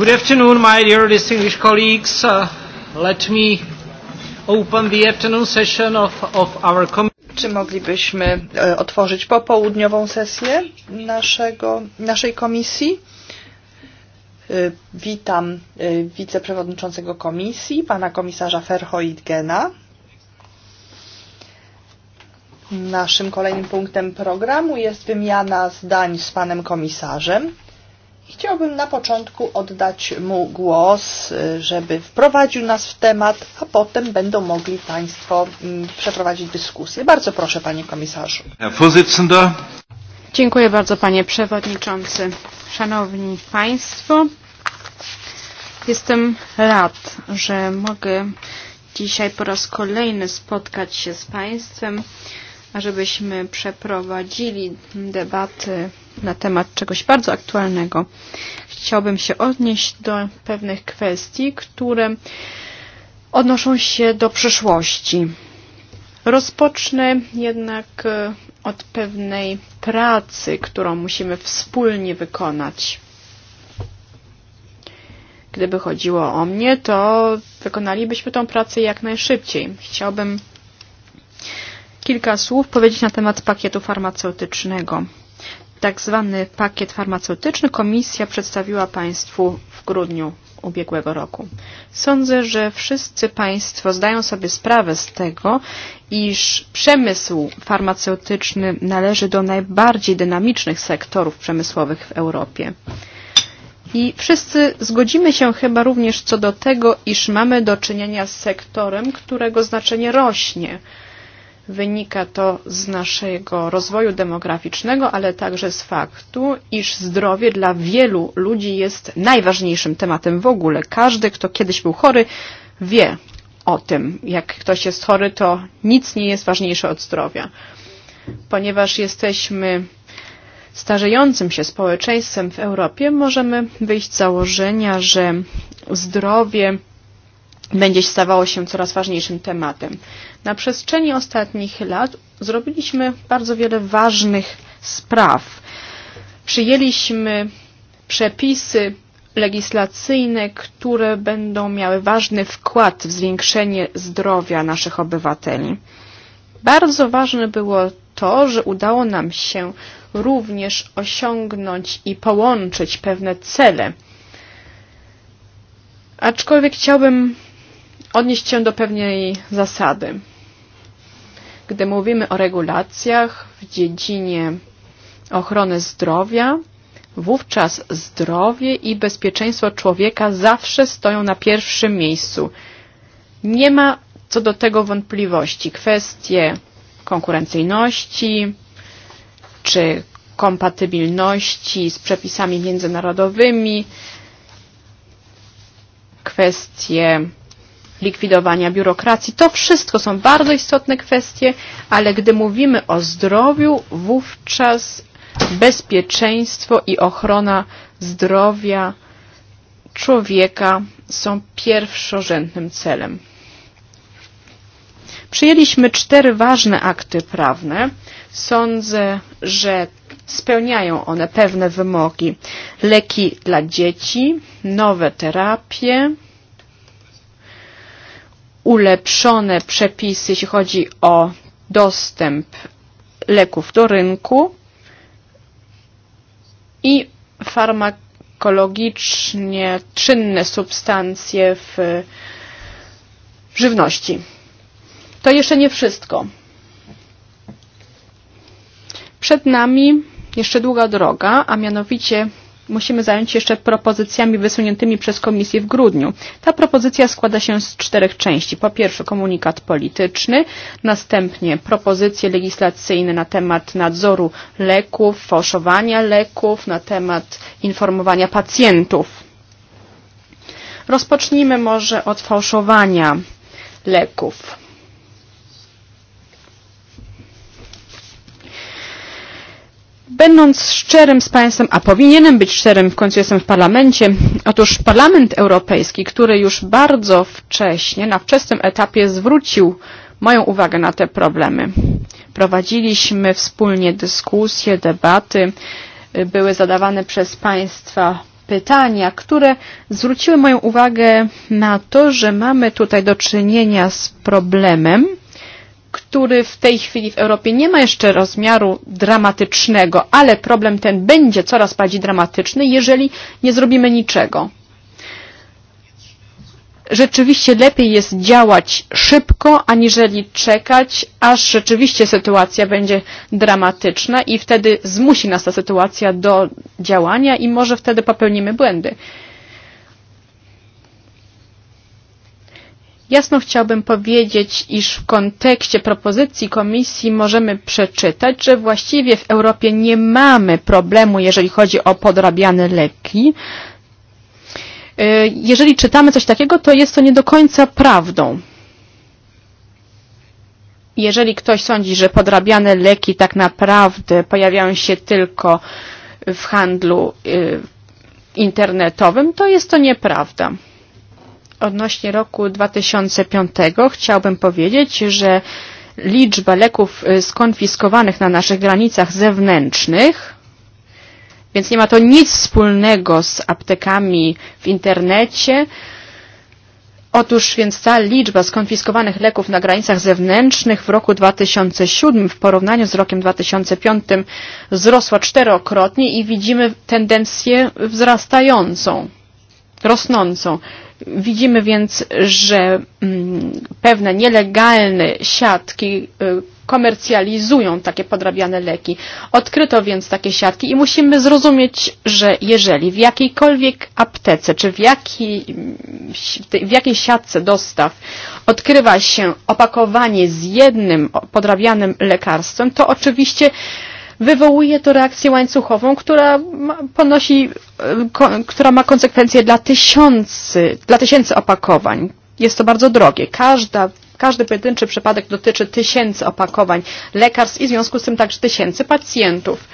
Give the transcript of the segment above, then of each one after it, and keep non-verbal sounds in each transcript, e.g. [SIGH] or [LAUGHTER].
Good afternoon, my dear distinguished colleagues. Uh, let me open the afternoon session of, of our committee. Czy moglibyśmy e, otworzyć popołudniową sesję naszego, naszej komisji? E, witam e, wiceprzewodniczącego komisji, pana komisarza Ferhoitgena. Naszym kolejnym punktem programu jest wymiana zdań z panem komisarzem Chciałbym na początku oddać mu głos, żeby wprowadził nas w temat, a potem będą mogli Państwo mm, przeprowadzić dyskusję. Bardzo proszę, Panie Komisarzu. Dziękuję bardzo, Panie Przewodniczący. Szanowni Państwo, jestem rad, że mogę dzisiaj po raz kolejny spotkać się z Państwem, ażebyśmy przeprowadzili debaty na temat czegoś bardzo aktualnego. Chciałbym się odnieść do pewnych kwestii, które odnoszą się do przyszłości. Rozpocznę jednak e, od pewnej pracy, którą musimy wspólnie wykonać. Gdyby chodziło o mnie, to wykonalibyśmy tą pracę jak najszybciej. Chciałbym kilka słów powiedzieć na temat pakietu farmaceutycznego tak zwany pakiet farmaceutyczny Komisja przedstawiła Państwu w grudniu ubiegłego roku. Sądzę, że wszyscy Państwo zdają sobie sprawę z tego, iż przemysł farmaceutyczny należy do najbardziej dynamicznych sektorów przemysłowych w Europie. I wszyscy zgodzimy się chyba również co do tego, iż mamy do czynienia z sektorem, którego znaczenie rośnie. Wynika to z naszego rozwoju demograficznego, ale także z faktu, iż zdrowie dla wielu ludzi jest najważniejszym tematem w ogóle. Każdy, kto kiedyś był chory, wie o tym. Jak ktoś jest chory, to nic nie jest ważniejsze od zdrowia. Ponieważ jesteśmy starzejącym się społeczeństwem w Europie, możemy wyjść z założenia, że zdrowie będzie się stawało się coraz ważniejszym tematem. Na przestrzeni ostatnich lat zrobiliśmy bardzo wiele ważnych spraw. Przyjęliśmy przepisy legislacyjne, które będą miały ważny wkład w zwiększenie zdrowia naszych obywateli. Bardzo ważne było to, że udało nam się również osiągnąć i połączyć pewne cele. Aczkolwiek chciałbym odnieść się do pewnej zasady. Gdy mówimy o regulacjach w dziedzinie ochrony zdrowia, wówczas zdrowie i bezpieczeństwo człowieka zawsze stoją na pierwszym miejscu. Nie ma co do tego wątpliwości. Kwestie konkurencyjności czy kompatybilności z przepisami międzynarodowymi, kwestie likwidowania biurokracji. To wszystko są bardzo istotne kwestie, ale gdy mówimy o zdrowiu, wówczas bezpieczeństwo i ochrona zdrowia człowieka są pierwszorzędnym celem. Przyjęliśmy cztery ważne akty prawne. Sądzę, że spełniają one pewne wymogi. Leki dla dzieci, nowe terapie, ulepszone przepisy, jeśli chodzi o dostęp leków do rynku i farmakologicznie czynne substancje w żywności. To jeszcze nie wszystko. Przed nami jeszcze długa droga, a mianowicie musimy zająć się jeszcze propozycjami wysuniętymi przez Komisję w grudniu. Ta propozycja składa się z czterech części. Po pierwsze komunikat polityczny, następnie propozycje legislacyjne na temat nadzoru leków, fałszowania leków, na temat informowania pacjentów. Rozpocznijmy może od fałszowania leków. Będąc szczerym z Państwem, a powinienem być szczerym w końcu jestem w parlamencie, otóż Parlament Europejski, który już bardzo wcześnie, na wczesnym etapie zwrócił moją uwagę na te problemy. Prowadziliśmy wspólnie dyskusje, debaty, były zadawane przez Państwa pytania, które zwróciły moją uwagę na to, że mamy tutaj do czynienia z problemem, który w tej chwili w Europie nie ma jeszcze rozmiaru dramatycznego, ale problem ten będzie coraz bardziej dramatyczny, jeżeli nie zrobimy niczego. Rzeczywiście lepiej jest działać szybko, aniżeli czekać, aż rzeczywiście sytuacja będzie dramatyczna i wtedy zmusi nas ta sytuacja do działania i może wtedy popełnimy błędy. Yy, Jasno chciałbym powiedzieć, iż w kontekście propozycji Komisji możemy przeczytać, że właściwie w Europie nie mamy problemu, jeżeli chodzi o podrabiane leki. E, jeżeli czytamy coś takiego, to jest to nie do końca prawdą. Jeżeli ktoś sądzi, że podrabiane leki tak naprawdę pojawiają się tylko w handlu e, internetowym, to jest to nieprawda odnośnie roku 2005 chciałbym powiedzieć, że liczba leków skonfiskowanych na naszych granicach zewnętrznych, więc nie ma to nic wspólnego z aptekami w internecie, Otóż więc ta liczba skonfiskowanych leków na granicach zewnętrznych w roku 2007 w porównaniu z rokiem 2005 wzrosła czterokrotnie i widzimy tendencję wzrastającą, rosnącą. Widzimy więc, że mm, pewne nielegalne siatki komercjalizują takie podrabiane leki. Odkryto więc takie siatki i musimy zrozumieć, że jeżeli w jakiejkolwiek aptece czy w, jakiej, w jakiej siatce dostaw odkrywa się opakowanie z jednym podrabianym lekarstwem, to oczywiście wywołuje to reakcję łańcuchową, która ponosi, e, która ma konsekwencje dla tysiący, dla tysięcy opakowań. Jest to bardzo drogie. Każda Każdy pojedynczy przypadek dotyczy tysięcy opakowań lekarstw i w związku z tym także tysięcy pacjentów.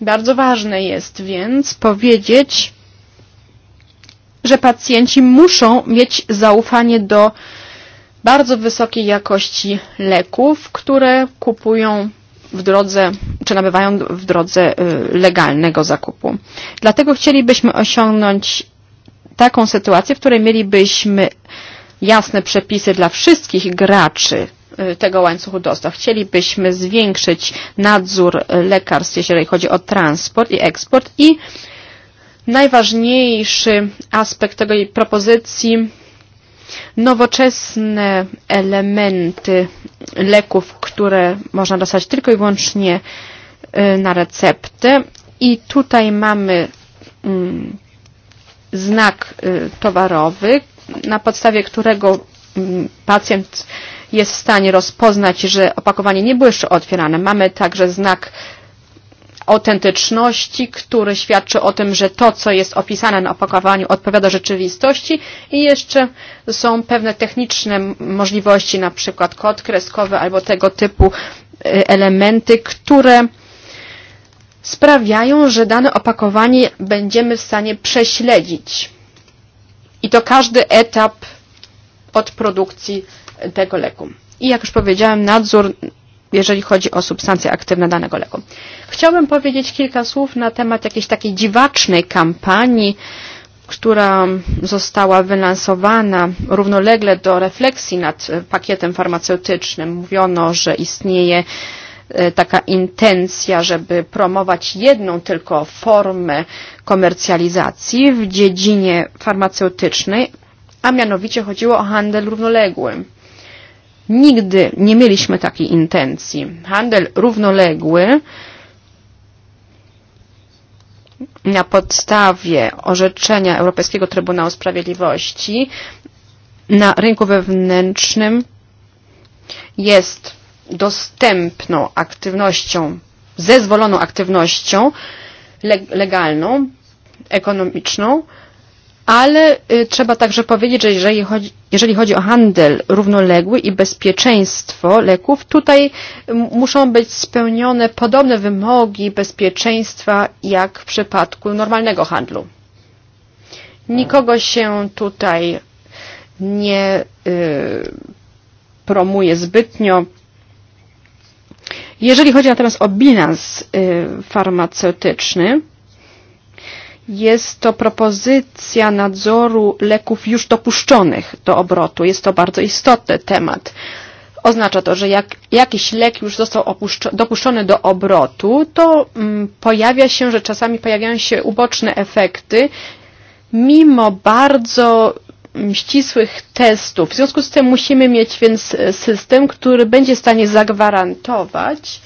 Bardzo ważne jest więc powiedzieć, że pacjenci muszą mieć zaufanie do bardzo wysokiej jakości leków, które kupują w drodze, czy nabywają w drodze legalnego zakupu. Dlatego chcielibyśmy osiągnąć taką sytuację, w której mielibyśmy jasne przepisy dla wszystkich graczy tego łańcuchu dostaw. Chcielibyśmy zwiększyć nadzór lekarstw, jeżeli chodzi o transport i eksport i najważniejszy aspekt tej propozycji nowoczesne elementy leków, które można dostać tylko i wyłącznie na receptę. I tutaj mamy mm, znak towarowy, na podstawie którego mm, pacjent jest w stanie rozpoznać, że opakowanie nie było jeszcze otwierane. Mamy także znak autentyczności, który świadczy o tym, że to, co jest opisane na opakowaniu, odpowiada rzeczywistości i jeszcze są pewne techniczne możliwości, na przykład kod kreskowy albo tego typu elementy, które sprawiają, że dane opakowanie będziemy w stanie prześledzić. I to każdy etap od produkcji tego leku. I jak już powiedziałem, nadzór jeżeli chodzi o substancje aktywne danego leku. Chciałbym powiedzieć kilka słów na temat jakiejś takiej dziwacznej kampanii, która została wylansowana równolegle do refleksji nad e, pakietem farmaceutycznym. Mówiono, że istnieje e, taka intencja, żeby promować jedną tylko formę komercjalizacji w dziedzinie farmaceutycznej, a mianowicie chodziło o handel równoległy. Nigdy nie mieliśmy takiej intencji. Handel równoległy na podstawie orzeczenia Europejskiego Trybunału Sprawiedliwości na rynku wewnętrznym jest dostępną aktywnością, zezwoloną aktywnością legalną, ekonomiczną, Ale trzeba także powiedzieć, że jeżeli chodzi, jeżeli chodzi o handel równoległy i bezpieczeństwo leków, tutaj muszą być spełnione podobne wymogi bezpieczeństwa jak w przypadku normalnego handlu. Nikogo się tutaj nie y, promuje zbytnio. Jeżeli chodzi natomiast o bilans y, farmaceutyczny, Jest to propozycja nadzoru leków już dopuszczonych do obrotu. Jest to bardzo istotny temat. Oznacza to, że jak jakiś lek już został dopuszczony do obrotu, to mm, pojawia się, że czasami pojawiają się uboczne efekty, mimo bardzo mm, ścisłych testów. W związku z tym musimy mieć więc e, system, który będzie w stanie zagwarantować,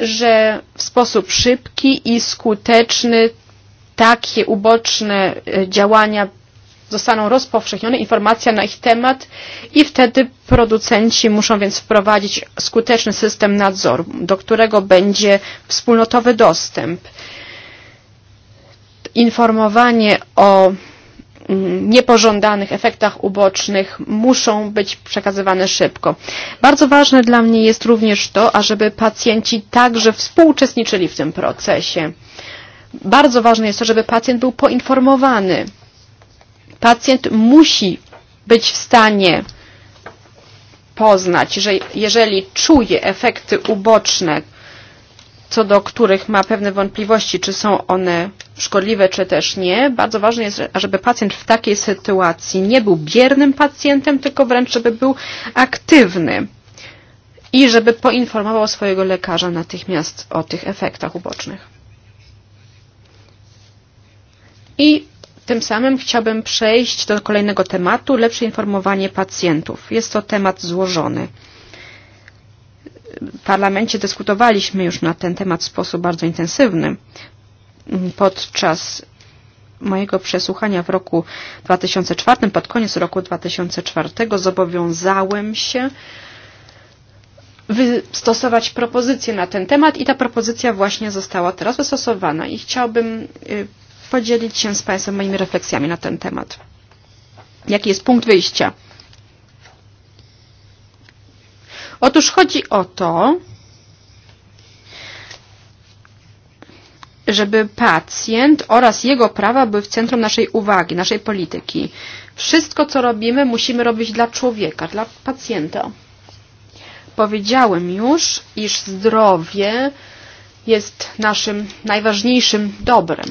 że w sposób szybki i skuteczny takie uboczne e, działania zostaną rozpowszechnione, informacja na ich temat i wtedy producenci muszą więc wprowadzić skuteczny system nadzoru, do którego będzie wspólnotowy dostęp. Informowanie o mm, niepożądanych efektach ubocznych muszą być przekazywane szybko. Bardzo ważne dla mnie jest również to, ażeby pacjenci także współuczestniczyli w tym procesie. Bardzo ważne jest to, żeby pacjent był poinformowany. Pacjent musi być w stanie poznać, że jeżeli czuje efekty uboczne, co do których ma pewne wątpliwości, czy są one szkodliwe, czy też nie. Bardzo ważne jest, żeby pacjent w takiej sytuacji nie był biernym pacjentem, tylko wręcz, żeby był aktywny i żeby poinformował swojego lekarza natychmiast o tych efektach ubocznych. I tym samym chciałbym przejść do kolejnego tematu, lepsze informowanie pacjentów. Jest to temat złożony. W parlamencie dyskutowaliśmy już na ten temat w sposób bardzo intensywny. Podczas mojego przesłuchania w roku 2004, pod koniec roku 2004 zobowiązałem się wystosować propozycję na ten temat i ta propozycja właśnie została teraz wystosowana i chciałbym podzielić się z Państwem moimi refleksjami na ten temat. Jaki jest punkt wyjścia? Otóż chodzi o to, żeby pacjent oraz jego prawa były w centrum naszej uwagi, naszej polityki. Wszystko, co robimy, musimy robić dla człowieka, dla pacjenta. Powiedziałem już, iż zdrowie jest naszym najważniejszym dobrem.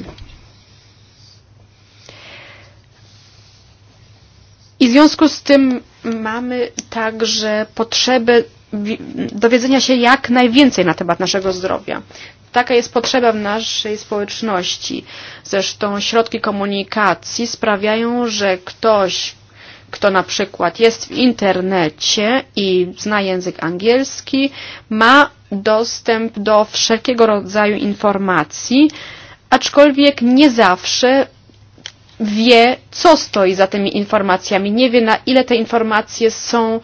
I w związku z tym mamy także potrzebę dowiedzenia się jak najwięcej na temat naszego zdrowia. Taka jest potrzeba w naszej społeczności. Zresztą środki komunikacji sprawiają, że ktoś, kto na przykład jest w internecie i zna język angielski, ma dostęp do wszelkiego rodzaju informacji, aczkolwiek nie zawsze wie, co stoi za tymi informacjami, nie wie, na ile te informacje są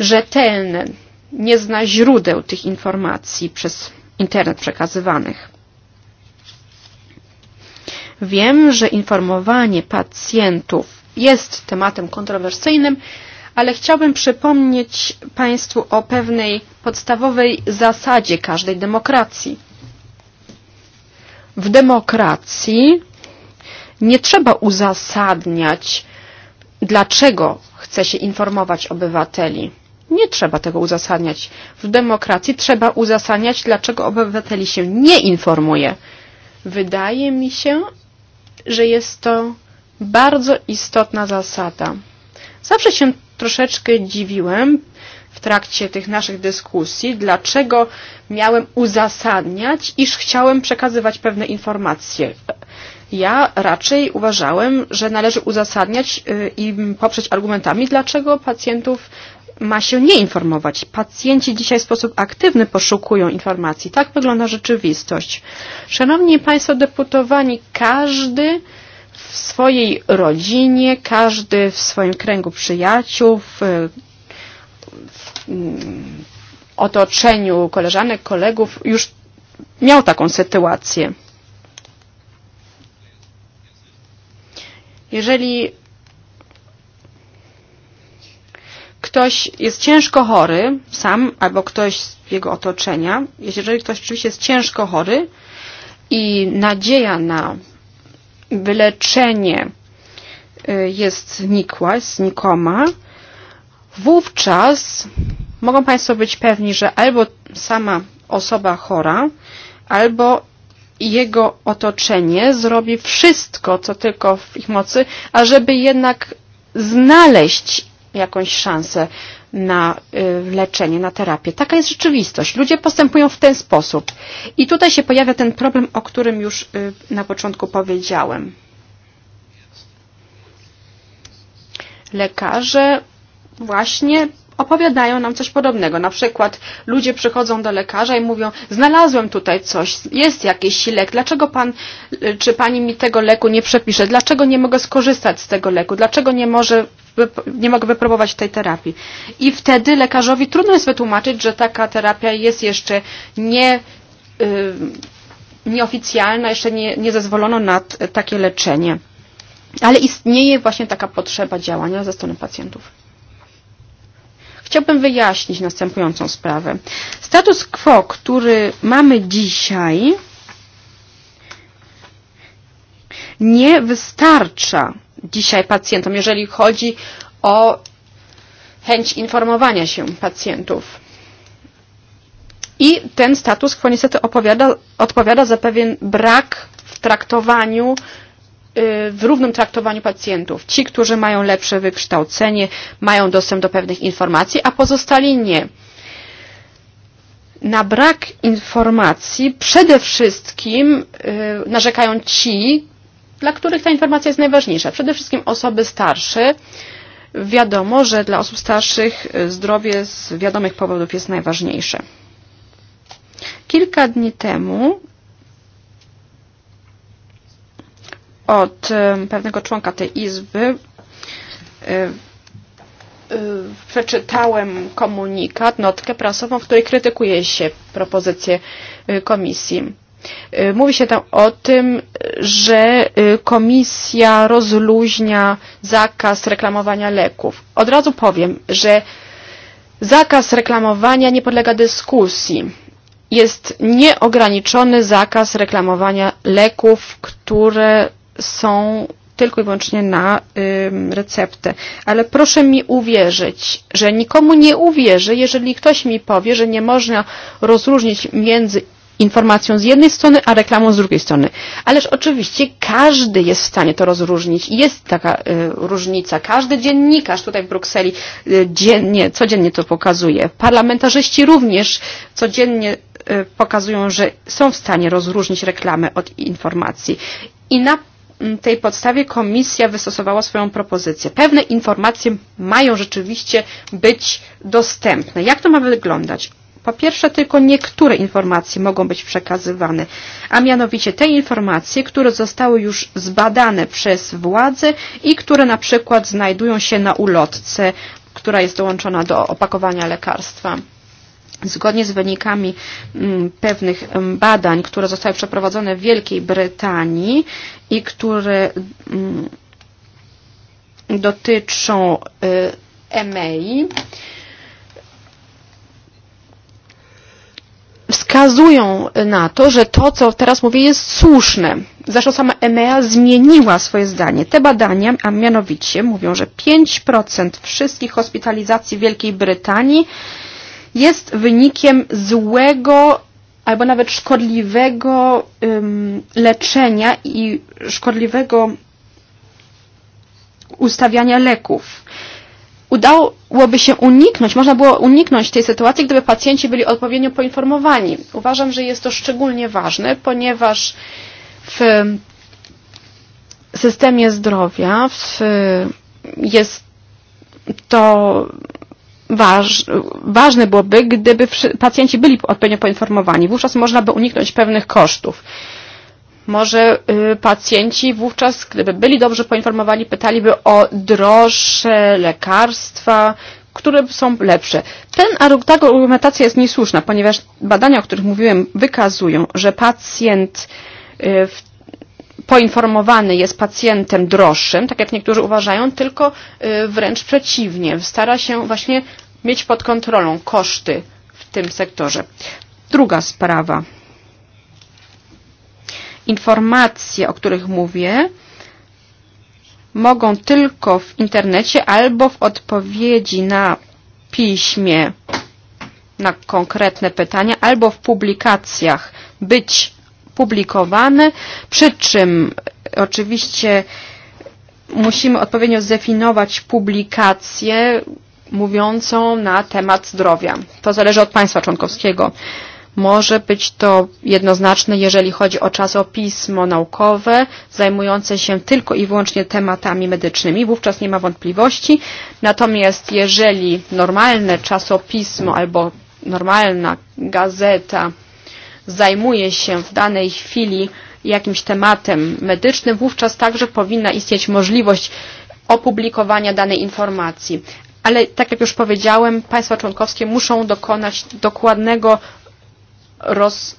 rzetelne, nie zna źródeł tych informacji przez internet przekazywanych. Wiem, że informowanie pacjentów jest tematem kontrowersyjnym, ale chciałbym przypomnieć Państwu o pewnej podstawowej zasadzie każdej demokracji. W demokracji Nie trzeba uzasadniać, dlaczego chce się informować obywateli. Nie trzeba tego uzasadniać. W demokracji trzeba uzasadniać, dlaczego obywateli się nie informuje. Wydaje mi się, że jest to bardzo istotna zasada. Zawsze się troszeczkę dziwiłem w trakcie tych naszych dyskusji, dlaczego miałem uzasadniać, iż chciałem przekazywać pewne informacje Ja raczej uważałem, że należy uzasadniać i poprzeć argumentami, dlaczego pacjentów ma się nie informować. Pacjenci dzisiaj w sposób aktywny poszukują informacji. Tak wygląda rzeczywistość. Szanowni Państwo deputowani, każdy w swojej rodzinie, każdy w swoim kręgu przyjaciół, w, w otoczeniu koleżanek, kolegów już miał taką sytuację. Jeżeli ktoś jest ciężko chory, sam albo ktoś z jego otoczenia, jeżeli ktoś rzeczywiście jest ciężko chory i nadzieja na wyleczenie jest nikła, znikoma, wówczas mogą Państwo być pewni, że albo sama osoba chora, albo jego otoczenie zrobi wszystko, co tylko w ich mocy, ażeby jednak znaleźć jakąś szansę na y, leczenie, na terapię. Taka jest rzeczywistość. Ludzie postępują w ten sposób. I tutaj się pojawia ten problem, o którym już y, na początku powiedziałem. Lekarze właśnie opowiadają nam coś podobnego. Na przykład ludzie przychodzą do lekarza i mówią, znalazłem tutaj coś, jest jakiś lek, dlaczego pan czy pani mi tego leku nie przepisze, dlaczego nie mogę skorzystać z tego leku, dlaczego nie, może, nie mogę wypróbować tej terapii. I wtedy lekarzowi trudno jest wytłumaczyć, że taka terapia jest jeszcze nie... Yy, nieoficjalna, jeszcze nie, nie zezwolono na takie leczenie. Ale istnieje właśnie taka potrzeba działania ze strony pacjentów. Chciałbym wyjaśnić następującą sprawę. Status quo, który mamy dzisiaj, nie wystarcza dzisiaj pacjentom, jeżeli chodzi o chęć informowania się pacjentów. I ten status quo niestety opowiada, odpowiada za pewien brak w traktowaniu w równym traktowaniu pacjentów. Ci, którzy mają lepsze wykształcenie, mają dostęp do pewnych informacji, a pozostali nie. Na brak informacji przede wszystkim narzekają ci, dla których ta informacja jest najważniejsza. Przede wszystkim osoby starsze. Wiadomo, że dla osób starszych zdrowie z wiadomych powodów jest najważniejsze. Kilka dni temu od pewnego członka tej Izby e, e, przeczytałem komunikat, notkę prasową, w której krytykuje się propozycję e, komisji. Mówi się tam o tym, że komisja rozluźnia zakaz reklamowania leków. Od razu powiem, że zakaz reklamowania nie podlega dyskusji. Jest nieograniczony zakaz reklamowania leków, które są tylko i wyłącznie na ym, receptę. Ale proszę mi uwierzyć, że nikomu nie uwierzę, jeżeli ktoś mi powie, że nie można rozróżnić między informacją z jednej strony, a reklamą z drugiej strony. Ależ oczywiście każdy jest w stanie to rozróżnić. Jest taka y, różnica. Każdy dziennikarz tutaj w Brukseli y, dziennie, codziennie to pokazuje. Parlamentarzyści również codziennie y, pokazują, że są w stanie rozróżnić reklamę od informacji. I na tej podstawie komisja wystosowała swoją propozycję. Pewne informacje mają rzeczywiście być dostępne. Jak to ma wyglądać? Po pierwsze, tylko niektóre informacje mogą być przekazywane, a mianowicie te informacje, które zostały już zbadane przez władze i które na przykład znajdują się na ulotce, która jest dołączona do opakowania lekarstwa. Zgodnie z wynikami mm, pewnych mm, badań, które zostały przeprowadzone w Wielkiej Brytanii i które mm, dotyczą EMEI, wskazują na to, że to, co teraz mówię, jest słuszne. Zresztą sama EMEA zmieniła swoje zdanie. Te badania, a mianowicie mówią, że 5% wszystkich hospitalizacji w Wielkiej Brytanii jest wynikiem złego albo nawet szkodliwego ym, leczenia i szkodliwego ustawiania leków. Udałoby się uniknąć, można było uniknąć tej sytuacji, gdyby pacjenci byli odpowiednio poinformowani. Uważam, że jest to szczególnie ważne, ponieważ w systemie zdrowia w, jest to waż, ważne byłoby, gdyby pacjenci byli odpowiednio poinformowani. Wówczas można by uniknąć pewnych kosztów. Może y, pacjenci wówczas, gdyby byli dobrze poinformowani, pytaliby o droższe lekarstwa, które są lepsze. Ten, ta argumentacja jest niesłuszna, ponieważ badania, o których mówiłem, wykazują, że pacjent w poinformowany jest pacjentem droższym, tak jak niektórzy uważają, tylko wręcz przeciwnie. Stara się właśnie mieć pod kontrolą koszty w tym sektorze. Druga sprawa. Informacje, o których mówię, mogą tylko w internecie albo w odpowiedzi na piśmie na konkretne pytania albo w publikacjach być publikowane, przy czym e, oczywiście musimy odpowiednio zdefiniować publikację mówiącą na temat zdrowia. To zależy od państwa członkowskiego. Może być to jednoznaczne, jeżeli chodzi o czasopismo naukowe zajmujące się tylko i wyłącznie tematami medycznymi. Wówczas nie ma wątpliwości. Natomiast jeżeli normalne czasopismo albo normalna gazeta zajmuje się w danej chwili jakimś tematem medycznym, wówczas także powinna istnieć możliwość opublikowania danej informacji. Ale tak jak już powiedziałem, państwa członkowskie muszą dokonać dokładnego roz,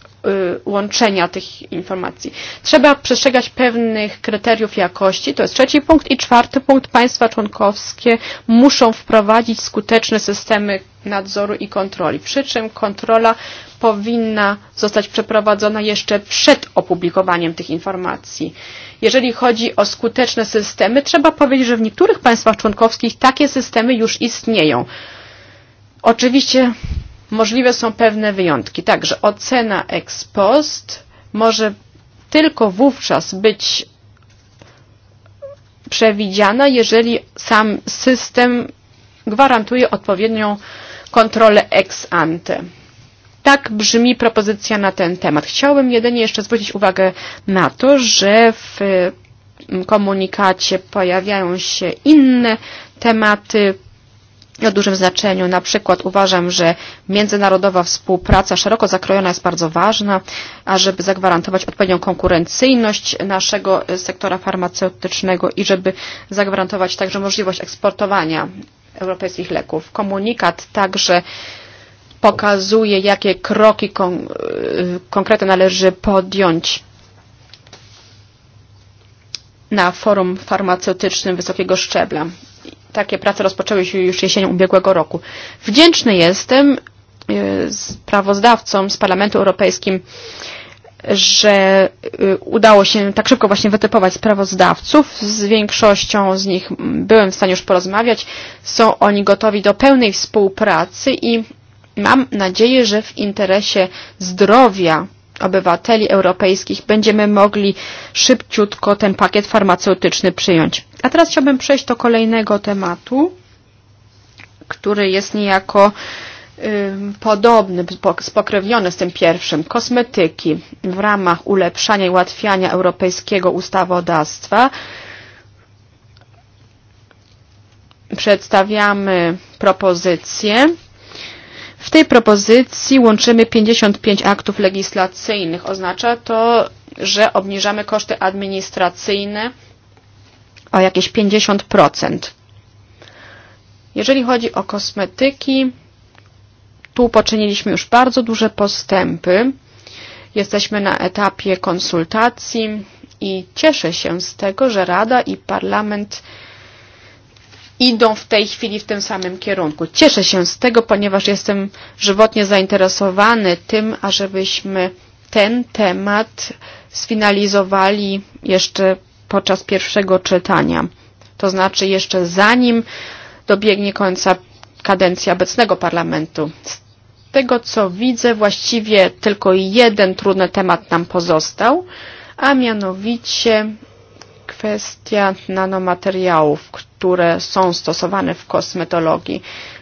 łączenia tych informacji. Trzeba przestrzegać pewnych kryteriów jakości, to jest trzeci punkt i czwarty punkt, państwa członkowskie muszą wprowadzić skuteczne systemy nadzoru i kontroli, przy czym kontrola powinna zostać przeprowadzona jeszcze przed opublikowaniem tych informacji. Jeżeli chodzi o skuteczne systemy, trzeba powiedzieć, że w niektórych państwach członkowskich takie systemy już istnieją. Oczywiście Możliwe są pewne wyjątki. Także ocena ex post może tylko wówczas być przewidziana, jeżeli sam system gwarantuje odpowiednią kontrolę ex ante. Tak brzmi propozycja na ten temat. Chciałbym jedynie jeszcze zwrócić uwagę na to, że w komunikacie pojawiają się inne tematy o dużym znaczeniu. Na przykład uważam, że międzynarodowa współpraca szeroko zakrojona jest bardzo ważna, ażeby zagwarantować odpowiednią konkurencyjność naszego sektora farmaceutycznego i żeby zagwarantować także możliwość eksportowania europejskich leków. Komunikat także pokazuje, jakie kroki kon konkretne należy podjąć na forum farmaceutycznym wysokiego szczebla takie prace rozpoczęły się już jesienią ubiegłego roku. Wdzięczny jestem e, sprawozdawcom z Parlamentu Europejskim, że e, udało się tak szybko właśnie wytypować sprawozdawców. Z większością z nich byłem w stanie już porozmawiać. Są oni gotowi do pełnej współpracy i mam nadzieję, że w interesie zdrowia obywateli europejskich będziemy mogli szybciutko ten pakiet farmaceutyczny przyjąć. A teraz chciałbym przejść do kolejnego tematu, który jest niejako podobny, spokrewniony z tym pierwszym, kosmetyki w ramach ulepszania i ułatwiania europejskiego ustawodawstwa przedstawiamy propozycję W tej propozycji łączymy 55 aktów legislacyjnych. Oznacza to, że obniżamy koszty administracyjne o jakieś 50%. Jeżeli chodzi o kosmetyki, tu poczyniliśmy już bardzo duże postępy. Jesteśmy na etapie konsultacji i cieszę się z tego, że Rada i Parlament idą w tej chwili w tym samym kierunku. Cieszę się z tego, ponieważ jestem żywotnie zainteresowany tym, ażebyśmy ten temat sfinalizowali jeszcze podczas pierwszego czytania. To znaczy jeszcze zanim dobiegnie końca kadencji obecnego parlamentu. Z tego co widzę, właściwie tylko jeden trudny temat nam pozostał, a mianowicie kwestia nanomateriałów, które są stosowane w kosmetologii.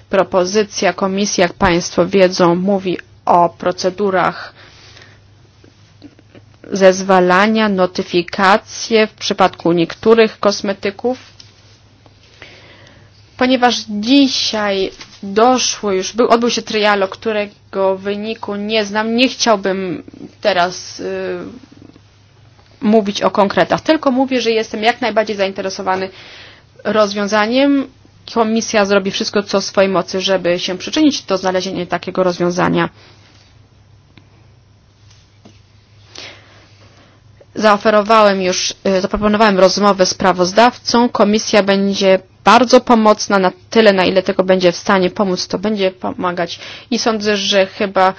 Propozycja komisji, jak Państwo wiedzą, mówi o procedurach zezwalania, notyfikacje w przypadku niektórych kosmetyków. Ponieważ dzisiaj doszło już, był, odbył się trialog, którego wyniku nie znam, nie chciałbym teraz y, mówić o konkretach, tylko mówię, że jestem jak najbardziej zainteresowany rozwiązaniem. Komisja zrobi wszystko, co w swojej mocy, żeby się przyczynić do znalezienia takiego rozwiązania. Zaoferowałem już, e, zaproponowałem rozmowę z sprawozdawcą. Komisja będzie bardzo pomocna, na tyle, na ile tego będzie w stanie pomóc, to będzie pomagać i sądzę, że chyba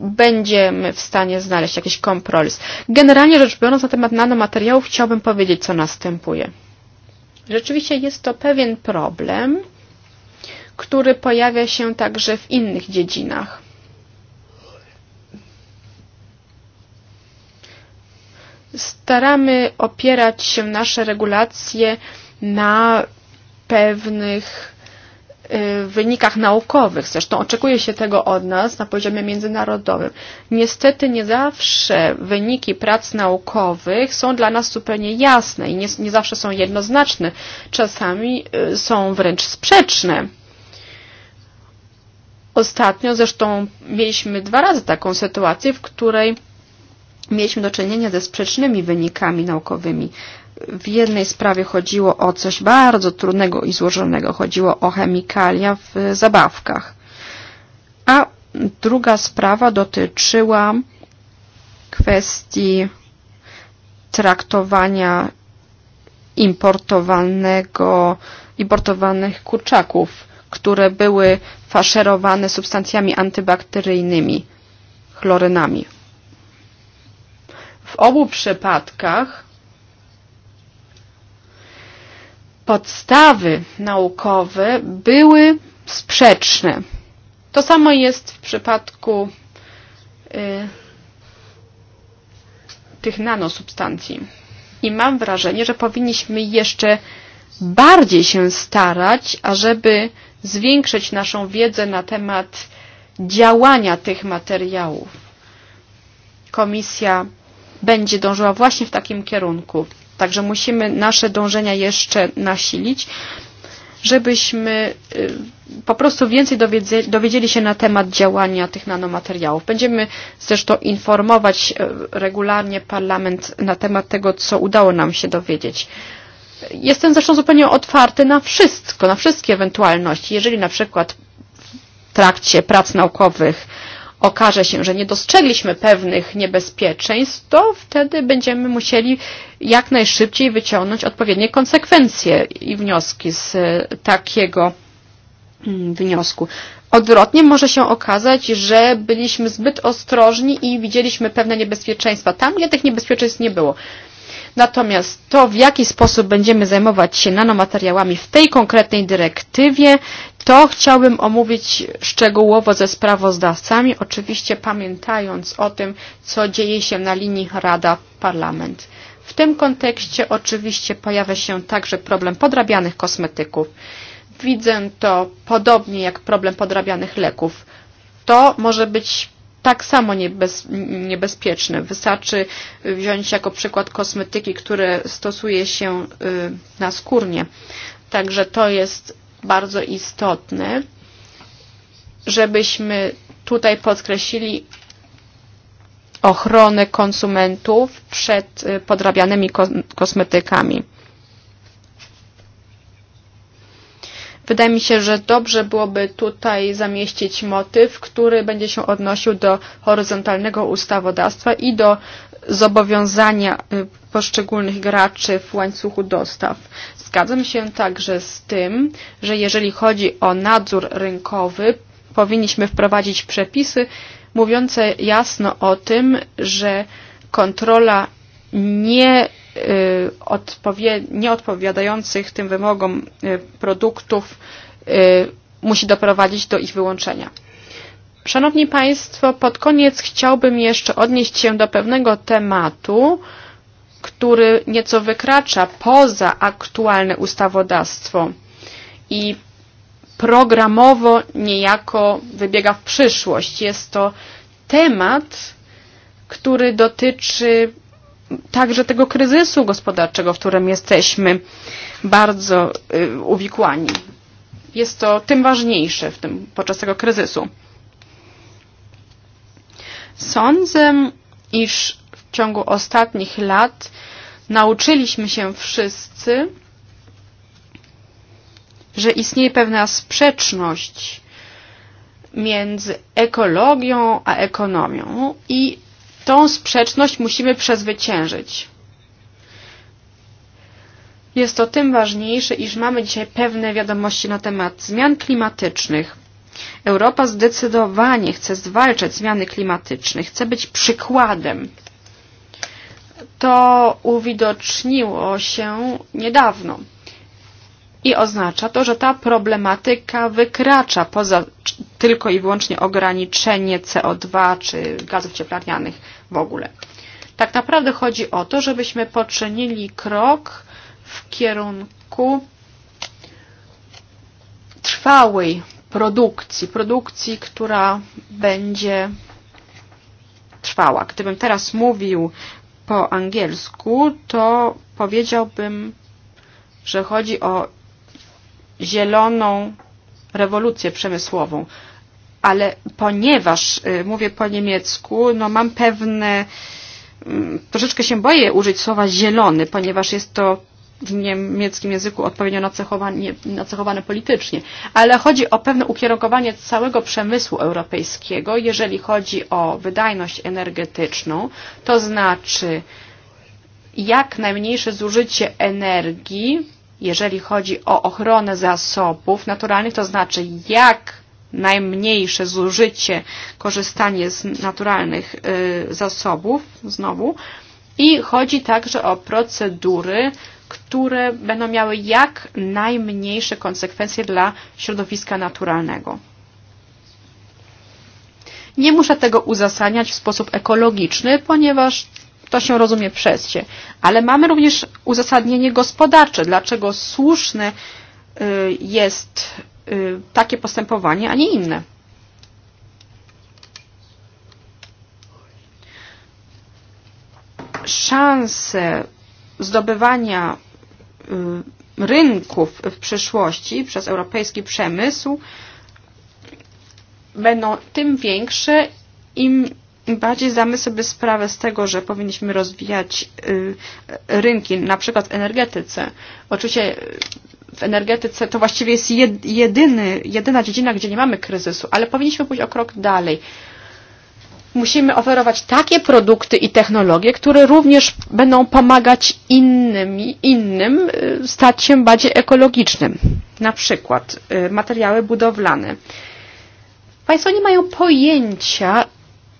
będziemy w stanie znaleźć jakiś kompromis. Generalnie rzecz biorąc na temat nanomateriałów chciałbym powiedzieć, co następuje. Rzeczywiście jest to pewien problem, który pojawia się także w innych dziedzinach. staramy opierać się nasze regulacje na pewnych wynikach naukowych. Zresztą oczekuje się tego od nas na poziomie międzynarodowym. Niestety nie zawsze wyniki prac naukowych są dla nas zupełnie jasne i nie, nie zawsze są jednoznaczne. Czasami są wręcz sprzeczne. Ostatnio zresztą mieliśmy dwa razy taką sytuację, w której mieliśmy do czynienia ze sprzecznymi wynikami naukowymi. W jednej sprawie chodziło o coś bardzo trudnego i złożonego. Chodziło o chemikalia w zabawkach. A druga sprawa dotyczyła kwestii traktowania importowanego, importowanych kurczaków, które były faszerowane substancjami antybakteryjnymi, chlorynami. W obu przypadkach podstawy naukowe były sprzeczne. To samo jest w przypadku y, tych nanosubstancji. I mam wrażenie, że powinniśmy jeszcze bardziej się starać, ażeby zwiększyć naszą wiedzę na temat działania tych materiałów. Komisja będzie dążyła właśnie w takim kierunku. Także musimy nasze dążenia jeszcze nasilić, żebyśmy po prostu więcej dowiedzieli, dowiedzieli się na temat działania tych nanomateriałów. Będziemy zresztą informować regularnie parlament na temat tego, co udało nam się dowiedzieć. Jestem zresztą zupełnie otwarty na wszystko, na wszystkie ewentualności. Jeżeli na przykład w trakcie prac naukowych okaże się, że nie dostrzegliśmy pewnych niebezpieczeństw, to wtedy będziemy musieli jak najszybciej wyciągnąć odpowiednie konsekwencje i wnioski z e, takiego mm, wniosku. Odwrotnie może się okazać, że byliśmy zbyt ostrożni i widzieliśmy pewne niebezpieczeństwa tam, gdzie tych niebezpieczeństw nie było. Natomiast to, w jaki sposób będziemy zajmować się nanomateriałami w tej konkretnej dyrektywie, to chciałbym omówić szczegółowo ze sprawozdawcami, oczywiście pamiętając o tym, co dzieje się na linii Rada-Parlament. W tym kontekście oczywiście pojawia się także problem podrabianych kosmetyków. Widzę to podobnie jak problem podrabianych leków. To może być tak samo niebez, niebezpieczne. Wystarczy wziąć jako przykład kosmetyki, które stosuje się na skórnie. Także to jest bardzo istotne, żebyśmy tutaj podkreślili ochronę konsumentów przed podrabianymi kosmetykami. Wydaje mi się, że dobrze byłoby tutaj zamieścić motyw, który będzie się odnosił do horyzontalnego ustawodawstwa i do zobowiązania poszczególnych graczy w łańcuchu dostaw. Zgadzam się także z tym, że jeżeli chodzi o nadzór rynkowy, powinniśmy wprowadzić przepisy mówiące jasno o tym, że kontrola nie E, odpowie, nieodpowiadających tym wymogom e, produktów e, musi doprowadzić do ich wyłączenia. Szanowni Państwo, pod koniec chciałbym jeszcze odnieść się do pewnego tematu, który nieco wykracza poza aktualne ustawodawstwo i programowo niejako wybiega w przyszłość. Jest to temat, który dotyczy także tego kryzysu gospodarczego, w którym jesteśmy bardzo uwikłani. Jest to tym ważniejsze w tym, podczas tego kryzysu. Sądzę, iż w ciągu ostatnich lat nauczyliśmy się wszyscy, że istnieje pewna sprzeczność między ekologią a ekonomią i Tą sprzeczność musimy przezwyciężyć. Jest to tym ważniejsze, iż mamy dzisiaj pewne wiadomości na temat zmian klimatycznych. Europa zdecydowanie chce zwalczać zmiany klimatyczne, chce być przykładem. To uwidoczniło się niedawno. I oznacza to, że ta problematyka wykracza poza tylko i wyłącznie ograniczenie CO2 czy gazów cieplarnianych w ogóle. Tak naprawdę chodzi o to, żebyśmy poczynili krok w kierunku trwałej produkcji, produkcji, która będzie trwała. Gdybym teraz mówił po angielsku, to powiedziałbym, że chodzi o zieloną rewolucję przemysłową ale ponieważ mówię po niemiecku, no mam pewne, mm, troszeczkę się boję użyć słowa zielony, ponieważ jest to w niemieckim języku odpowiednio nacechowane, nacechowane politycznie, ale chodzi o pewne ukierunkowanie całego przemysłu europejskiego, jeżeli chodzi o wydajność energetyczną, to znaczy jak najmniejsze zużycie energii, jeżeli chodzi o ochronę zasobów naturalnych, to znaczy jak najmniejsze zużycie, korzystanie z naturalnych e, zasobów, znowu. I chodzi także o procedury, które będą miały jak najmniejsze konsekwencje dla środowiska naturalnego. Nie muszę tego uzasadniać w sposób ekologiczny, ponieważ to się rozumie przez się. Ale mamy również uzasadnienie gospodarcze, dlaczego słuszne jest takie postępowanie, a nie inne. Szanse zdobywania rynków w przyszłości przez europejski przemysł będą tym większe, im bardziej zdamy sobie sprawę z tego, że powinniśmy rozwijać rynki, na przykład w energetyce. Oczywiście w energetyce to właściwie jest jedyny, jedyna dziedzina, gdzie nie mamy kryzysu, ale powinniśmy pójść o krok dalej. Musimy oferować takie produkty i technologie, które również będą pomagać innym, innym stać się bardziej ekologicznym. Na przykład materiały budowlane. Państwo nie mają pojęcia,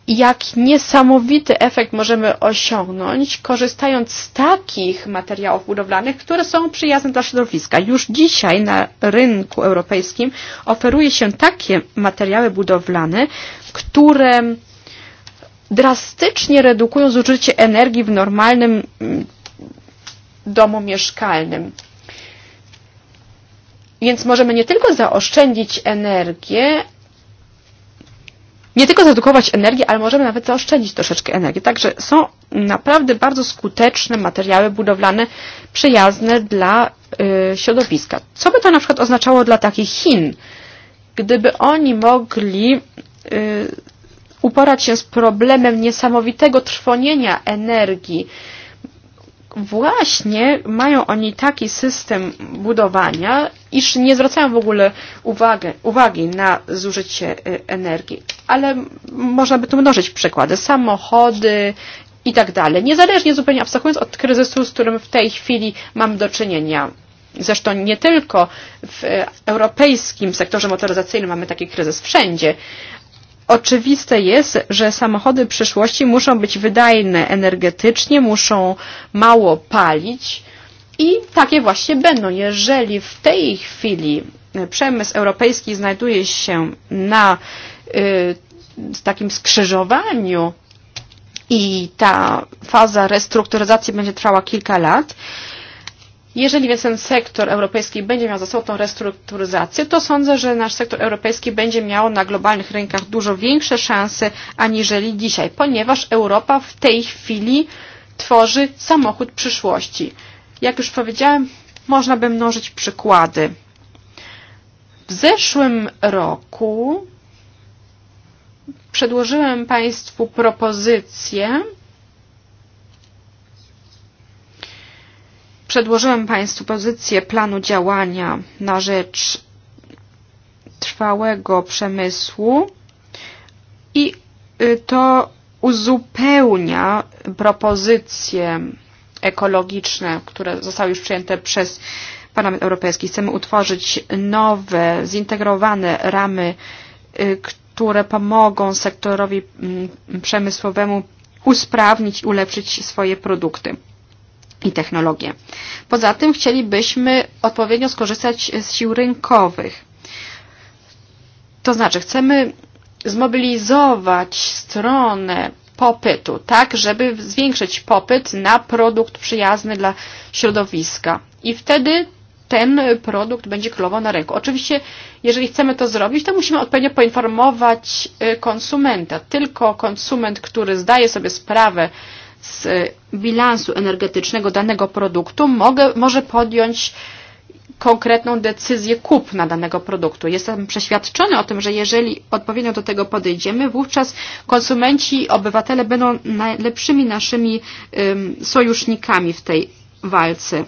jak niesamowity efekt możemy osiągnąć, korzystając z takich materiałów budowlanych, które są przyjazne dla środowiska. Już dzisiaj na rynku europejskim oferuje się takie materiały budowlane, które drastycznie redukują zużycie energii w normalnym mm, domu mieszkalnym. Więc możemy nie tylko zaoszczędzić energię, nie tylko zredukować energię, ale możemy nawet zaoszczędzić troszeczkę energii. Także są naprawdę bardzo skuteczne materiały budowlane, przyjazne dla y, środowiska. Co by to na przykład oznaczało dla takich Chin, gdyby oni mogli y, uporać się z problemem niesamowitego trwonienia energii, y, właśnie mają oni taki system budowania, iż nie zwracają w ogóle uwagi, uwagi na zużycie energii. Ale można by tu mnożyć przykłady. Samochody i tak dalej. Niezależnie zupełnie abstrahując od kryzysu, z którym w tej chwili mam do czynienia. Zresztą nie tylko w europejskim sektorze motoryzacyjnym mamy taki kryzys wszędzie, Oczywiste jest, że samochody przyszłości muszą być wydajne energetycznie, muszą mało palić i takie właśnie będą. Jeżeli w tej chwili e, przemysł europejski znajduje się na y, e, takim skrzyżowaniu i ta faza restrukturyzacji będzie trwała kilka lat, y, Jeżeli więc ten sektor europejski będzie miał za sobą tą restrukturyzację, to sądzę, że nasz sektor europejski będzie miał na globalnych rynkach dużo większe szanse aniżeli dzisiaj, ponieważ Europa w tej chwili tworzy samochód przyszłości. Jak już powiedziałem, można by mnożyć przykłady. W zeszłym roku przedłożyłem Państwu propozycję Przedłożyłem Państwu pozycję planu działania na rzecz trwałego przemysłu i to uzupełnia propozycje ekologiczne, które zostały już przyjęte przez Parlament Europejski. Chcemy utworzyć nowe, zintegrowane ramy, które pomogą sektorowi mm, przemysłowemu usprawnić i ulepszyć swoje produkty i technologie. Poza tym chcielibyśmy odpowiednio skorzystać z sił rynkowych. To znaczy chcemy zmobilizować stronę popytu, tak, żeby zwiększyć popyt na produkt przyjazny dla środowiska. I wtedy ten produkt będzie królował na rynku. Oczywiście, jeżeli chcemy to zrobić, to musimy odpowiednio poinformować konsumenta. Tylko konsument, który zdaje sobie sprawę z bilansu energetycznego danego produktu mogę, może podjąć konkretną decyzję kupna danego produktu. Jestem przeświadczony o tym, że jeżeli odpowiednio do tego podejdziemy, wówczas konsumenci, obywatele będą najlepszymi naszymi um, sojusznikami w tej walce.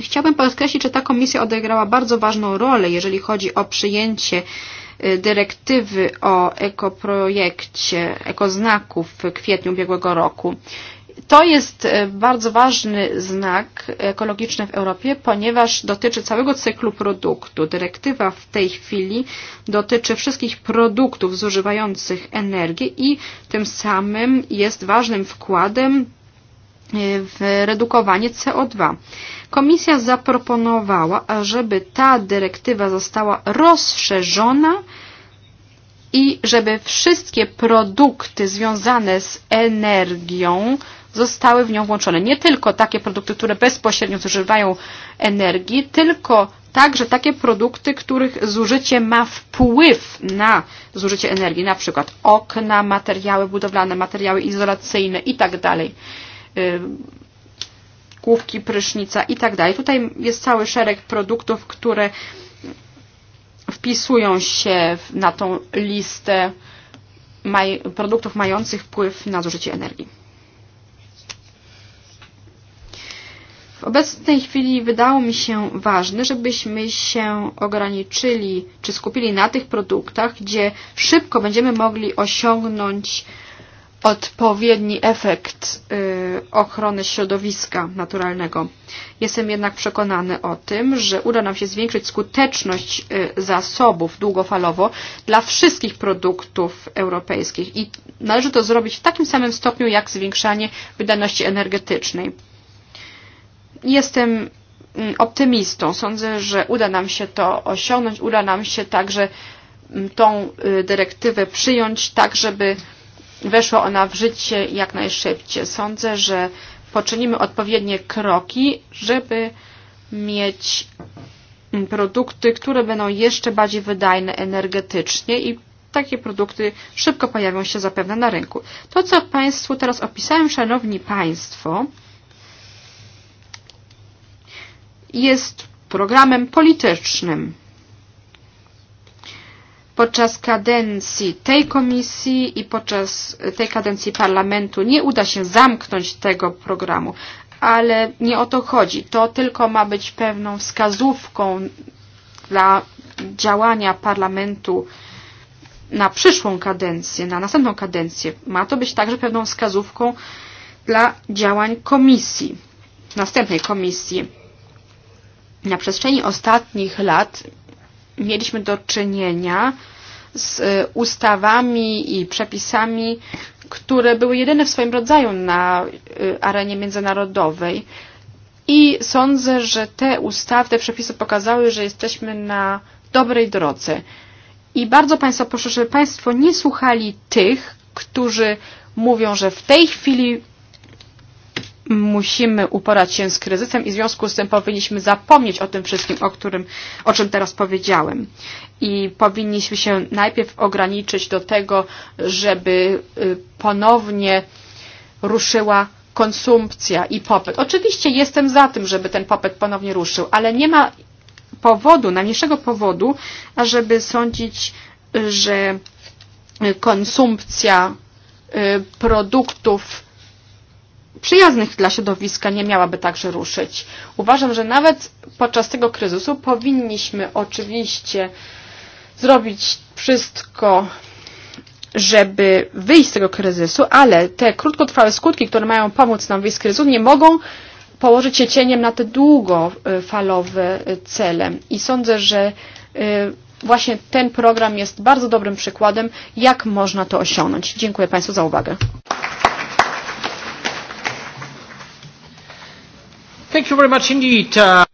Chciałbym podkreślić, że ta komisja odegrała bardzo ważną rolę, jeżeli chodzi o przyjęcie um, dyrektywy o ekoprojekcie, ekoznaku w kwietniu ubiegłego roku. To jest e, bardzo ważny znak ekologiczny w Europie, ponieważ dotyczy całego cyklu produktu. Dyrektywa w tej chwili dotyczy wszystkich produktów zużywających energię i tym samym jest ważnym wkładem e, w redukowanie CO2. Komisja zaproponowała, żeby ta dyrektywa została rozszerzona i żeby wszystkie produkty związane z energią zostały w nią włączone. Nie tylko takie produkty, które bezpośrednio zużywają energii, tylko także takie produkty, których zużycie ma wpływ na zużycie energii, na przykład okna, materiały budowlane, materiały izolacyjne itd główki prysznica i tak dalej. Tutaj jest cały szereg produktów, które wpisują się na tą listę maj produktów mających wpływ na zużycie energii. W obecnej chwili wydało mi się ważne, żebyśmy się ograniczyli czy skupili na tych produktach, gdzie szybko będziemy mogli osiągnąć y, odpowiedni efekt ochrony środowiska naturalnego. Jestem jednak przekonany o tym, że uda nam się zwiększyć skuteczność zasobów długofalowo dla wszystkich produktów europejskich i należy to zrobić w takim samym stopniu jak zwiększanie wydajności energetycznej. Jestem mm, optymistą. Sądzę, że uda nam się to osiągnąć. Uda nam się także mm, tą dyrektywę przyjąć tak, żeby weszła ona w życie jak najszybciej. Sądzę, że poczynimy odpowiednie kroki, żeby mieć produkty, które będą jeszcze bardziej wydajne energetycznie i takie produkty szybko pojawią się zapewne na rynku. To, co Państwu teraz opisałem, Szanowni Państwo, jest programem politycznym. Podczas kadencji tej komisji i podczas tej kadencji parlamentu nie uda się zamknąć tego programu, ale nie o to chodzi. To tylko ma być pewną wskazówką dla działania parlamentu na przyszłą kadencję, na następną kadencję. Ma to być także pewną wskazówką dla działań komisji, następnej komisji. Na przestrzeni ostatnich lat mieliśmy do czynienia z e, ustawami i przepisami, które były jedyne w swoim rodzaju na e, arenie międzynarodowej. I sądzę, że te ustawy, te przepisy pokazały, że jesteśmy na dobrej drodze. I bardzo Państwa proszę, żeby Państwo nie słuchali tych, którzy mówią, że w tej chwili musimy uporać się z kryzysem i w związku z tym powinniśmy zapomnieć o tym wszystkim, o, którym, o czym teraz powiedziałem. I powinniśmy się najpierw ograniczyć do tego, żeby ponownie ruszyła konsumpcja i popyt. Oczywiście jestem za tym, żeby ten popyt ponownie ruszył, ale nie ma powodu, najmniejszego powodu, ażeby sądzić, że konsumpcja produktów przyjaznych dla środowiska nie miałaby także ruszyć. Uważam, że nawet podczas tego kryzysu powinniśmy oczywiście zrobić wszystko, żeby wyjść z tego kryzysu, ale te krótkotrwałe skutki, które mają pomóc nam wyjść z kryzysu, nie mogą położyć się cieniem na te długofalowe cele. I sądzę, że właśnie ten program jest bardzo dobrym przykładem, jak można to osiągnąć. Dziękuję Państwu za uwagę. Thank you very much indeed. Uh,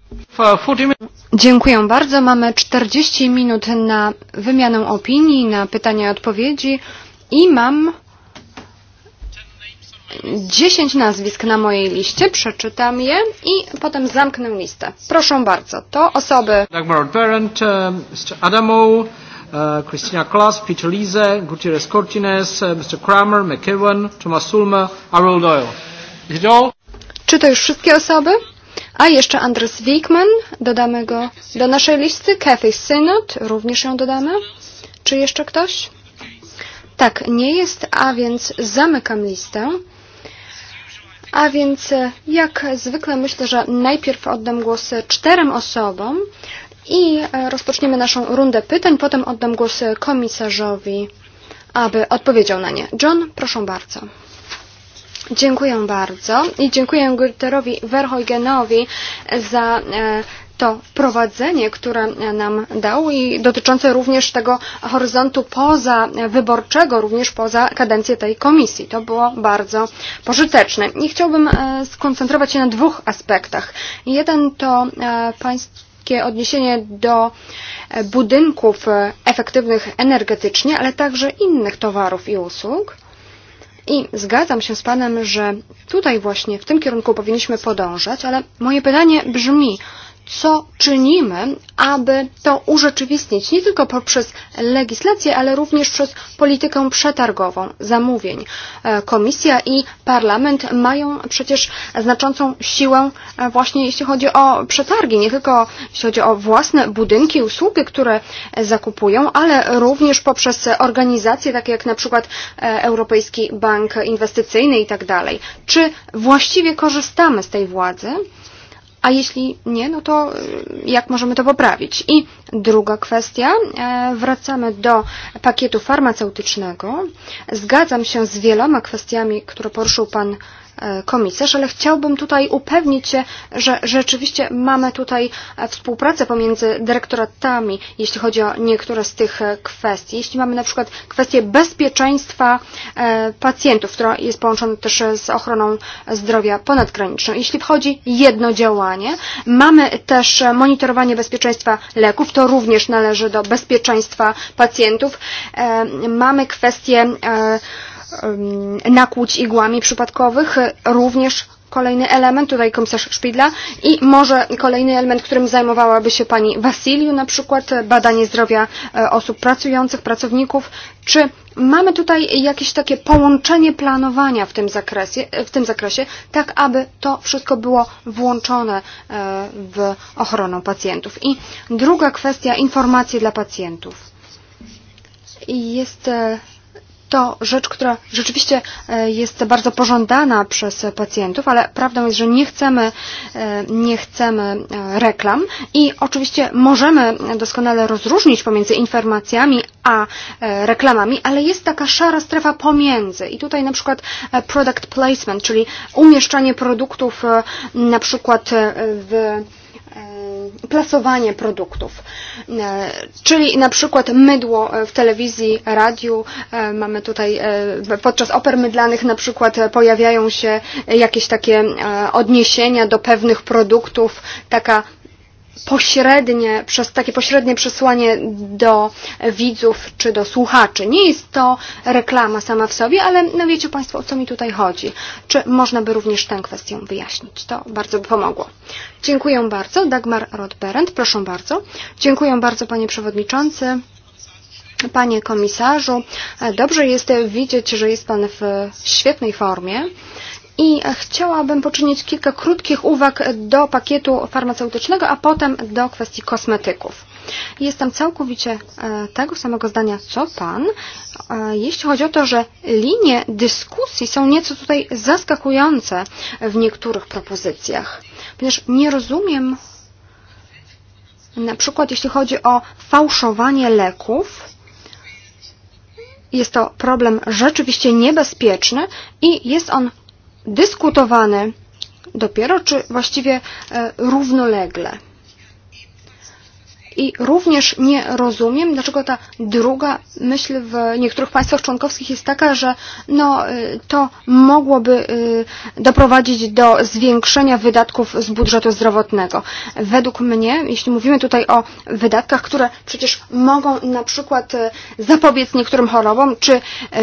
Dziękuję bardzo. Mamy 40 minut na wymianę opinii, na pytania i odpowiedzi i mam 10 nazwisk na mojej liście, przeczytam je i potem zamknę listę. Proszę bardzo, to osoby... Dagmar Berendt, Mr. Um, Adamo, uh, Christina Klaas, Peter Lise, Gutierrez Cortines, uh, Mr. Kramer, McEwan, Thomas Sulmer, Harold Doyle. Is it all? Czy to już wszystkie osoby? A jeszcze Andres Wigman, dodamy go do naszej listy. Kathy Synod, również ją dodamy. Czy jeszcze ktoś? Tak, nie jest, a więc zamykam listę. A więc e, jak zwykle myślę, że najpierw oddam głos czterem osobom i e, rozpoczniemy naszą rundę pytań. Potem oddam głos komisarzowi, aby odpowiedział na nie. John, proszę bardzo. Dziękuję bardzo i dziękuję Gürterowi Verheugenowi za e, to wprowadzenie, które nam dał i dotyczące również tego horyzontu poza wyborczego, również poza kadencję tej komisji. To było bardzo pożyteczne. I chciałbym e, skoncentrować się na dwóch aspektach. Jeden to e, państwo takie odniesienie do budynków efektywnych energetycznie, ale także innych towarów i usług. I zgadzam się z Panem, że tutaj właśnie w tym kierunku powinniśmy podążać, ale moje pytanie brzmi, co czynimy, aby to urzeczywistnić nie tylko poprzez legislację, ale również przez politykę przetargową zamówień. E, Komisja i Parlament mają przecież znaczącą siłę e, właśnie jeśli chodzi o przetargi, nie tylko jeśli chodzi o własne budynki, usługi, które zakupują, ale również poprzez organizacje takie jak na przykład e, Europejski Bank Inwestycyjny i tak dalej. Czy właściwie korzystamy z tej władzy? a jeśli nie, no to jak możemy to poprawić? I druga kwestia, e, wracamy do pakietu farmaceutycznego. Zgadzam się z wieloma kwestiami, które poruszył Pan E, komisarz, ale chciałbym tutaj upewnić się, że rzeczywiście mamy tutaj e, współpracę pomiędzy dyrektoratami, jeśli chodzi o niektóre z tych e, kwestii. Jeśli mamy na przykład kwestię bezpieczeństwa pacjentów, która jest połączona też z ochroną zdrowia ponadgraniczną. Jeśli wchodzi jedno działanie, mamy też monitorowanie bezpieczeństwa leków, to również należy do bezpieczeństwa pacjentów. Mamy kwestię nakłuć igłami przypadkowych. E, również kolejny element, tutaj komisarz Szpidla i może kolejny element, którym zajmowałaby się pani Wasiliu, na przykład e, badanie zdrowia e, osób pracujących, pracowników. Czy mamy tutaj jakieś takie połączenie planowania w tym zakresie, w tym zakresie tak aby to wszystko było włączone w ochronę pacjentów? I druga kwestia, informacje dla pacjentów. Jest to rzecz, która rzeczywiście e, jest bardzo pożądana przez pacjentów, ale prawdą jest, że nie chcemy, e, nie chcemy e, reklam i oczywiście możemy doskonale rozróżnić pomiędzy informacjami a reklamami, ale jest taka szara strefa pomiędzy i tutaj na przykład product placement, czyli umieszczanie produktów na przykład w plasowanie produktów. E, czyli na przykład mydło e, w telewizji, radiu, e, mamy tutaj podczas oper mydlanych na przykład pojawiają się jakieś takie odniesienia do pewnych produktów, taka pośrednie, przez takie pośrednie przesłanie do widzów czy do słuchaczy. Nie jest to reklama sama w sobie, ale no wiecie Państwo, o co mi tutaj chodzi. Czy można by również tę kwestię wyjaśnić? To bardzo by pomogło. Dziękuję bardzo. Dagmar Rodberend, proszę bardzo. Dziękuję bardzo Panie Przewodniczący. Panie komisarzu, dobrze jest widzieć, że jest Pan w świetnej formie. I chciałabym poczynić kilka krótkich uwag do pakietu farmaceutycznego, a potem do kwestii kosmetyków. Jestem całkowicie e, tego samego zdania, co Pan, e, jeśli chodzi o to, że linie dyskusji są nieco tutaj zaskakujące w niektórych propozycjach, ponieważ nie rozumiem, na przykład jeśli chodzi o fałszowanie leków, jest to problem rzeczywiście niebezpieczny i jest on dyskutowane dopiero, czy właściwie e, równolegle. I również nie rozumiem, dlaczego ta druga myśl w niektórych państwach członkowskich jest taka, że no, e, to mogłoby e, doprowadzić do zwiększenia wydatków z budżetu zdrowotnego. Według mnie, jeśli mówimy tutaj o wydatkach, które przecież mogą na przykład zapobiec niektórym chorobom czy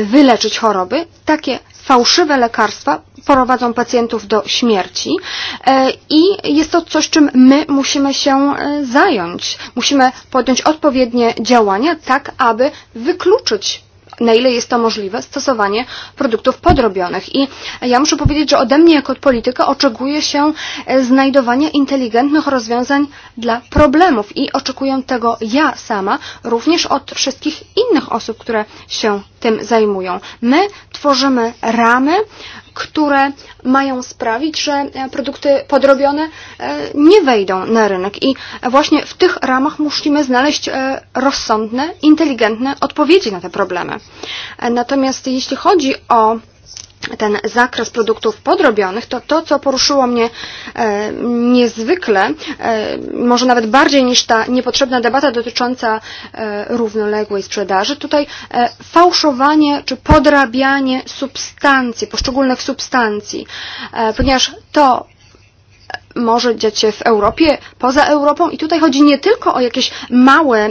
wyleczyć choroby, takie fałszywe lekarstwa prowadzą pacjentów do śmierci e, i jest to coś, czym my musimy się e, zająć. Musimy podjąć odpowiednie działania, tak aby wykluczyć na ile jest to możliwe, stosowanie produktów podrobionych. I ja muszę powiedzieć, że ode mnie jako od polityka oczekuje się e, znajdowania inteligentnych rozwiązań dla problemów i oczekuję tego ja sama, również od wszystkich innych osób, które się tym zajmują. My tworzymy ramy, które mają sprawić, że e, produkty podrobione e, nie wejdą na rynek. I właśnie w tych ramach musimy znaleźć e, rozsądne, inteligentne odpowiedzi na te problemy. Natomiast jeśli chodzi o ten zakres produktów podrobionych, to to, co poruszyło mnie e, niezwykle, e, może nawet bardziej niż ta niepotrzebna debata dotycząca e, równoległej sprzedaży, tutaj e, fałszowanie czy podrabianie substancji, poszczególnych substancji, e, ponieważ to e, może dziać się w Europie, poza Europą i tutaj chodzi nie tylko o jakieś małe e,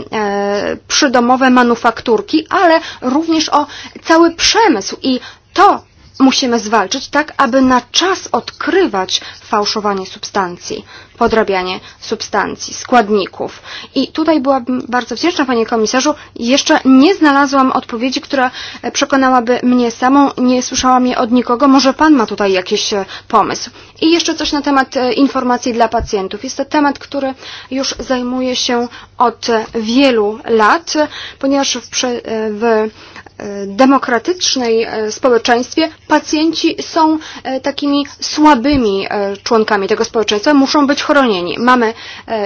przydomowe manufakturki, ale również o cały przemysł i to musimy zwalczyć tak, aby na czas odkrywać fałszowanie substancji, podrabianie substancji, składników. I tutaj byłabym bardzo wdzięczna, panie komisarzu. Jeszcze nie znalazłam odpowiedzi, która e, przekonałaby mnie samą. Nie słyszałam jej od nikogo. Może pan ma tutaj jakiś e, pomysł. I jeszcze coś na temat e, informacji dla pacjentów. Jest to temat, który już zajmuje się od wielu lat, ponieważ w, w E, demokratycznej e, społeczeństwie pacjenci są e, takimi słabymi członkami tego społeczeństwa, muszą być chronieni. Mamy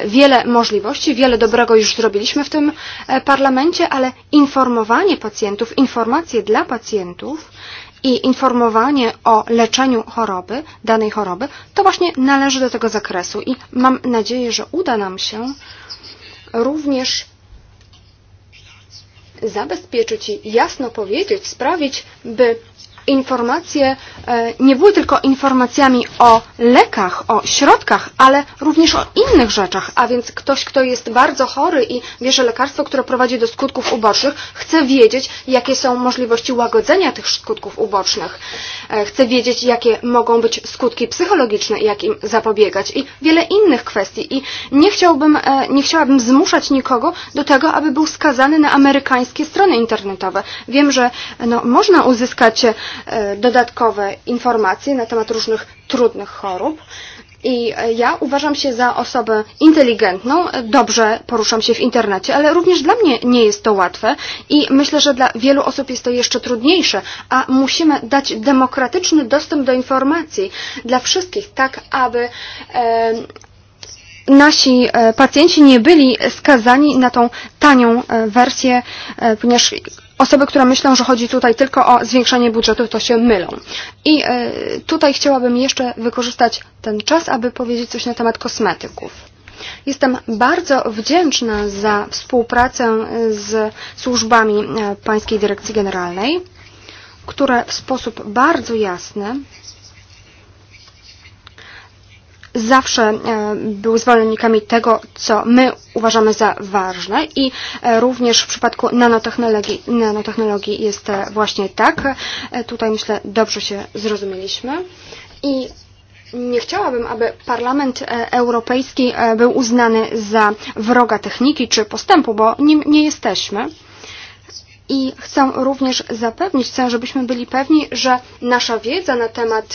wiele możliwości, wiele dobrego już zrobiliśmy w tym parlamencie, ale informowanie pacjentów, informacje dla pacjentów i informowanie o leczeniu choroby, danej choroby, to właśnie należy do tego zakresu i mam nadzieję, że uda nam się również zamiast pieću ci jasno powiedzieć, sprawić, by informacje e, nie były tylko informacjami o lekach, o środkach, ale również o innych rzeczach. A więc ktoś, kto jest bardzo chory i bierze lekarstwo, które prowadzi do skutków ubocznych, chce wiedzieć, jakie są możliwości łagodzenia tych skutków ubocznych. E, chce wiedzieć, jakie mogą być skutki psychologiczne, jak im zapobiegać i wiele innych kwestii. I nie, chciałbym, e, nie chciałabym zmuszać nikogo do tego, aby był skazany na amerykańskie strony internetowe. Wiem, że no, można uzyskać E, dodatkowe informacje na temat różnych trudnych chorób. I e, ja uważam się za osobę inteligentną, dobrze poruszam się w internecie, ale również dla mnie nie jest to łatwe i myślę, że dla wielu osób jest to jeszcze trudniejsze, a musimy dać demokratyczny dostęp do informacji dla wszystkich, tak aby e, nasi e, pacjenci nie byli skazani na tą tanią wersję, ponieważ osoby, które myślą, że chodzi tutaj tylko o zwiększanie budżetu, to się mylą. I e, tutaj chciałabym jeszcze wykorzystać ten czas, aby powiedzieć coś na temat kosmetyków. Jestem bardzo wdzięczna za współpracę z służbami e, Pańskiej Dyrekcji Generalnej, które w sposób bardzo jasny zawsze e, był zwolennikami tego, co my uważamy za ważne i e, również w przypadku nanotechnologii, nanotechnologii jest e, właśnie tak. Tutaj myślę, dobrze się zrozumieliśmy. I nie chciałabym, aby Parlament Europejski był uznany za wroga techniki czy postępu, bo nim nie jesteśmy. I chcę również zapewnić, chcę, żebyśmy byli pewni, że nasza wiedza na temat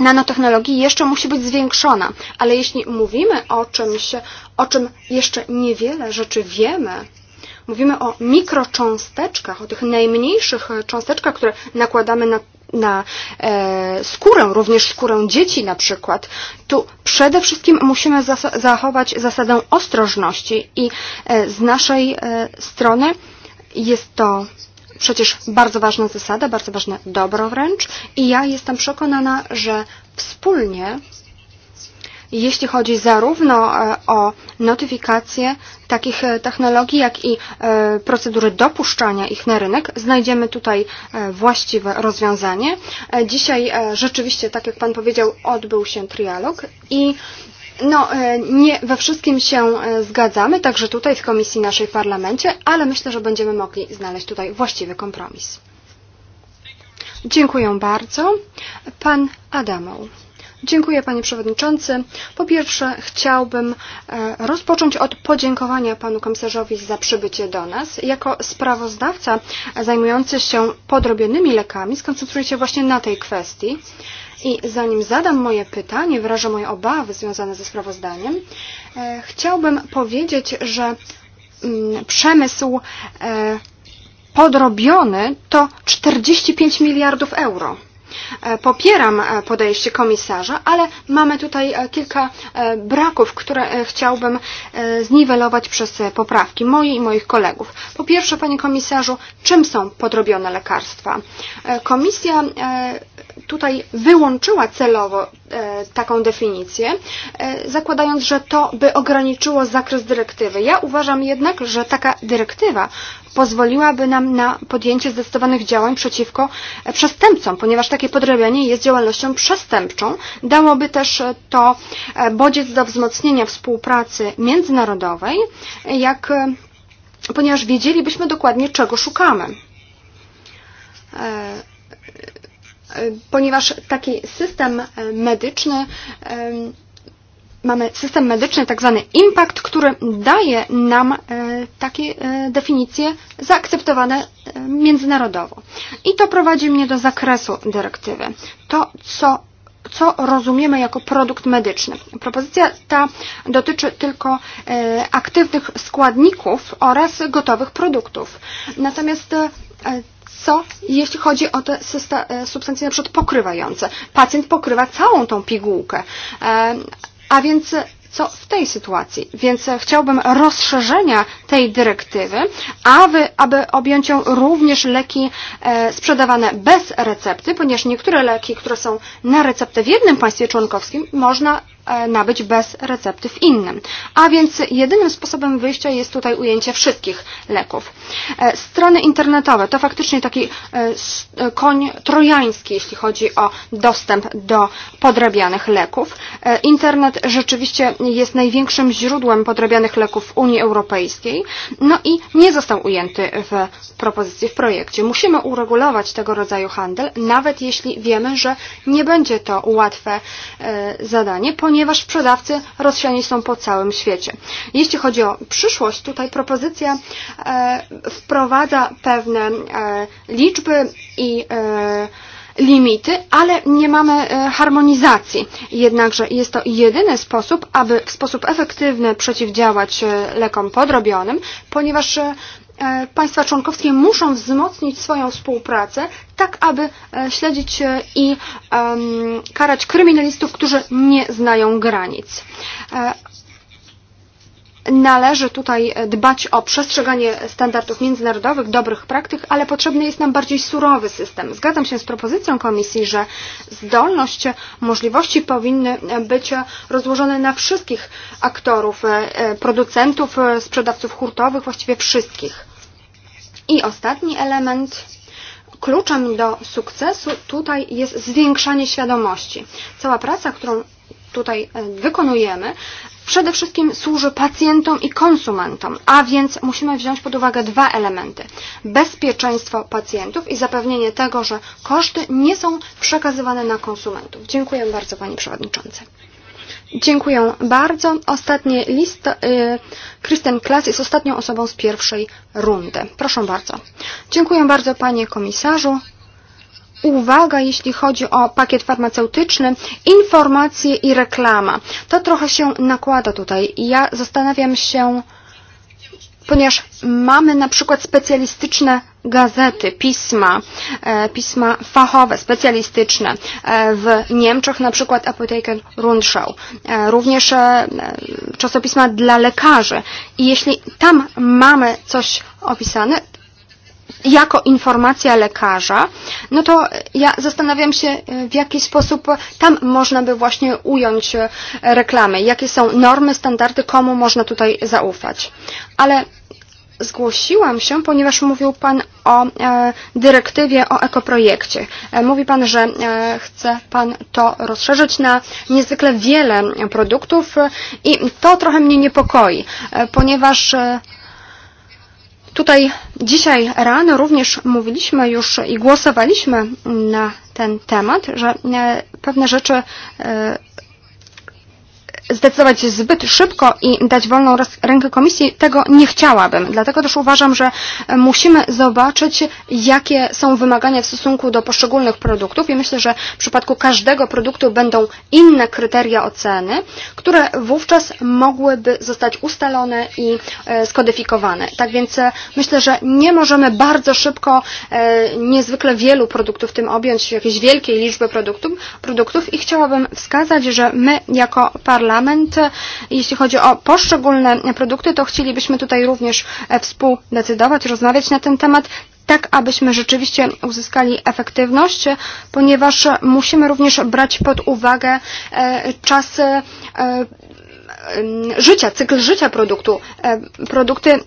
nanotechnologii jeszcze musi być zwiększona. Ale jeśli mówimy o czymś, o czym jeszcze niewiele rzeczy wiemy, mówimy o mikrocząsteczkach, o tych najmniejszych cząsteczkach, które nakładamy na, na e, skórę, również skórę dzieci na przykład, tu przede wszystkim musimy zas zachować zasadę ostrożności i e, z naszej e, strony jest to przecież bardzo ważna zasada, bardzo ważne dobro wręcz i ja jestem przekonana, że wspólnie, jeśli chodzi zarówno e, o notyfikację takich e, technologii, jak i e, procedury dopuszczania ich na rynek, znajdziemy tutaj właściwe rozwiązanie. Dzisiaj rzeczywiście, tak jak Pan powiedział, odbył się trialog i No, e, nie we wszystkim się e, zgadzamy, także tutaj w komisji naszej w parlamencie, ale myślę, że będziemy mogli znaleźć tutaj właściwy kompromis. Dziękuję bardzo. Pan Adamow. Dziękuję Panie Przewodniczący. Po pierwsze chciałbym e, rozpocząć od podziękowania Panu Komisarzowi za przybycie do nas. Jako sprawozdawca zajmujący się podrobionymi lekami skoncentruję się właśnie na tej kwestii. I zanim zadam moje pytanie, wyrażę moje obawy związane ze sprawozdaniem, e, chciałbym powiedzieć, że mm, przemysł e, podrobiony to 45 miliardów euro. E, popieram e, podejście komisarza, ale mamy tutaj e, kilka braków, które chciałbym zniwelować przez poprawki mojej i moich kolegów. Po pierwsze, panie komisarzu, czym są podrobione lekarstwa? Komisja tutaj wyłączyła celowo e, taką definicję, e, zakładając, że to by ograniczyło zakres dyrektywy. Ja uważam jednak, że taka dyrektywa pozwoliłaby nam na podjęcie zdecydowanych działań przeciwko e, przestępcom, ponieważ takie podrabianie jest działalnością przestępczą. Dałoby też to bodziec do wzmocnienia współpracy międzynarodowej, jak, ponieważ wiedzielibyśmy dokładnie, czego szukamy ponieważ taki system e, medyczny e, mamy system medyczny, tak zwany impact, który daje nam e, takie definicje zaakceptowane międzynarodowo. I to prowadzi mnie do zakresu dyrektywy. To, co co rozumiemy jako produkt medyczny. Propozycja ta dotyczy tylko e, aktywnych składników oraz gotowych produktów. Natomiast e, co jeśli chodzi o te e, substancje na przykład pokrywające? Pacjent pokrywa całą tą pigułkę. E, a więc e, co w tej sytuacji? Więc chciałbym rozszerzenia tej dyrektywy, aby, aby objąć ją również leki e, sprzedawane bez recepty, ponieważ niektóre leki, które są na receptę w jednym państwie członkowskim, można E, nabyć bez recepty w innym. A więc jedynym sposobem wyjścia jest tutaj ujęcie wszystkich leków. E, strony internetowe to faktycznie taki e, koń trojański, jeśli chodzi o dostęp do podrabianych leków. Internet rzeczywiście jest największym źródłem podrabianych leków w Unii Europejskiej, no i nie został ujęty w propozycji, w projekcie. Musimy uregulować tego rodzaju handel, nawet jeśli wiemy, że nie będzie to łatwe zadanie, ponieważ ponieważ sprzedawcy rozsiani są po całym świecie. Jeśli chodzi o przyszłość, tutaj propozycja e, wprowadza pewne e, liczby i e, limity, ale nie mamy e, harmonizacji. Jednakże jest to jedyny sposób, aby w sposób efektywny przeciwdziałać e, lekom podrobionym, ponieważ e, E, państwa członkowskie muszą wzmocnić swoją współpracę, tak aby e, śledzić e, i karać kryminalistów, którzy nie znają granic należy tutaj dbać o przestrzeganie standardów międzynarodowych, dobrych praktyk, ale potrzebny jest nam bardziej surowy system. Zgadzam się z propozycją komisji, że zdolność możliwości powinny być rozłożone na wszystkich aktorów, e, producentów, e, sprzedawców hurtowych, właściwie wszystkich. I ostatni element kluczem do sukcesu tutaj jest zwiększanie świadomości. Cała praca, którą tutaj e, wykonujemy, przede wszystkim służy pacjentom i konsumentom, a więc musimy wziąć pod uwagę dwa elementy. Bezpieczeństwo pacjentów i zapewnienie tego, że koszty nie są przekazywane na konsumentów. Dziękuję bardzo Pani Przewodnicząca. Dziękuję bardzo. Ostatni list. Y, Kristen Klas jest ostatnią osobą z pierwszej rundy. Proszę bardzo. Dziękuję bardzo Panie Komisarzu uwaga, jeśli chodzi o pakiet farmaceutyczny, informacje i reklama. To trochę się nakłada tutaj. Ja zastanawiam się, ponieważ mamy na przykład specjalistyczne gazety, pisma, e, pisma fachowe, specjalistyczne. E, w Niemczech na przykład Apotheken Rundschau. E, również czasopisma dla lekarzy. I jeśli tam mamy coś opisane, jako informacja lekarza, no to ja zastanawiam się, e, w jaki sposób tam można by właśnie ująć e, reklamy, jakie są normy, standardy, komu można tutaj zaufać. Ale zgłosiłam się, ponieważ mówił Pan o e, dyrektywie o ekoprojekcie. E, mówi Pan, że e, chce Pan to rozszerzyć na niezwykle wiele produktów e, i to trochę mnie niepokoi, e, ponieważ e, Tutaj dzisiaj rano również mówiliśmy już i głosowaliśmy na ten temat, że e, pewne rzeczy e, zdecydować zbyt szybko i dać wolną rękę komisji, tego nie chciałabym. Dlatego też uważam, że e, musimy zobaczyć, jakie są wymagania w stosunku do poszczególnych produktów i myślę, że w przypadku każdego produktu będą inne kryteria oceny, które wówczas mogłyby zostać ustalone i e, skodyfikowane. Tak więc e, myślę, że nie możemy bardzo szybko niezwykle wielu produktów tym objąć, jakiejś wielkiej liczby produktów, produktów i chciałabym wskazać, że my jako parlament Parlament. Jeśli chodzi o poszczególne produkty, to chcielibyśmy tutaj również e, współdecydować, rozmawiać na ten temat tak abyśmy rzeczywiście uzyskali efektywność, ponieważ musimy również brać pod uwagę e, czas e, życia, cykl życia produktu. Produkty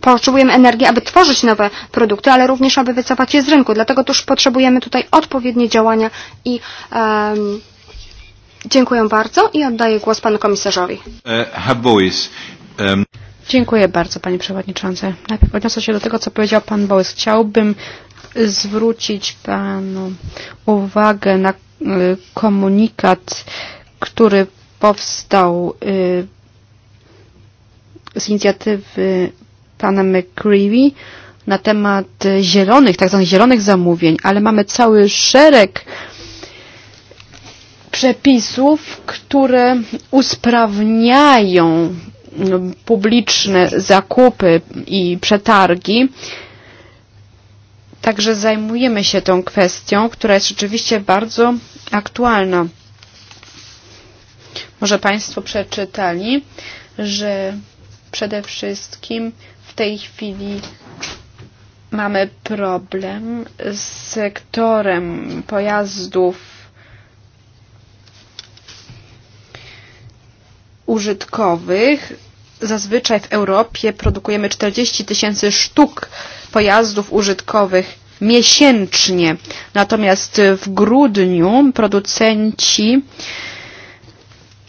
potrzebujemy energii, aby tworzyć nowe produkty, ale również, aby wycofać je z rynku. Dlatego też potrzebujemy tutaj odpowiednie działania i um, Dziękuję bardzo i oddaję głos panu komisarzowi. E, Boys. Um... Dziękuję bardzo, panie przewodniczący. Najpierw odniosę się do tego, co powiedział pan Bołys. Chciałbym zwrócić panu uwagę na e, komunikat, który powstał e, z inicjatywy pana McCreevy na temat zielonych, tak zwanych zielonych zamówień, ale mamy cały szereg y, przepisów, które usprawniają publiczne zakupy i przetargi. Także zajmujemy się tą kwestią, która jest rzeczywiście bardzo aktualna. Może Państwo przeczytali, że przede wszystkim w tej chwili mamy problem z sektorem pojazdów użytkowych. Zazwyczaj w Europie produkujemy 40 tysięcy sztuk pojazdów użytkowych miesięcznie. Natomiast w grudniu producenci,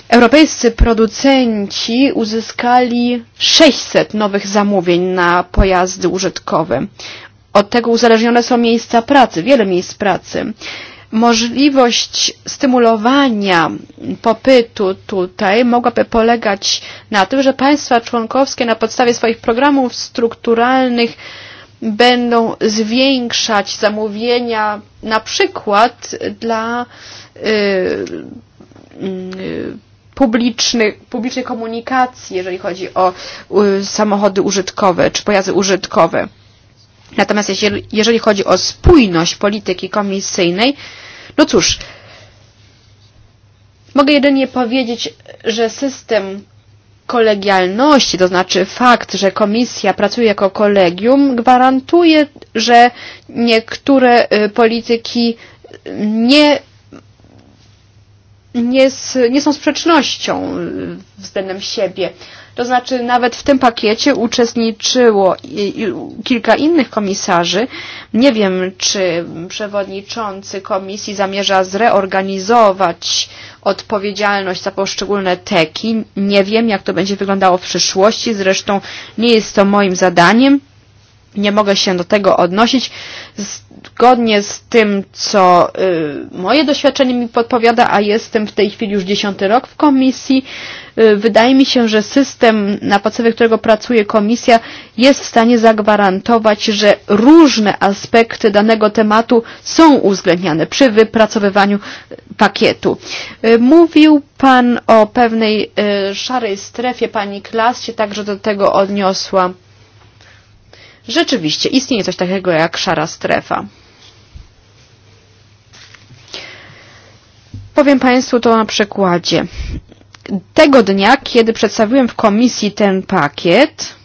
europejscy producenci uzyskali 600 nowych zamówień na pojazdy użytkowe. Od tego uzależnione są miejsca pracy, wiele miejsc pracy możliwość stymulowania popytu tutaj mogłaby polegać na tym, że państwa członkowskie na podstawie swoich programów strukturalnych będą zwiększać zamówienia na przykład dla y, y, publicznych, publicznej komunikacji, jeżeli chodzi o y, samochody użytkowe czy pojazdy użytkowe. Natomiast jeżeli chodzi o spójność polityki komisyjnej, no cóż, mogę jedynie powiedzieć, że system kolegialności, to znaczy fakt, że komisja pracuje jako kolegium, gwarantuje, że niektóre polityki nie, nie, nie są sprzecznością względem siebie. To znaczy nawet w tym pakiecie uczestniczyło kilka innych komisarzy. Nie wiem, czy przewodniczący komisji zamierza zreorganizować odpowiedzialność za poszczególne teki. Nie wiem, jak to będzie wyglądało w przyszłości. Zresztą nie jest to moim zadaniem nie mogę się do tego odnosić. Zgodnie z tym, co y, moje doświadczenie mi podpowiada, a jestem w tej chwili już dziesiąty rok w komisji, y, wydaje mi się, że system, na podstawie którego pracuje komisja, jest w stanie zagwarantować, że różne aspekty danego tematu są uwzględniane przy wypracowywaniu pakietu. Y, mówił Pan o pewnej y, szarej strefie, Pani Klas się także do tego odniosła. Rzeczywiście istnieje coś takiego jak szara strefa. Powiem Państwu to na przykładzie. Tego dnia, kiedy przedstawiłem w komisji ten pakiet,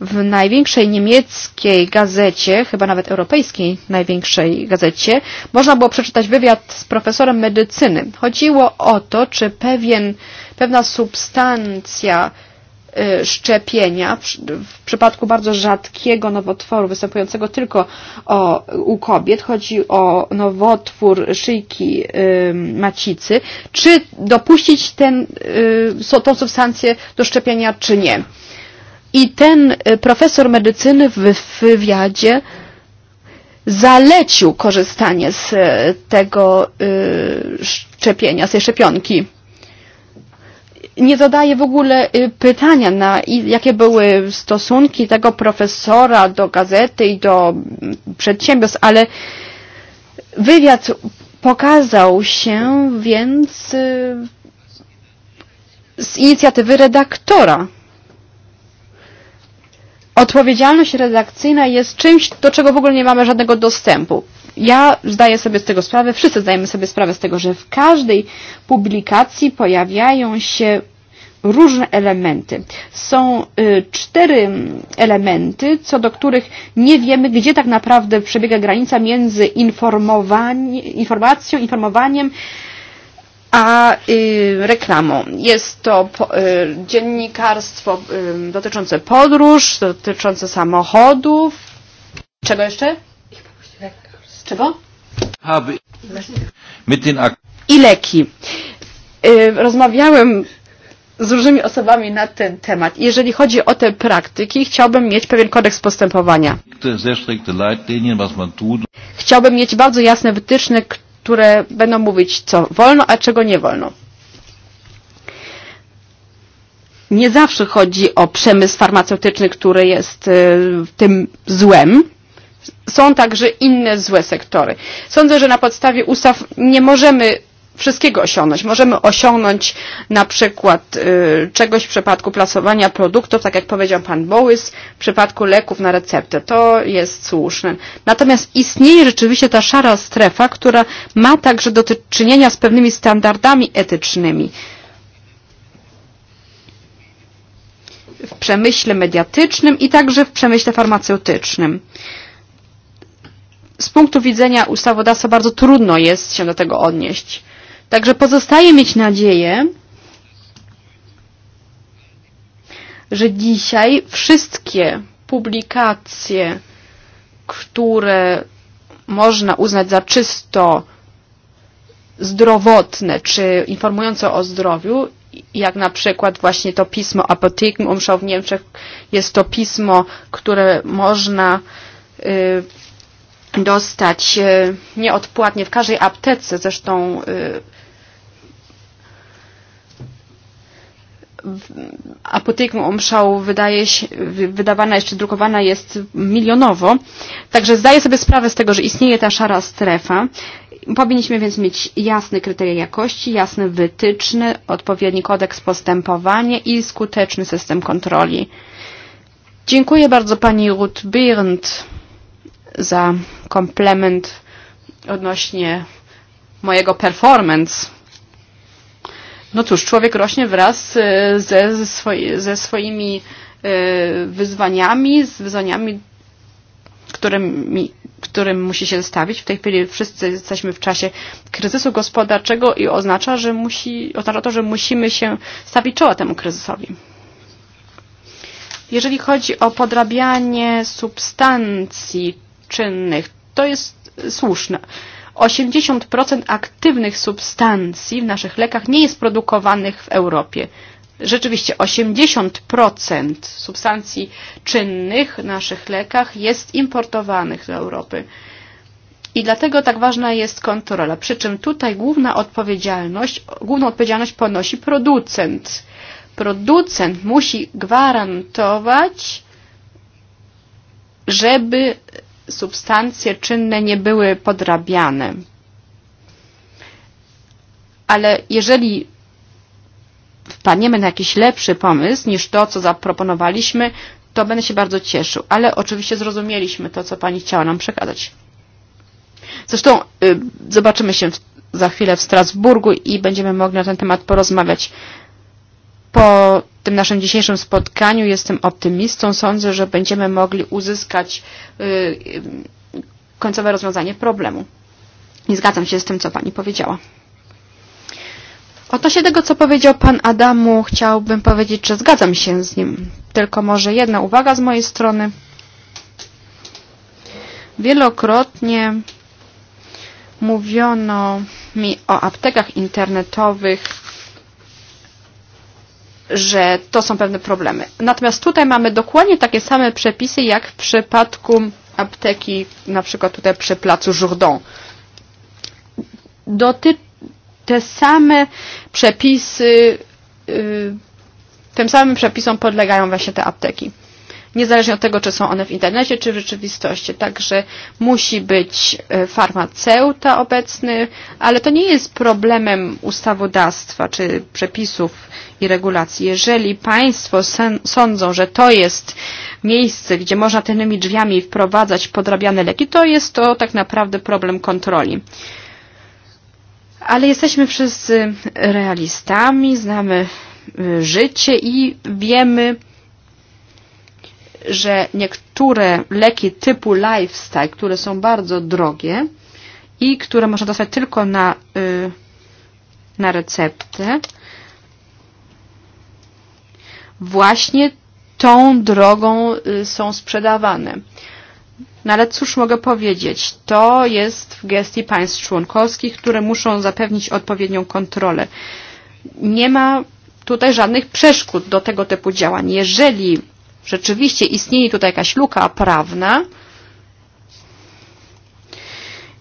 w największej niemieckiej gazecie, chyba nawet europejskiej największej gazecie, można było przeczytać wywiad z profesorem medycyny. Chodziło o to, czy pewien, pewna substancja szczepienia w przypadku bardzo rzadkiego nowotworu występującego tylko o, u kobiet, chodzi o nowotwór szyjki y, macicy, czy dopuścić ten, y, tą substancję do szczepienia, czy nie. I ten profesor medycyny w wywiadzie zalecił korzystanie z tego y, szczepienia, z tej szczepionki nie zadaje w ogóle pytania, na jakie były stosunki tego profesora do gazety i do mm, przedsiębiorstw, ale wywiad pokazał się więc z inicjatywy redaktora. Odpowiedzialność redakcyjna jest czymś, do czego w ogóle nie mamy żadnego dostępu ja zdaję sobie z tego sprawę, wszyscy zdajemy sobie sprawę z tego, że w każdej publikacji pojawiają się różne elementy. Są y, cztery mm, elementy, co do których nie wiemy, gdzie tak naprawdę przebiega granica między informowanie, informacją, informowaniem a y, reklamą. Jest to po, y, dziennikarstwo y, dotyczące podróż, dotyczące samochodów. Czego jeszcze? Czego? Aby. Ileki. E, rozmawiałem z różnymi osobami na ten temat. Jeżeli chodzi o te praktyki, chciałbym mieć pewien kodeks postępowania. Chciałbym mieć bardzo jasne wytyczne, które będą mówić, co wolno, a czego nie wolno. Nie zawsze chodzi o przemysł farmaceutyczny, który jest e, tym złem, są także inne złe sektory. Sądzę, że na podstawie ustaw nie możemy wszystkiego osiągnąć. Możemy osiągnąć na przykład y, czegoś w przypadku plasowania produktów, tak jak powiedział pan Bołys, w przypadku leków na receptę. To jest słuszne. Natomiast istnieje rzeczywiście ta szara strefa, która ma także do czynienia z pewnymi standardami etycznymi. W przemyśle mediatycznym i także w przemyśle farmaceutycznym. Y, z punktu widzenia ustawodawstwa bardzo trudno jest się do tego odnieść. Także pozostaje mieć nadzieję, że dzisiaj wszystkie publikacje, które można uznać za czysto zdrowotne czy informujące o zdrowiu, jak na przykład właśnie to pismo Apotheken Umschau w Niemczech, jest to pismo, które można y, dostać e, nieodpłatnie w każdej aptece. Zresztą e, apoteką omszału wydaje się, wydawana jeszcze drukowana jest milionowo. Także zdaję sobie sprawę z tego, że istnieje ta szara strefa. Powinniśmy więc mieć jasne kryteria jakości, jasne wytyczne, odpowiedni kodeks postępowania i skuteczny system kontroli. Dziękuję bardzo pani Ruth Birndt za komplement odnośnie mojego performance. No cóż, człowiek rośnie wraz ze, swoi, ze swoimi wyzwaniami, z wyzwaniami, którym, którym musi się stawić. W tej chwili wszyscy jesteśmy w czasie kryzysu gospodarczego i oznacza, że musi, oznacza to, że musimy się stawić czoła temu kryzysowi. Jeżeli chodzi o podrabianie substancji czynnych. To jest słuszne. 80% aktywnych substancji w naszych lekach nie jest produkowanych w Europie. Rzeczywiście 80% substancji czynnych w naszych lekach jest importowanych do Europy. I dlatego tak ważna jest kontrola. Przy czym tutaj główna odpowiedzialność, główną odpowiedzialność ponosi producent. Producent musi gwarantować, żeby substancje czynne nie były podrabiane. Ale jeżeli wpadniemy na jakiś lepszy pomysł niż to, co zaproponowaliśmy, to będę się bardzo cieszył. Ale oczywiście zrozumieliśmy to, co Pani chciała nam przekazać. Zresztą y, zobaczymy się w, za chwilę w Strasburgu i będziemy mogli na ten temat porozmawiać Po tym naszym dzisiejszym spotkaniu jestem optymistą. Sądzę, że będziemy mogli uzyskać końcowe rozwiązanie problemu. Nie zgadzam się z tym, co Pani powiedziała. Odnośnie tego, co powiedział Pan Adamu, chciałbym powiedzieć, że zgadzam się z nim. Tylko może jedna uwaga z mojej strony. Wielokrotnie mówiono mi o aptekach internetowych że to są pewne problemy. Natomiast tutaj mamy dokładnie takie same przepisy, jak w przypadku apteki, na przykład tutaj przy placu Jourdan. Doty te same przepisy, yy, tym samym przepisom podlegają właśnie te apteki niezależnie od tego, czy są one w internecie, czy w rzeczywistości. Także musi być e, farmaceuta obecny, ale to nie jest problemem ustawodawstwa, czy przepisów i regulacji. Jeżeli państwo sądzą, że to jest miejsce, gdzie można tylnymi drzwiami wprowadzać podrabiane leki, to jest to tak naprawdę problem kontroli. Ale jesteśmy wszyscy realistami, znamy życie i wiemy, że niektóre leki typu lifestyle, które są bardzo drogie i które można dostać tylko na, y, na receptę, właśnie tą drogą y, są sprzedawane. No ale cóż mogę powiedzieć? To jest w gestii państw członkowskich, które muszą zapewnić odpowiednią kontrolę. Nie ma tutaj żadnych przeszkód do tego typu działań. Jeżeli rzeczywiście istnieje tutaj jakaś luka prawna,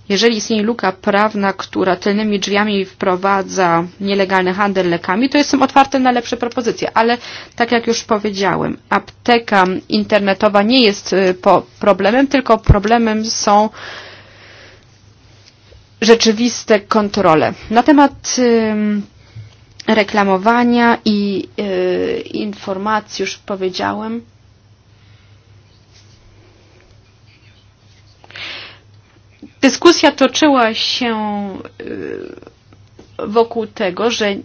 jeżeli istnieje luka prawna, która tylnymi drzwiami wprowadza nielegalny handel lekami, to jestem otwarty na lepsze propozycje. Ale tak jak już powiedziałem, apteka internetowa nie jest po problemem, tylko problemem są rzeczywiste kontrole. Na temat reklamowania i informacji już powiedziałem. Dyskusja toczyła się wokół tego, że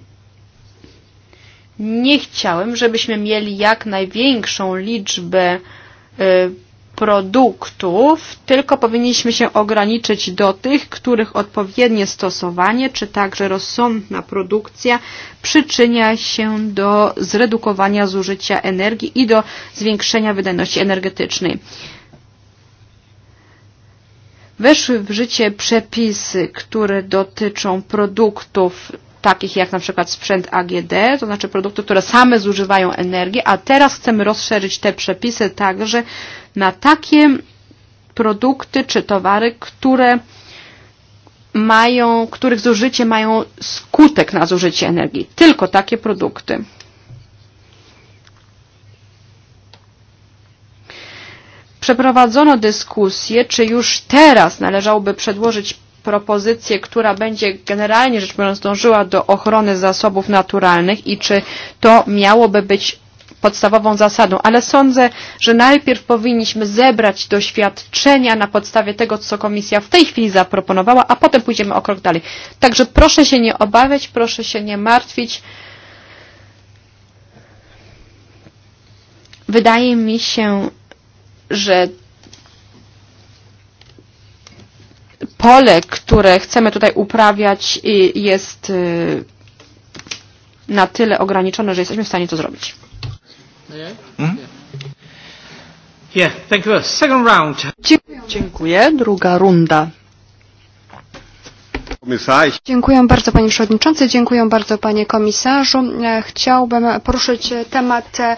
nie chciałem, żebyśmy mieli jak największą liczbę produktów, tylko powinniśmy się ograniczyć do tych, których odpowiednie stosowanie, czy także rozsądna produkcja przyczynia się do zredukowania zużycia energii i do zwiększenia wydajności energetycznej weszły w życie przepisy, które dotyczą produktów takich jak na przykład sprzęt AGD, to znaczy produkty, które same zużywają energię, a teraz chcemy rozszerzyć te przepisy także na takie produkty czy towary, które mają, których zużycie mają skutek na zużycie energii. Tylko takie produkty. przeprowadzono dyskusję, czy już teraz należałoby przedłożyć propozycję, która będzie generalnie rzecz biorąc dążyła do ochrony zasobów naturalnych i czy to miałoby być podstawową zasadą, ale sądzę, że najpierw powinniśmy zebrać doświadczenia na podstawie tego, co komisja w tej chwili zaproponowała, a potem pójdziemy o krok dalej. Także proszę się nie obawiać, proszę się nie martwić. Wydaje mi się, że pole, które chcemy tutaj uprawiać jest na tyle ograniczone, że jesteśmy w stanie to zrobić. Hmm? Yeah, thank you. Second round. Dziękuję. Druga runda. Komisarz. Dziękuję bardzo Panie Przewodniczący, dziękuję bardzo Panie Komisarzu. E, chciałbym poruszyć temat e,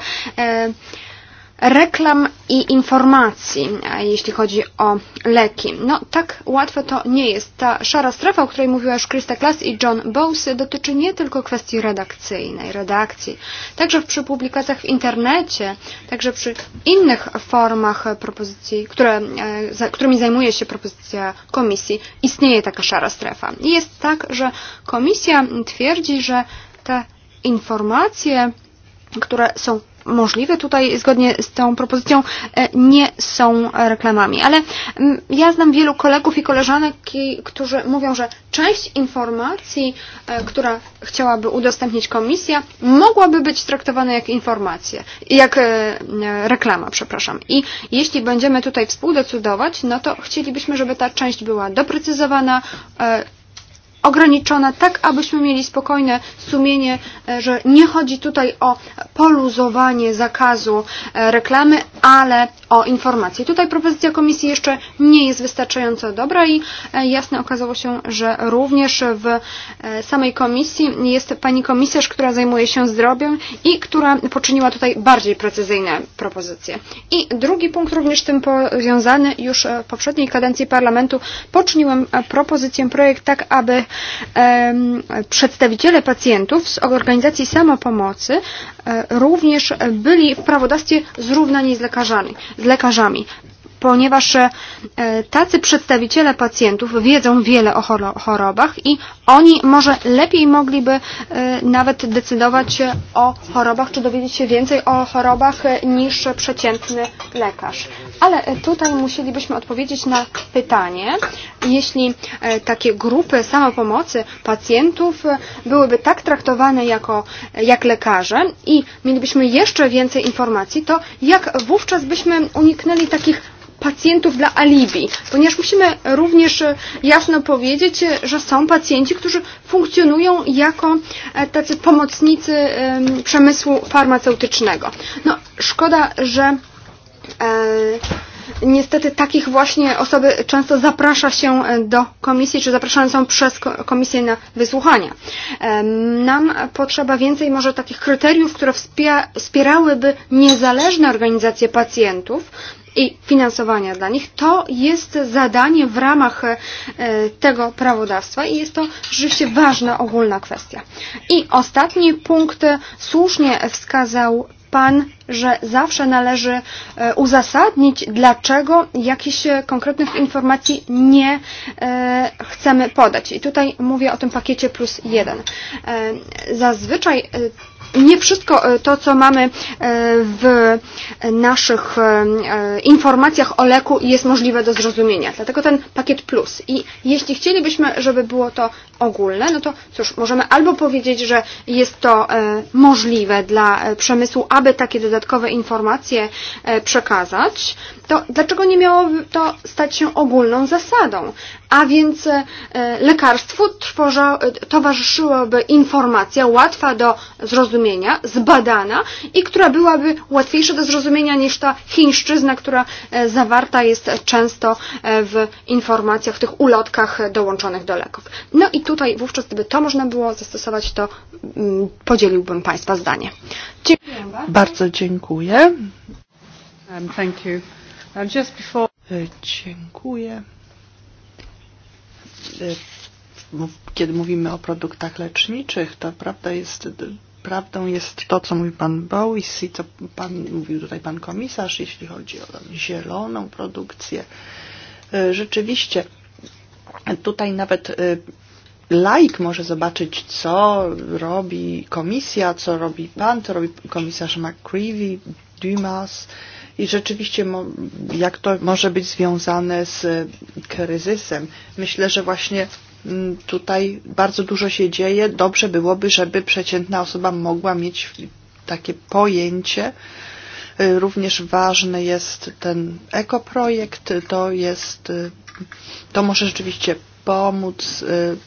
reklam i informacji, jeśli chodzi o leki. No tak łatwo to nie jest. Ta szara strefa, o której mówiła już Krista Klas i John Bowes, dotyczy nie tylko kwestii redakcyjnej, redakcji. Także przy publikacjach w internecie, także przy innych formach propozycji, które, e, za, którymi zajmuje się propozycja komisji, istnieje taka szara strefa. I jest tak, że komisja twierdzi, że te informacje, które są możliwe tutaj zgodnie z tą propozycją e, nie są reklamami. Ale mm, ja znam wielu kolegów i koleżanek, którzy mówią, że część informacji, e, która chciałaby udostępnić komisja, mogłaby być traktowana jak informacja, jak e, reklama, przepraszam. I jeśli będziemy tutaj współdecydować, no to chcielibyśmy, żeby ta część była doprecyzowana, ograniczona tak, abyśmy mieli spokojne sumienie, e, że nie chodzi tutaj o poluzowanie zakazu e, reklamy, ale o informacje. Tutaj propozycja komisji jeszcze nie jest wystarczająco dobra i e, jasne okazało się, że również w samej komisji jest pani komisarz, która zajmuje się zdrowiem i która poczyniła tutaj bardziej precyzyjne propozycje. I drugi punkt również tym powiązany, już w poprzedniej kadencji parlamentu poczyniłem propozycję projekt tak, aby przedstawiciele pacjentów z organizacji samopomocy e, również byli w prawodawstwie zrównani z lekarzami. Z lekarzami ponieważ e, tacy przedstawiciele pacjentów wiedzą wiele o chorobach i oni może lepiej mogliby e, nawet decydować o chorobach, czy dowiedzieć się więcej o chorobach niż przeciętny lekarz. Ale e, tutaj musielibyśmy odpowiedzieć na pytanie, jeśli e, takie grupy samopomocy pacjentów e, byłyby tak traktowane jako, jak lekarze i mielibyśmy jeszcze więcej informacji, to jak wówczas byśmy uniknęli takich pacjentów dla alibi, ponieważ musimy również jasno powiedzieć, że są pacjenci, którzy funkcjonują jako tacy pomocnicy przemysłu farmaceutycznego. No, szkoda, że E, niestety takich właśnie osoby często zaprasza się e, do komisji, czy zapraszane są przez komisję na wysłuchania. E, nam potrzeba więcej może takich kryteriów, które wspierałyby niezależne organizacje pacjentów i finansowania dla nich. To jest zadanie w ramach tego prawodawstwa i jest to rzeczywiście ważna ogólna kwestia. I ostatni punkt słusznie wskazał Pan, że zawsze należy e, uzasadnić, dlaczego jakichś e, konkretnych informacji nie e, chcemy podać. I tutaj mówię o tym pakiecie plus jeden. Zazwyczaj nie wszystko e, to, co mamy e, w naszych e, informacjach o leku jest możliwe do zrozumienia. Dlatego ten pakiet plus. I jeśli chcielibyśmy, żeby było to ogólne, no to cóż, możemy albo powiedzieć, że jest to możliwe dla przemysłu, aby takie dodatkowe informacje przekazać, to dlaczego nie miałoby to stać się ogólną zasadą? A więc lekarstwu towarzyszyłoby informacja łatwa do zrozumienia, zrozumienia, zbadana i która byłaby łatwiejsza do zrozumienia niż ta chińszczyzna, która e, zawarta jest często e, w informacjach, w tych ulotkach dołączonych do leków. No i tutaj wówczas, gdyby to można było zastosować, to mm, podzieliłbym Państwa zdanie. Dziękuję bardzo. Bardzo dziękuję. Um, thank you. Um, just before... E, dziękuję kiedy mówimy o produktach leczniczych, to prawda jest Prawdą jest to, co mówi pan Bowis i co pan, mówił tutaj pan komisarz, jeśli chodzi o zieloną produkcję. E, rzeczywiście, tutaj nawet e, laik może zobaczyć, co robi komisja, co robi pan, co robi komisarz McCreevy, Dumas i rzeczywiście jak to może być związane z kryzysem. Myślę, że właśnie Mm, tutaj bardzo dużo się dzieje. Dobrze byłoby, żeby przeciętna osoba mogła mieć takie pojęcie. Również ważny jest ten ekoprojekt. To jest, to może rzeczywiście pomóc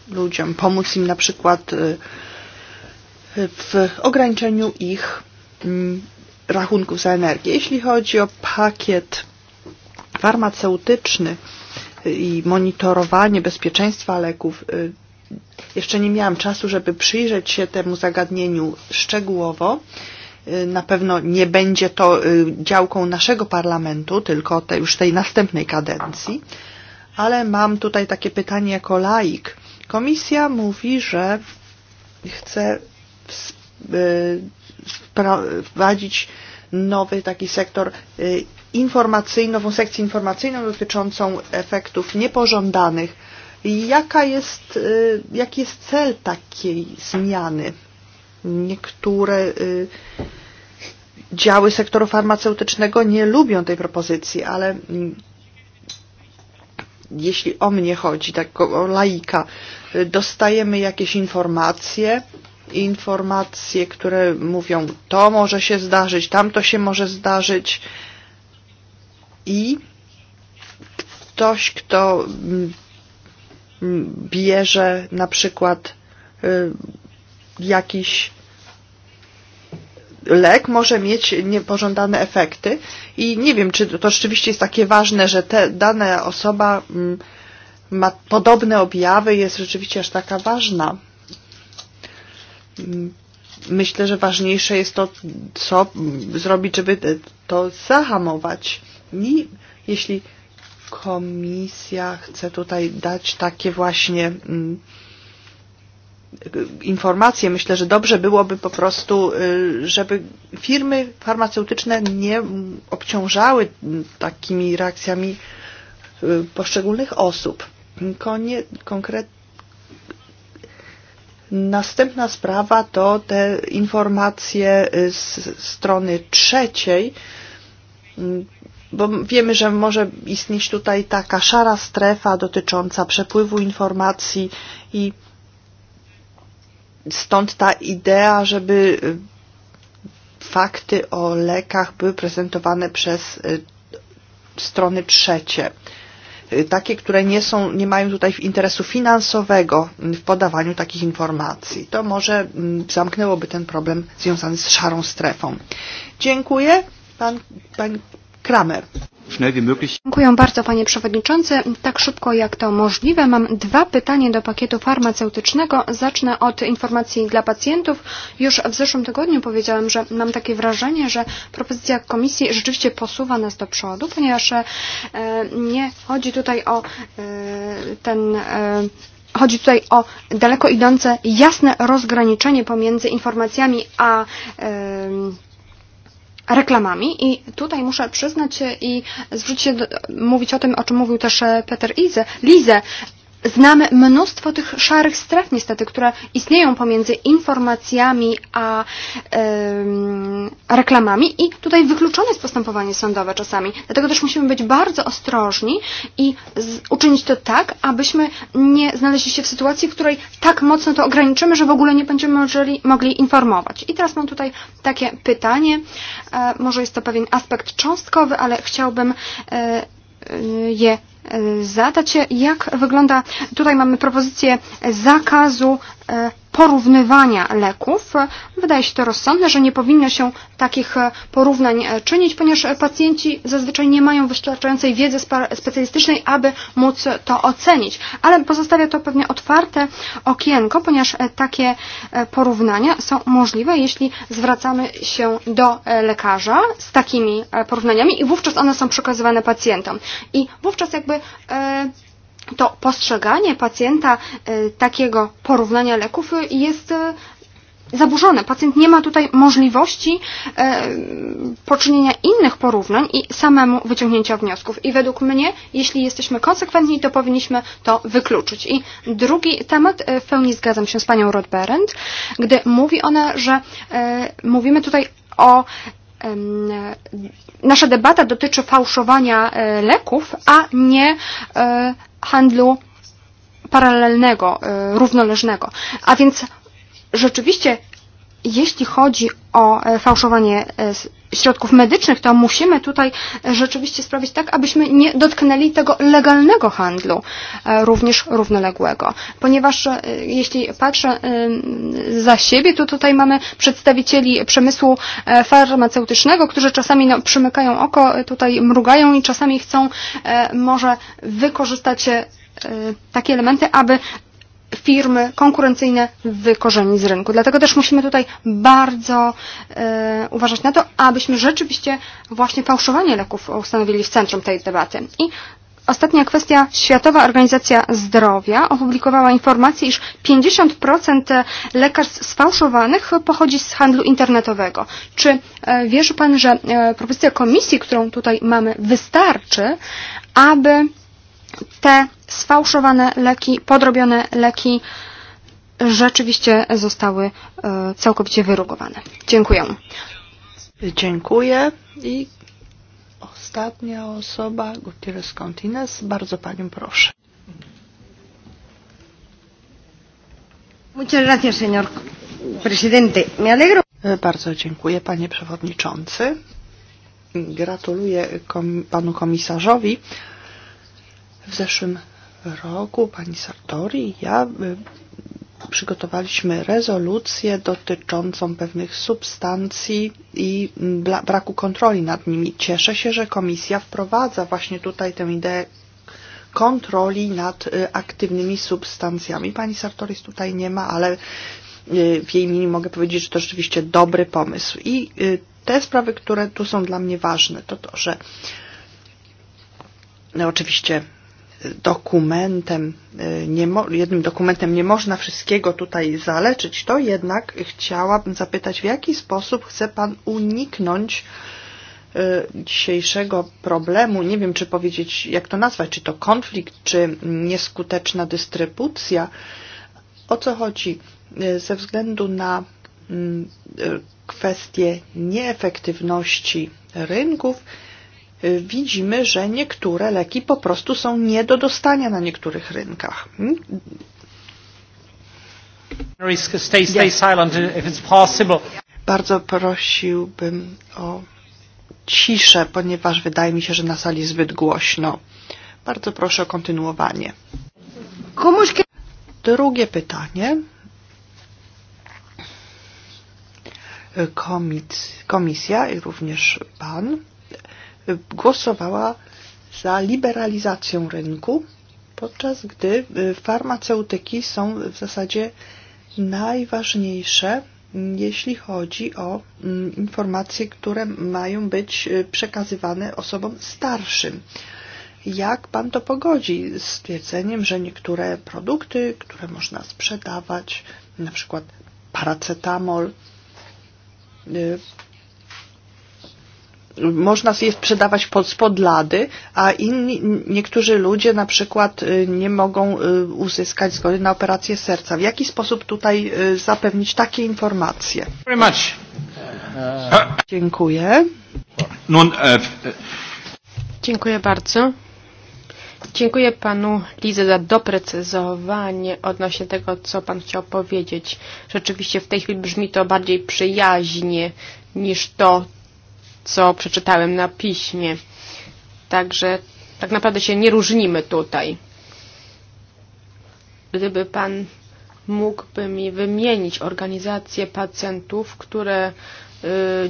ludziom, pomóc im na przykład w ograniczeniu ich mm, rachunków za energię. Jeśli chodzi o pakiet farmaceutyczny, i monitorowanie bezpieczeństwa leków. Jeszcze nie miałam czasu, żeby przyjrzeć się temu zagadnieniu szczegółowo. Na pewno nie będzie to działką naszego parlamentu, tylko te, już tej następnej kadencji. Ale mam tutaj takie pytanie jako laik. Komisja mówi, że chce wprowadzić nowy taki sektor informacyjną, sekcję informacyjną dotyczącą efektów niepożądanych. Jaka jest, jaki jest cel takiej zmiany? Niektóre działy sektoru farmaceutycznego nie lubią tej propozycji, ale mm, jeśli o mnie chodzi, tak o laika, dostajemy jakieś informacje, informacje, które mówią to może się zdarzyć, tamto się może zdarzyć i ktoś, kto mm, mm, bierze na przykład jakiś lek może mieć niepożądane efekty i nie wiem, czy to rzeczywiście jest takie ważne, że te dana osoba mm, ma podobne objawy, jest rzeczywiście aż taka ważna. Myślę, że ważniejsze jest to, co zrobić, żeby to zahamować mi, jeśli komisja chce tutaj dać takie właśnie mm, informacje. Myślę, że dobrze byłoby po prostu, żeby firmy farmaceutyczne nie obciążały takimi reakcjami poszczególnych osób. Konie, konkret... Następna sprawa to te informacje z strony trzeciej bo wiemy, że może istnieć tutaj taka szara strefa dotycząca przepływu informacji i stąd ta idea, żeby fakty o lekach były prezentowane przez strony trzecie. Takie, które nie, są, nie mają tutaj interesu finansowego w podawaniu takich informacji. To może mm, zamknęłoby ten problem związany z szarą strefą. Dziękuję. Pan, pan Kramer. Dziękuję bardzo panie przewodniczący. Tak szybko jak to możliwe mam dwa pytania do pakietu farmaceutycznego. Zacznę od informacji dla pacjentów. Już w zeszłym tygodniu powiedziałem, że mam takie wrażenie, że propozycja komisji rzeczywiście posuwa nas do przodu, ponieważ e, nie chodzi tutaj o e, ten. E, Chodzi tutaj o daleko idące, jasne rozgraniczenie pomiędzy informacjami a e, reklamami i tutaj muszę przyznać i zwrócić się, mówić o tym, o czym mówił też e, Peter Ize, Lize, Znamy mnóstwo tych szarych stref niestety, które istnieją pomiędzy informacjami a ym, reklamami i tutaj wykluczone jest postępowanie sądowe czasami. Dlatego też musimy być bardzo ostrożni i z, uczynić to tak, abyśmy nie znaleźli się w sytuacji, w której tak mocno to ograniczymy, że w ogóle nie będziemy możli, mogli informować. I teraz mam tutaj takie pytanie. E, może jest to pewien aspekt cząstkowy, ale chciałbym e, e je zadać, jak wygląda, tutaj mamy propozycję zakazu e, porównywania leków. Wydaje się to rozsądne, że nie powinno się takich e, porównań e, czynić, ponieważ e, pacjenci zazwyczaj nie mają wystarczającej wiedzy specjalistycznej, aby móc to ocenić. Ale pozostawia to pewnie otwarte okienko, ponieważ takie porównania są możliwe, jeśli zwracamy się do lekarza z takimi porównaniami i wówczas one są przekazywane pacjentom. I wówczas jakby. E, to postrzeganie pacjenta e, takiego porównania leków e, jest e, zaburzone. Pacjent nie ma tutaj możliwości e, poczynienia innych porównań i samemu wyciągnięcia wniosków. I według mnie, jeśli jesteśmy konsekwentni, to powinniśmy to wykluczyć. I drugi temat, e, w pełni zgadzam się z panią Rodberend, gdy mówi ona, że e, mówimy tutaj o nasza debata dotyczy fałszowania leków, a nie handlu paralelnego, e, równoleżnego. A więc rzeczywiście jeśli chodzi o e, fałszowanie e, środków medycznych, to musimy tutaj e, rzeczywiście sprawić tak, abyśmy nie dotknęli tego legalnego handlu, również równoległego. Ponieważ jeśli patrzę za siebie, to tutaj mamy przedstawicieli przemysłu farmaceutycznego, którzy czasami no, przymykają oko, tutaj mrugają i czasami chcą może wykorzystać takie elementy, aby firmy konkurencyjne wykorzenić z rynku. Dlatego też musimy tutaj bardzo e, uważać na to, abyśmy rzeczywiście właśnie fałszowanie leków ustanowili w centrum tej debaty. I Ostatnia kwestia. Światowa Organizacja Zdrowia opublikowała informację, iż 50% lekarstw sfałszowanych pochodzi z handlu internetowego. Czy e, wierzy Pan, że e, propozycja komisji, którą tutaj mamy, wystarczy, aby te sfałszowane leki, podrobione leki rzeczywiście zostały e, całkowicie wyrugowane. Dziękuję. Dziękuję i ostatnia osoba, Gutierrez Contines, bardzo Panią proszę. Muchas gracias, señor presidente. Me alegro. E, bardzo dziękuję, panie przewodniczący. Gratuluję kom, panu komisarzowi W zeszłym roku pani Sartori i ja e, przygotowaliśmy rezolucję dotyczącą pewnych substancji i braku kontroli nad nimi. Cieszę się, że komisja wprowadza właśnie tutaj tę ideę kontroli nad e, aktywnymi substancjami. Pani Sartoris tutaj nie ma, ale e, w jej imieniu mogę powiedzieć, że to rzeczywiście dobry pomysł. I te sprawy, które tu są dla mnie ważne, to to, że no oczywiście dokumentem, e, nie jednym dokumentem nie można wszystkiego tutaj zaleczyć, to jednak chciałabym zapytać, w jaki sposób chce Pan uniknąć e, dzisiejszego problemu, nie wiem czy powiedzieć, jak to nazwać, czy to konflikt, czy nieskuteczna dystrybucja. O co chodzi? E, ze względu na mm, kwestie nieefektywności rynków, widzimy, że niektóre leki po prostu są nie do dostania na niektórych rynkach. Hmm? Stay, stay silent if it's possible. Bardzo prosiłbym o ciszę, ponieważ wydaje mi się, że na sali zbyt głośno. Bardzo proszę o kontynuowanie. Komuś... Drugie pytanie. Komis, komisja i również pan głosowała za liberalizacją rynku, podczas gdy e, farmaceutyki są w zasadzie najważniejsze, jeśli chodzi o mm, informacje, które mają być e, przekazywane osobom starszym. Jak pan to pogodzi z stwierdzeniem, że niektóre produkty, które można sprzedawać, na przykład paracetamol, e, można je sprzedawać pod, spod lady, a inni, niektórzy ludzie na przykład nie mogą uzyskać zgody na operację serca. W jaki sposób tutaj zapewnić takie informacje? Very much. Dziękuję. Nun, e, Dziękuję bardzo. Dziękuję panu Lizy za doprecyzowanie odnośnie tego, co pan chciał powiedzieć. Rzeczywiście w tej chwili brzmi to bardziej przyjaźnie niż to, co przeczytałem na piśmie. Także tak naprawdę się nie różnimy tutaj. Gdyby Pan mógłby mi wymienić organizacje pacjentów, które y,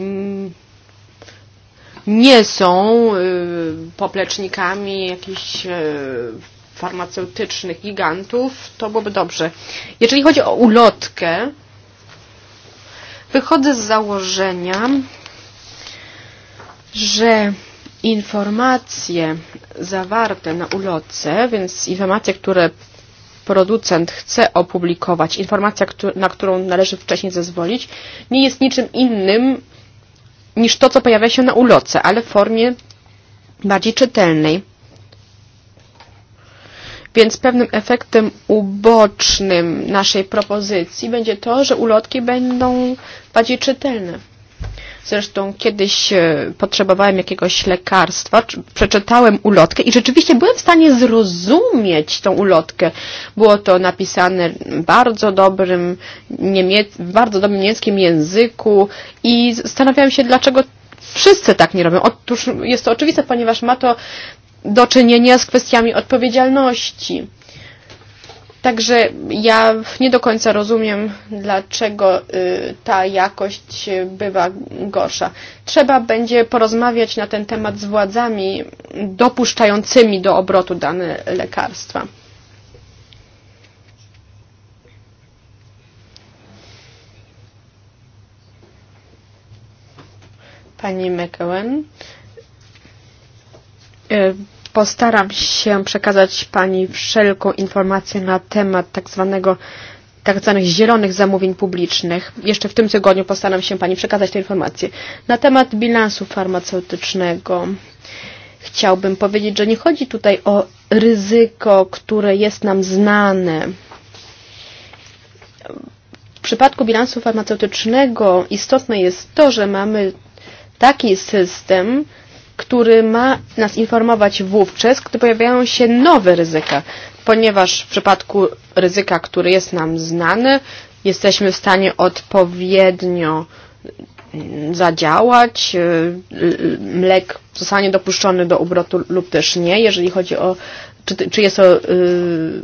nie są y, poplecznikami jakichś y, farmaceutycznych gigantów, to byłoby dobrze. Jeżeli chodzi o ulotkę, wychodzę z założenia, że informacje zawarte na ulotce, więc informacje, które producent chce opublikować, informacja, na którą należy wcześniej zezwolić, nie jest niczym innym niż to, co pojawia się na ulotce, ale w formie bardziej czytelnej. Więc pewnym efektem ubocznym naszej propozycji będzie to, że ulotki będą bardziej czytelne. Zresztą kiedyś e, potrzebowałem jakiegoś lekarstwa, przeczytałem ulotkę i rzeczywiście byłem w stanie zrozumieć tą ulotkę. Było to napisane bardzo dobrym niemiec w bardzo dobrym niemieckim języku i zastanawiałem się, dlaczego wszyscy tak nie robią. Otóż jest to oczywiste, ponieważ ma to do czynienia z kwestiami odpowiedzialności. Także ja nie do końca rozumiem, dlaczego ta jakość bywa gorsza. Trzeba będzie porozmawiać na ten temat z władzami dopuszczającymi do obrotu dane lekarstwa. Pani McEwen Postaram się przekazać Pani wszelką informację na temat tak zwanego tak zwanych zielonych zamówień publicznych. Jeszcze w tym tygodniu postaram się Pani przekazać te informacje. Na temat bilansu farmaceutycznego chciałbym powiedzieć, że nie chodzi tutaj o ryzyko, które jest nam znane. W przypadku bilansu farmaceutycznego istotne jest to, że mamy taki system, który ma nas informować wówczas, gdy pojawiają się nowe ryzyka, ponieważ w przypadku ryzyka, który jest nam znany, jesteśmy w stanie odpowiednio mm, zadziałać, mlek zostanie dopuszczony do obrotu lub też nie, jeżeli chodzi o, czy, czy jest to y,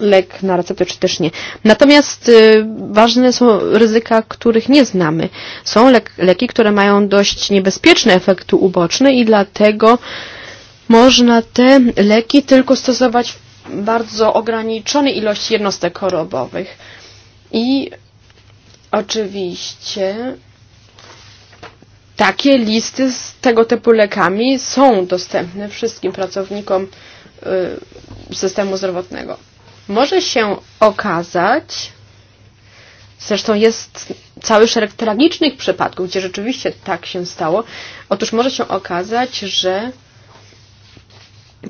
lek na receptę, czy też nie. Natomiast y, ważne są ryzyka, których nie znamy. Są le leki, które mają dość niebezpieczne efekty uboczne i dlatego można te leki tylko stosować w bardzo ograniczonej ilości jednostek chorobowych. I oczywiście takie listy z tego typu lekami są dostępne wszystkim pracownikom y, systemu zdrowotnego może się okazać, zresztą jest cały szereg tragicznych przypadków, gdzie rzeczywiście tak się stało, otóż może się okazać, że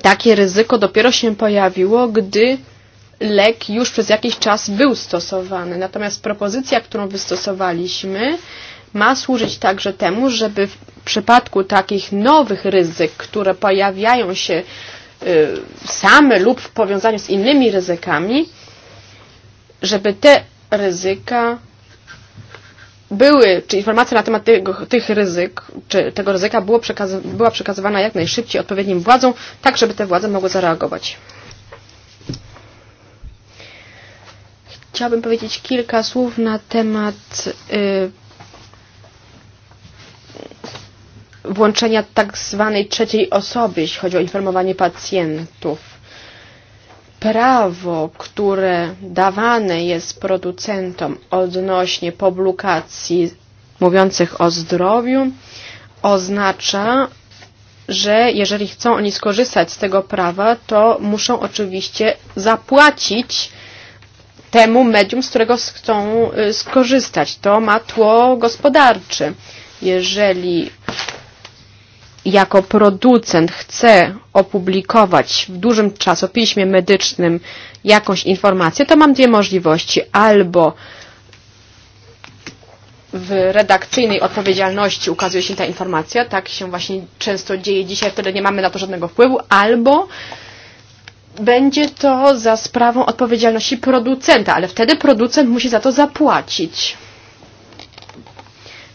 takie ryzyko dopiero się pojawiło, gdy lek już przez jakiś czas był stosowany. Natomiast propozycja, którą wystosowaliśmy, ma służyć także temu, żeby w przypadku takich nowych ryzyk, które pojawiają się E, same lub w powiązaniu z innymi ryzykami, żeby te ryzyka były, czy informacja na temat tego, tych ryzyk, czy tego ryzyka było przekaz była przekazywana jak najszybciej odpowiednim władzom, tak żeby te władze mogły zareagować. Chciałabym powiedzieć kilka słów na temat y, włączenia tak zwanej trzeciej osoby, jeśli chodzi o informowanie pacjentów. Prawo, które dawane jest producentom odnośnie publikacji mówiących o zdrowiu, oznacza, że jeżeli chcą oni skorzystać z tego prawa, to muszą oczywiście zapłacić temu medium, z którego chcą skorzystać. To ma tło gospodarcze. Jeżeli jako producent chce opublikować w dużym czasopiśmie medycznym jakąś informację, to mam dwie możliwości. Albo w redakcyjnej odpowiedzialności ukazuje się ta informacja, tak się właśnie często dzieje dzisiaj, wtedy nie mamy na to żadnego wpływu, albo będzie to za sprawą odpowiedzialności producenta, ale wtedy producent musi za to zapłacić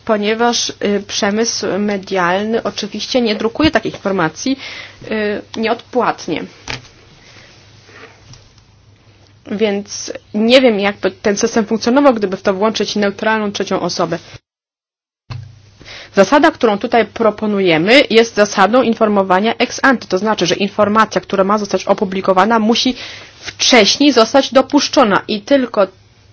ponieważ przemysł medialny oczywiście nie drukuje takich informacji nieodpłatnie. Więc nie wiem, jakby ten system funkcjonował, gdyby w to włączyć neutralną trzecią osobę. Zasada, którą tutaj proponujemy, jest zasadą informowania ex ante, to znaczy, że informacja, która ma zostać opublikowana, musi wcześniej zostać dopuszczona i tylko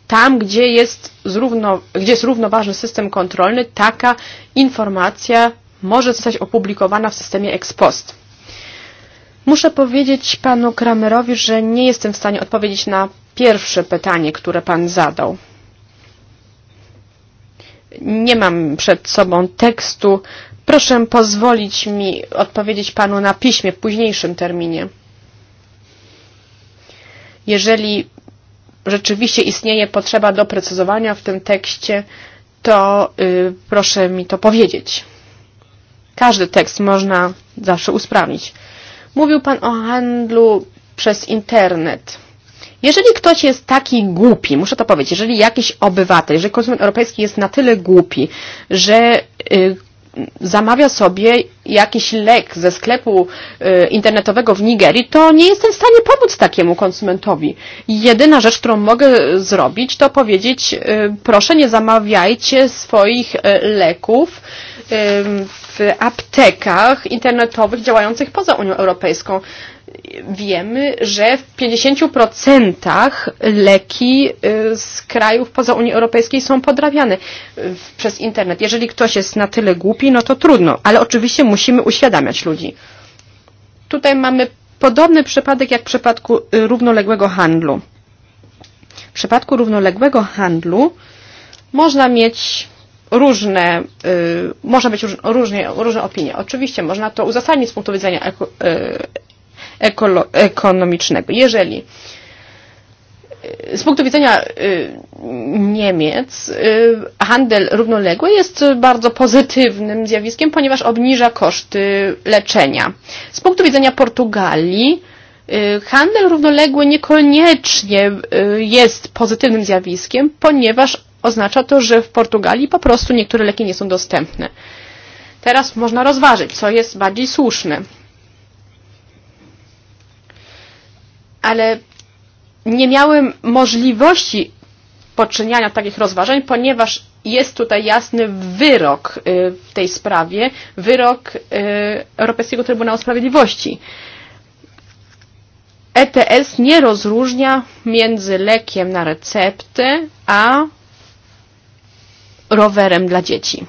tam, gdzie jest, zrówno, gdzie jest równoważny system kontrolny, taka informacja może zostać opublikowana w systemie ex post. Muszę powiedzieć panu Kramerowi, że nie jestem w stanie odpowiedzieć na pierwsze pytanie, które pan zadał. Nie mam przed sobą tekstu. Proszę pozwolić mi odpowiedzieć panu na piśmie w późniejszym terminie. Jeżeli rzeczywiście istnieje potrzeba doprecyzowania w tym tekście, to y, proszę mi to powiedzieć. Każdy tekst można zawsze usprawnić. Mówił Pan o handlu przez internet. Jeżeli ktoś jest taki głupi, muszę to powiedzieć, jeżeli jakiś obywatel, jeżeli konsument europejski jest na tyle głupi, że y, zamawia sobie jakiś lek ze sklepu y, e, internetowego w Nigerii, to nie jestem w stanie pomóc takiemu konsumentowi. Jedyna rzecz, którą mogę zrobić, to powiedzieć, y, e, proszę nie zamawiajcie swoich y, e, leków w aptekach internetowych działających poza Unią Europejską wiemy, że w 50% leki z krajów poza Unii Europejskiej są podrabiane przez internet. Jeżeli ktoś jest na tyle głupi, no to trudno, ale oczywiście musimy uświadamiać ludzi. Tutaj mamy podobny przypadek jak w przypadku równoległego handlu. W przypadku równoległego handlu można mieć różne, y, może być róż, różne, różne opinie. Oczywiście można to uzasadnić z punktu widzenia eko, y, ekonomicznego. Jeżeli e, z punktu widzenia e, Niemiec e, handel równoległy jest bardzo pozytywnym zjawiskiem, ponieważ obniża koszty leczenia. Z punktu widzenia Portugalii handel równoległy niekoniecznie jest pozytywnym zjawiskiem, ponieważ oznacza to, że w Portugalii po prostu niektóre leki nie są dostępne. Teraz można rozważyć, co jest bardziej słuszne. ale nie miały możliwości poczyniania takich rozważań, ponieważ jest tutaj jasny wyrok w tej sprawie, wyrok Europejskiego Trybunału Sprawiedliwości. ETS nie rozróżnia między lekiem na receptę, a rowerem dla dzieci.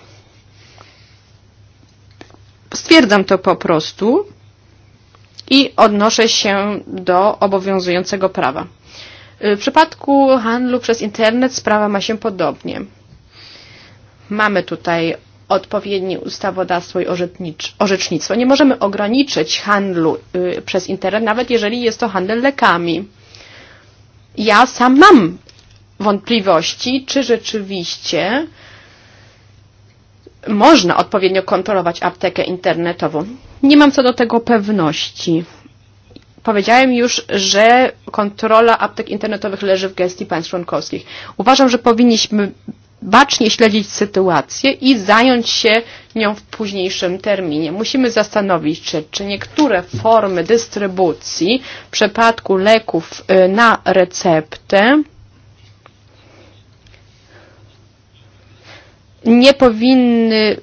Stwierdzam to po prostu, i odnoszę się do obowiązującego prawa. W przypadku handlu przez internet sprawa ma się podobnie. Mamy tutaj odpowiednie ustawodawstwo i orzecznictwo. Nie możemy ograniczyć handlu przez internet, nawet jeżeli jest to handel lekami. Ja sam mam wątpliwości, czy rzeczywiście można odpowiednio kontrolować aptekę internetową. Nie mam co do tego pewności. Powiedziałem już, że kontrola aptek internetowych leży w gestii państw członkowskich. Uważam, że powinniśmy bacznie śledzić sytuację i zająć się nią w późniejszym terminie. Musimy zastanowić się, czy niektóre formy dystrybucji w przypadku leków na receptę nie powinny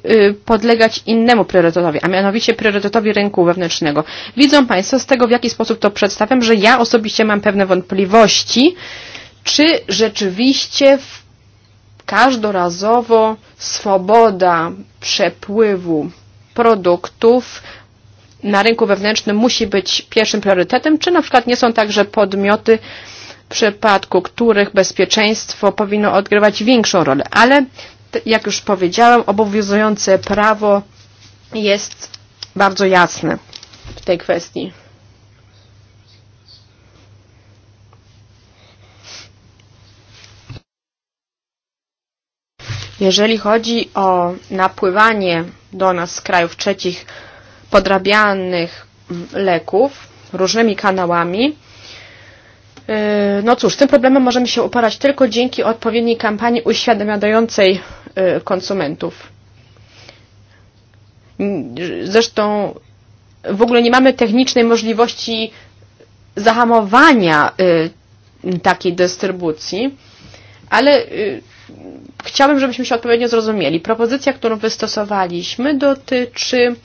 podlegać innemu priorytetowi, a mianowicie priorytetowi rynku wewnętrznego. Widzą Państwo z tego, w jaki sposób to przedstawiam, że ja osobiście mam pewne wątpliwości, czy rzeczywiście każdorazowo swoboda przepływu produktów na rynku wewnętrznym musi być pierwszym priorytetem, czy na przykład nie są także podmioty, w przypadku których bezpieczeństwo powinno odgrywać większą rolę. Ale jak już powiedziałem, obowiązujące prawo jest bardzo jasne w tej kwestii. Jeżeli chodzi o napływanie do nas z krajów trzecich podrabianych leków różnymi kanałami, E, no cóż, tym problemem możemy się uporać tylko dzięki odpowiedniej kampanii uświadamiającej e, konsumentów. Zresztą w ogóle nie mamy technicznej możliwości zahamowania e, takiej dystrybucji, ale chciałbym, żebyśmy się odpowiednio zrozumieli. Propozycja, którą wystosowaliśmy, dotyczy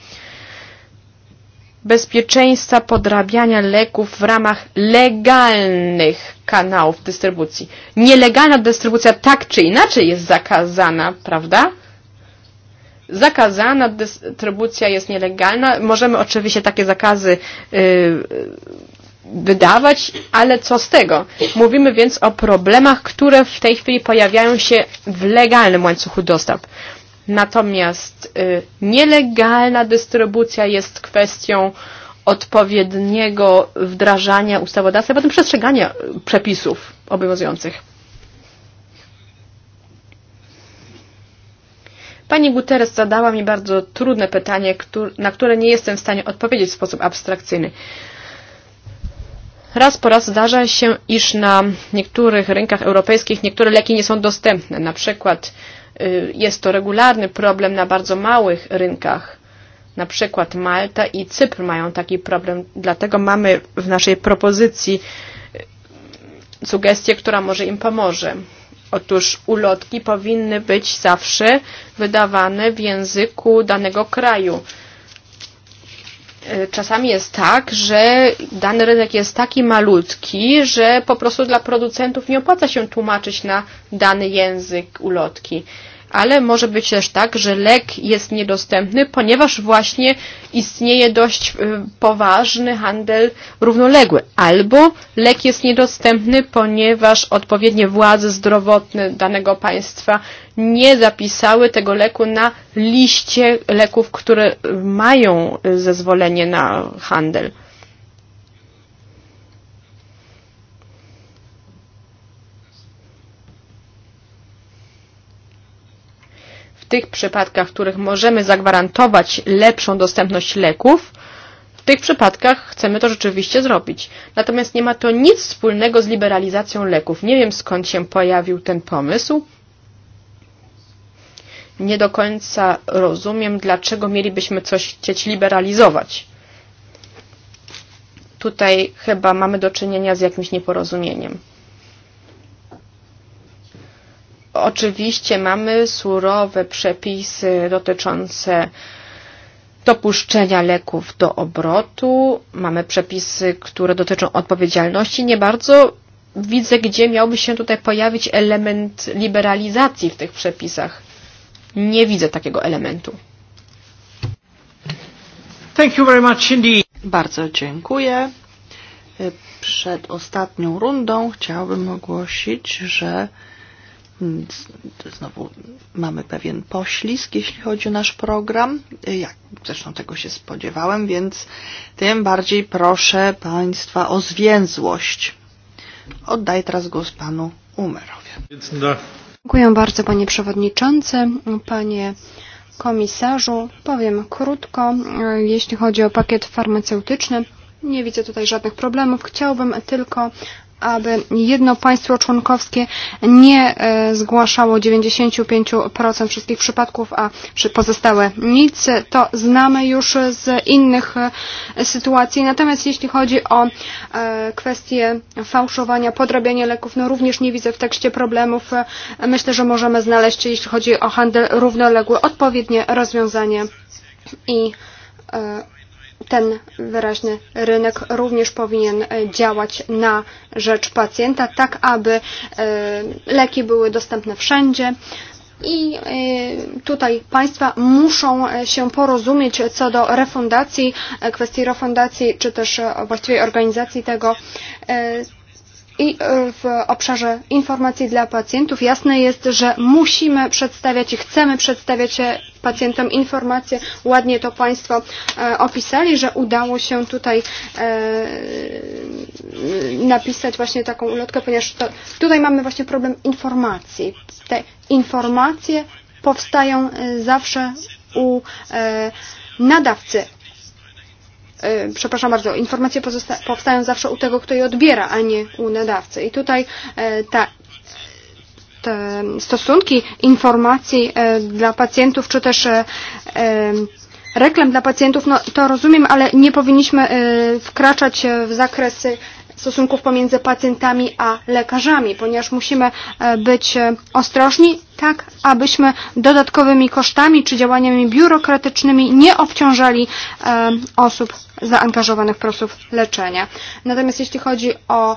bezpieczeństwa podrabiania leków w ramach legalnych kanałów dystrybucji. Nielegalna dystrybucja tak czy inaczej jest zakazana, prawda? Zakazana dystrybucja jest nielegalna. Możemy oczywiście takie zakazy yy, wydawać, ale co z tego? Mówimy więc o problemach, które w tej chwili pojawiają się w legalnym łańcuchu dostaw. Natomiast nielegalna dystrybucja jest kwestią odpowiedniego wdrażania ustawodawstwa, potem przestrzegania przepisów obowiązujących. Pani Guterres zadała mi bardzo trudne pytanie, na które nie jestem w stanie odpowiedzieć w sposób abstrakcyjny. Raz po raz zdarza się, iż na niektórych rynkach europejskich niektóre leki nie są dostępne. Na przykład Jest to regularny problem na bardzo małych rynkach. Na przykład Malta i Cypr mają taki problem, dlatego mamy w naszej propozycji sugestię, która może im pomoże. Otóż ulotki powinny być zawsze wydawane w języku danego kraju E, czasami jest tak, że dany rynek jest taki malutki, że po prostu dla producentów nie opłaca się tłumaczyć na dany język ulotki ale może być też tak, że lek jest niedostępny, ponieważ właśnie istnieje dość poważny handel równoległy. Albo lek jest niedostępny, ponieważ odpowiednie władze zdrowotne danego państwa nie zapisały tego leku na liście leków, które mają zezwolenie na handel. tych przypadkach, w których możemy zagwarantować lepszą dostępność leków, w tych przypadkach chcemy to rzeczywiście zrobić. Natomiast nie ma to nic wspólnego z liberalizacją leków. Nie wiem skąd się pojawił ten pomysł. Nie do końca rozumiem, dlaczego mielibyśmy coś chcieć liberalizować. Tutaj chyba mamy do czynienia z jakimś nieporozumieniem. Oczywiście mamy surowe przepisy dotyczące dopuszczenia leków do obrotu, mamy przepisy, które dotyczą odpowiedzialności. Nie bardzo widzę, gdzie miałby się tutaj pojawić element liberalizacji w tych przepisach. Nie widzę takiego elementu. Thank you very much indeed. Bardzo dziękuję. Przed ostatnią rundą chciałbym ogłosić, że Mm, znowu mamy pewien poślizg, jeśli chodzi o nasz program. Ja zresztą tego się spodziewałem, więc tym bardziej proszę Państwa o zwięzłość. Oddaję teraz głos Panu Umerowi. Dziękuję bardzo Panie Przewodniczący, Panie Komisarzu. Powiem krótko, jeśli chodzi o pakiet farmaceutyczny. Nie widzę tutaj żadnych problemów. Chciałbym tylko aby jedno państwo członkowskie nie e, zgłaszało 95% wszystkich przypadków, a pozostałe nic. To znamy już z innych e, sytuacji. Natomiast jeśli chodzi o e, kwestię fałszowania, podrabiania leków, no również nie widzę w tekście problemów. Myślę, że możemy znaleźć, jeśli chodzi o handel równoległy, odpowiednie rozwiązanie i ten wyraźny rynek również powinien e, działać na rzecz pacjenta, tak aby e, leki były dostępne wszędzie. I e, tutaj państwa muszą się porozumieć co do refundacji, kwestii refundacji czy też właściwej organizacji tego i e, w obszarze informacji dla pacjentów jasne jest, że musimy przedstawiać i chcemy przedstawiać pacjentom informacje. Ładnie to Państwo e, opisali, że udało się tutaj e, napisać właśnie taką ulotkę, ponieważ to, tutaj mamy właśnie problem informacji. Te informacje powstają zawsze u nadawcy E, przepraszam bardzo, informacje powstają zawsze u tego, kto je odbiera, a nie u nadawcy. I tutaj e, ta te stosunki informacji e, dla pacjentów, czy też reklam dla pacjentów, no to rozumiem, ale nie powinniśmy wkraczać w zakresy stosunków pomiędzy pacjentami a lekarzami, ponieważ musimy być ostrożni tak abyśmy dodatkowymi kosztami czy działaniami biurokratycznymi nie obciążali e, osób zaangażowanych w proces leczenia. Natomiast jeśli chodzi o e,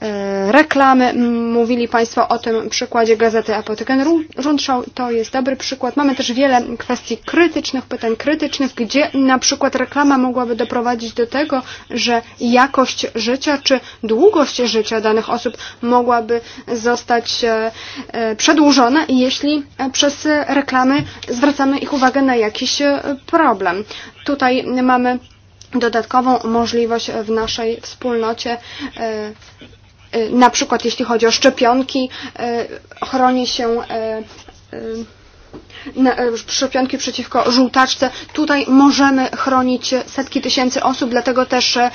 E, reklamy. Mówili Państwo o tym przykładzie gazety Apotheken Rundschau. To jest dobry przykład. Mamy też wiele kwestii krytycznych, pytań krytycznych, gdzie na przykład reklama mogłaby doprowadzić do tego, że jakość życia czy długość życia danych osób mogłaby zostać e, e, przedłużona, jeśli przez reklamy zwracamy ich uwagę na jakiś problem. Tutaj mamy dodatkową możliwość w naszej wspólnocie E, na przykład jeśli chodzi o szczepionki, e, chroni się e, E, szczepionki przeciwko żółtaczce. Tutaj możemy chronić setki tysięcy osób, dlatego też e,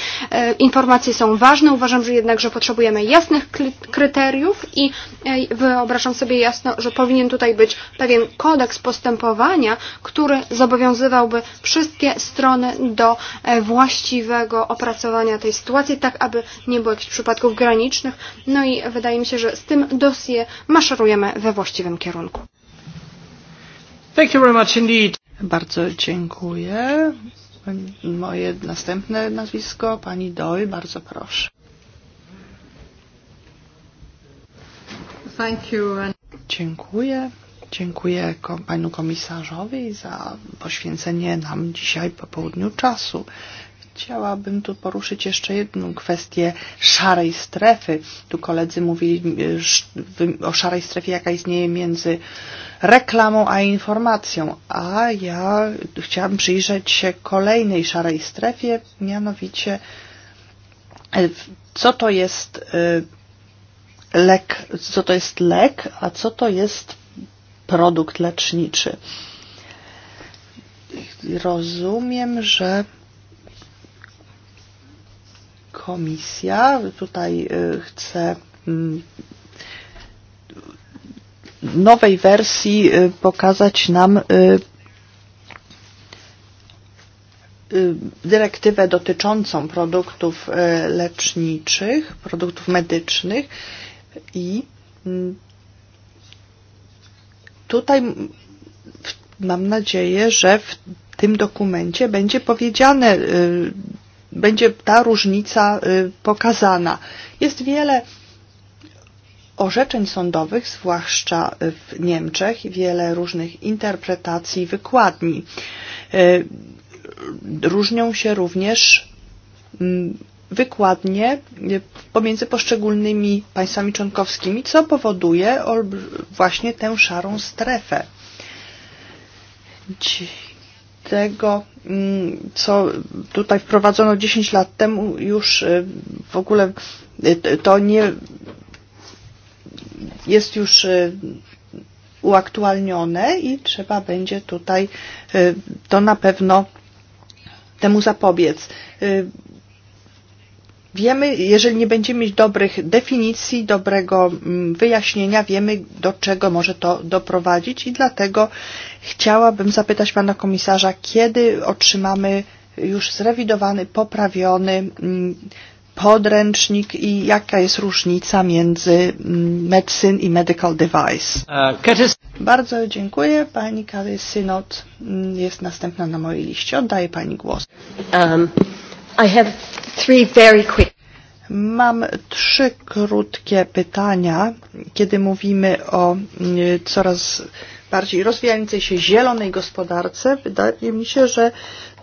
informacje są ważne. Uważam, że jednak, że potrzebujemy jasnych kryteriów e, i wyobrażam sobie jasno, że powinien tutaj być pewien kodeks postępowania, który zobowiązywałby wszystkie strony do właściwego opracowania tej sytuacji, tak aby nie było jakichś przypadków granicznych. No i wydaje mi się, że z tym dosie maszerujemy we właściwym kierunku. Thank you very much indeed. Bardzo dziękuję. Moje następne nazwisko, pani Doj, bardzo proszę. Thank you. Dziękuję. Dziękuję panu komisarzowi za poświęcenie nam dzisiaj po południu czasu. Chciałabym tu poruszyć jeszcze jedną kwestię szarej strefy. Tu koledzy mówili e, o szarej strefie, jaka istnieje między reklamą a informacją, a ja chciałabym przyjrzeć się kolejnej szarej strefie, mianowicie e, co to jest e, lek, co to jest lek, a co to jest produkt leczniczy. Rozumiem, że Komisja tutaj e, chce mm, nowej wersji e, pokazać nam e, dyrektywę dotyczącą produktów leczniczych, produktów medycznych i mm, tutaj mam nadzieję, że w tym dokumencie będzie powiedziane, będzie ta różnica pokazana. Jest wiele orzeczeń sądowych, zwłaszcza w Niemczech, wiele różnych interpretacji wykładni. Różnią się również mm, wykładnie pomiędzy poszczególnymi państwami członkowskimi, co powoduje właśnie tę szarą strefę. Dziś tego, mm, co tutaj wprowadzono 10 lat temu, już w ogóle to nie jest już uaktualnione i trzeba będzie tutaj to na pewno temu zapobiec. Wiemy, jeżeli nie będziemy mieć dobrych definicji, dobrego mm, wyjaśnienia, wiemy do czego może to doprowadzić i dlatego chciałabym zapytać pana komisarza, kiedy otrzymamy już zrewidowany, poprawiony mm, podręcznik i jaka jest różnica między mm, medicine i medical device. Uh, Bardzo dziękuję. Pani Kary Synod jest następna na mojej liście. Oddaję pani głos. Um, I have Three very quick. Mam trzy krótkie pytania, kiedy mówimy o e, coraz bardziej rozwijającej się zielonej gospodarce. Wydaje mi się, że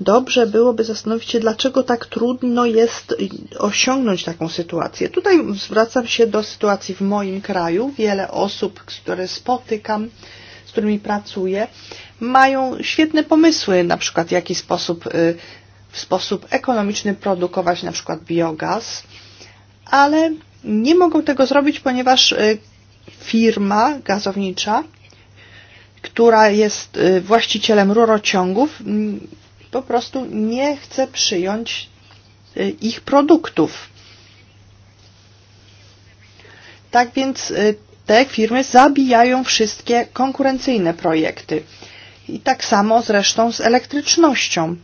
dobrze byłoby zastanowić się, dlaczego tak trudno jest osiągnąć taką sytuację. Tutaj zwracam się do sytuacji w moim kraju. Wiele osób, które spotykam, z którymi pracuję, mają świetne pomysły, na przykład w jaki sposób e, w sposób ekonomiczny produkować na przykład biogaz, ale nie mogą tego zrobić, ponieważ firma gazownicza, która jest właścicielem rurociągów, po prostu nie chce przyjąć ich produktów. Tak więc te firmy zabijają wszystkie konkurencyjne projekty. I tak samo zresztą z elektrycznością.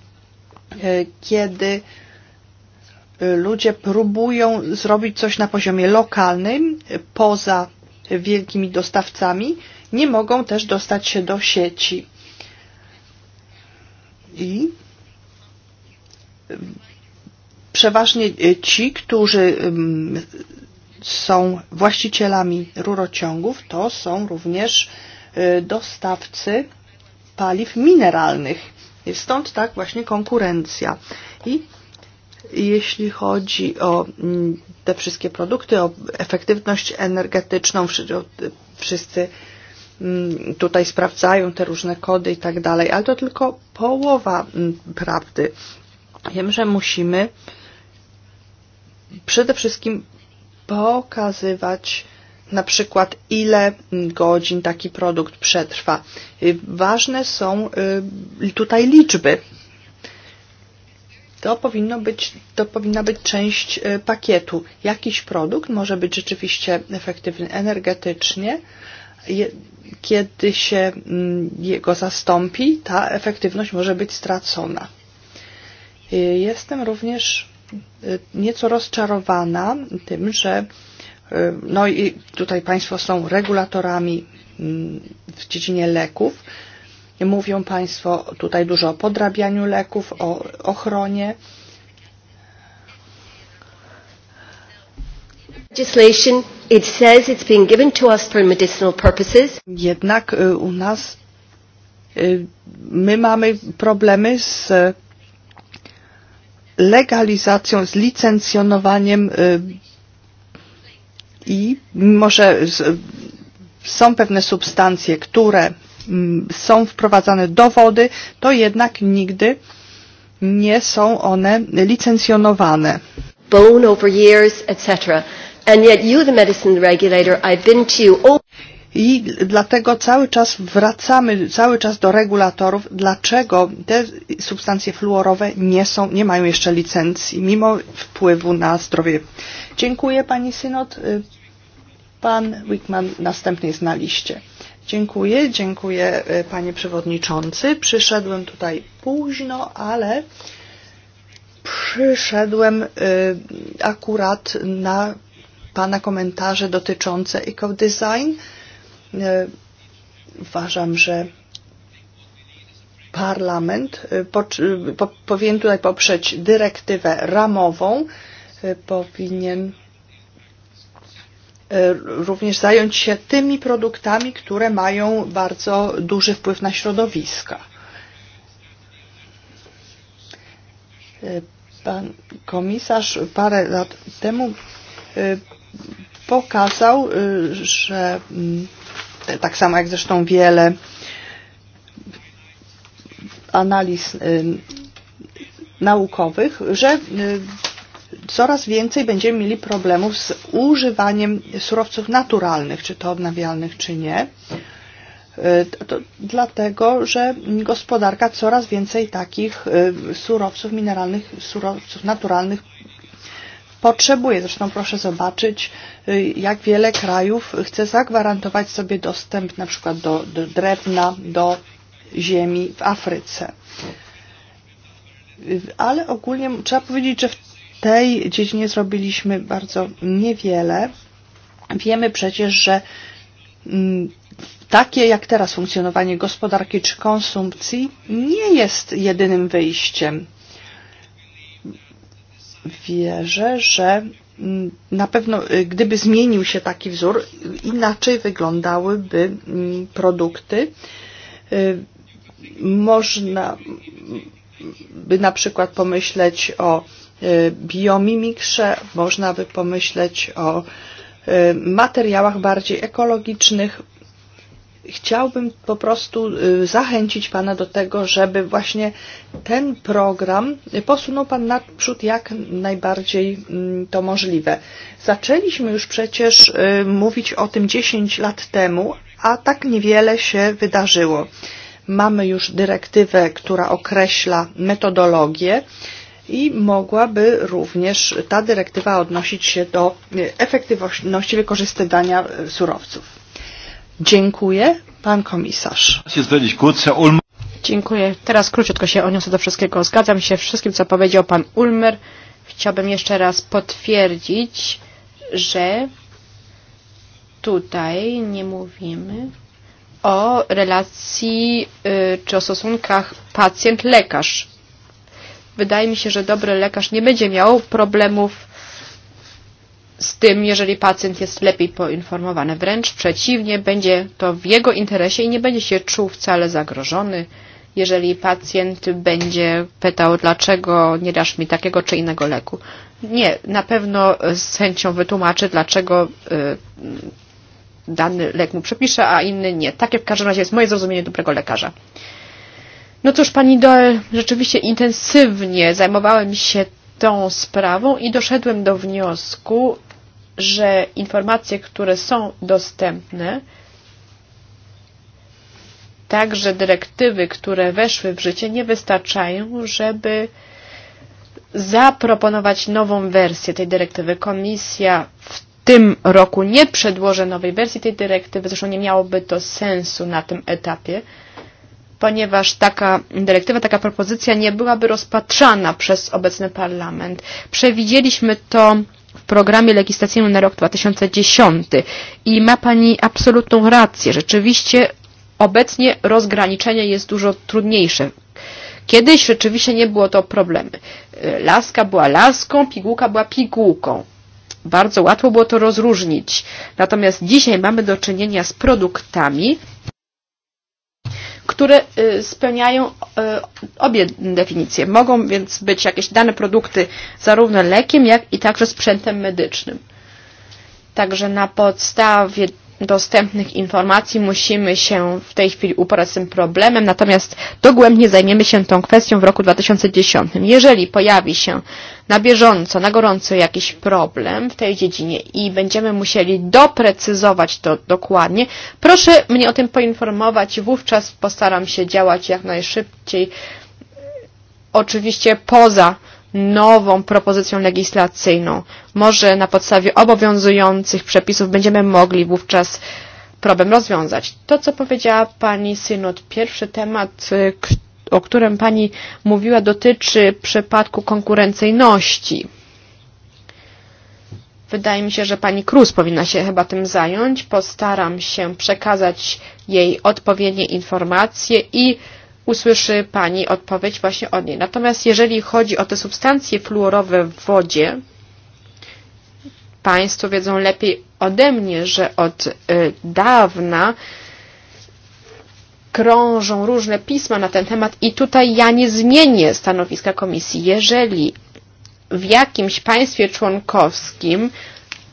E, kiedy e, ludzie próbują zrobić coś na poziomie lokalnym, e, poza wielkimi dostawcami, nie mogą też dostać się do sieci. I przeważnie ci, którzy są właścicielami rurociągów, to są również dostawcy paliw mineralnych. I stąd tak właśnie konkurencja. I jeśli chodzi o mm, te wszystkie produkty, o efektywność energetyczną, wszyscy mm, tutaj sprawdzają te różne kody i tak dalej, ale to tylko połowa mm, prawdy. Wiem, że musimy przede wszystkim pokazywać na przykład ile godzin taki produkt przetrwa. Ważne są tutaj liczby. To, powinno być, to powinna być część pakietu. Jakiś produkt może być rzeczywiście efektywny energetycznie. Kiedy się mm, jego zastąpi, ta efektywność może być stracona. Jestem również nieco rozczarowana tym, że E, no i tutaj Państwo są regulatorami mm, w dziedzinie leków. Mówią Państwo tutaj dużo o podrabianiu leków, o ochronie. Legislation, it says it's been given to us for medicinal purposes. Jednak e, u nas e, my mamy problemy z legalizacją, z licencjonowaniem i może są pewne substancje, które mm, są wprowadzane do wody, to jednak nigdy nie są one licencjonowane. Bone over years, etc. And yet you, the medicine regulator, I've been to you all... I dlatego cały czas wracamy, cały czas do regulatorów, dlaczego te substancje fluorowe nie, są, nie mają jeszcze licencji, mimo wpływu na zdrowie. Dziękuję Pani Synod. Pan Wickman następny jest na liście. Dziękuję, dziękuję e, panie przewodniczący. Przyszedłem tutaj późno, ale przyszedłem e, akurat na pana komentarze dotyczące eco-design. E, uważam, że parlament po, po, powinien tutaj poprzeć dyrektywę ramową, powinien E, również zająć się tymi produktami, które mają bardzo duży wpływ na środowisko. E, pan komisarz parę lat temu e, pokazał, że mm, tak samo jak zresztą wiele analiz naukowych, że coraz więcej będziemy mieli problemów z używaniem surowców naturalnych, czy to odnawialnych, czy nie. E, to dlatego, że gospodarka coraz więcej takich e, surowców mineralnych, surowców naturalnych potrzebuje. Zresztą proszę zobaczyć, e, jak wiele krajów chce zagwarantować sobie dostęp na przykład do, do drewna, do ziemi w Afryce. Ale ogólnie trzeba powiedzieć, że w tej dziedzinie zrobiliśmy bardzo niewiele. Wiemy przecież, że mm, takie jak teraz funkcjonowanie gospodarki czy konsumpcji nie jest jedynym wyjściem. Wierzę, że mm, na pewno gdyby zmienił się taki wzór, inaczej wyglądałyby mm, produkty. Można by na przykład pomyśleć o E, biomimikrze, można by pomyśleć o e, materiałach bardziej ekologicznych. Chciałbym po prostu e, zachęcić Pana do tego, żeby właśnie ten program posunął Pan naprzód jak najbardziej mm, to możliwe. Zaczęliśmy już przecież mówić o tym 10 lat temu, a tak niewiele się wydarzyło. Mamy już dyrektywę, która określa metodologię i mogłaby również ta dyrektywa odnosić się do e, efektywności wykorzystywania e, surowców. Dziękuję, pan komisarz. Dziękuję. Teraz króciutko się odniosę do wszystkiego. Zgadzam się wszystkim, co powiedział pan Ulmer. Chciałbym jeszcze raz potwierdzić, że tutaj nie mówimy o relacji y, czy o stosunkach pacjent-lekarz. Wydaje mi się, że dobry lekarz nie będzie miał problemów z tym, jeżeli pacjent jest lepiej poinformowany. Wręcz przeciwnie, będzie to w jego interesie i nie będzie się czuł wcale zagrożony, jeżeli pacjent będzie pytał, dlaczego nie dasz mi takiego czy innego leku. Nie, na pewno z chęcią wytłumaczy, dlaczego dany lek mu przepisze, a inny nie. Takie w każdym razie jest moje zrozumienie dobrego lekarza. No cóż, pani Doel, rzeczywiście intensywnie zajmowałem się tą sprawą i doszedłem do wniosku, że informacje, które są dostępne, także dyrektywy, które weszły w życie, nie wystarczają, żeby zaproponować nową wersję tej dyrektywy. Komisja w tym roku nie przedłoży nowej wersji tej dyrektywy, zresztą nie miałoby to sensu na tym etapie ponieważ taka dyrektywa, taka propozycja nie byłaby rozpatrzana przez obecny parlament. Przewidzieliśmy to w programie legislacyjnym na rok 2010 i ma Pani absolutną rację. Rzeczywiście obecnie rozgraniczenie jest dużo trudniejsze. Kiedyś rzeczywiście nie było to problemy. Laska była laską, pigułka była pigułką. Bardzo łatwo było to rozróżnić. Natomiast dzisiaj mamy do czynienia z produktami, które e, spełniają e, obie definicje. Mogą więc być jakieś dane produkty zarówno lekiem, jak i także sprzętem medycznym. Także na podstawie dostępnych informacji musimy się w tej chwili uporać z tym problemem, natomiast dogłębnie zajmiemy się tą kwestią w roku 2010. Jeżeli pojawi się na bieżąco, na gorąco jakiś problem w tej dziedzinie i będziemy musieli doprecyzować to dokładnie, proszę mnie o tym poinformować. Wówczas postaram się działać jak najszybciej, oczywiście poza nową propozycją legislacyjną. Może na podstawie obowiązujących przepisów będziemy mogli wówczas problem rozwiązać. To, co powiedziała pani Synod, pierwszy temat, o którym pani mówiła, dotyczy przypadku konkurencyjności. Wydaje mi się, że pani Cruz powinna się chyba tym zająć. Postaram się przekazać jej odpowiednie informacje i usłyszy Pani odpowiedź właśnie od niej. Natomiast jeżeli chodzi o te substancje fluorowe w wodzie, Państwo wiedzą lepiej ode mnie, że od y, dawna krążą różne pisma na ten temat i tutaj ja nie zmienię stanowiska komisji. Jeżeli w jakimś państwie członkowskim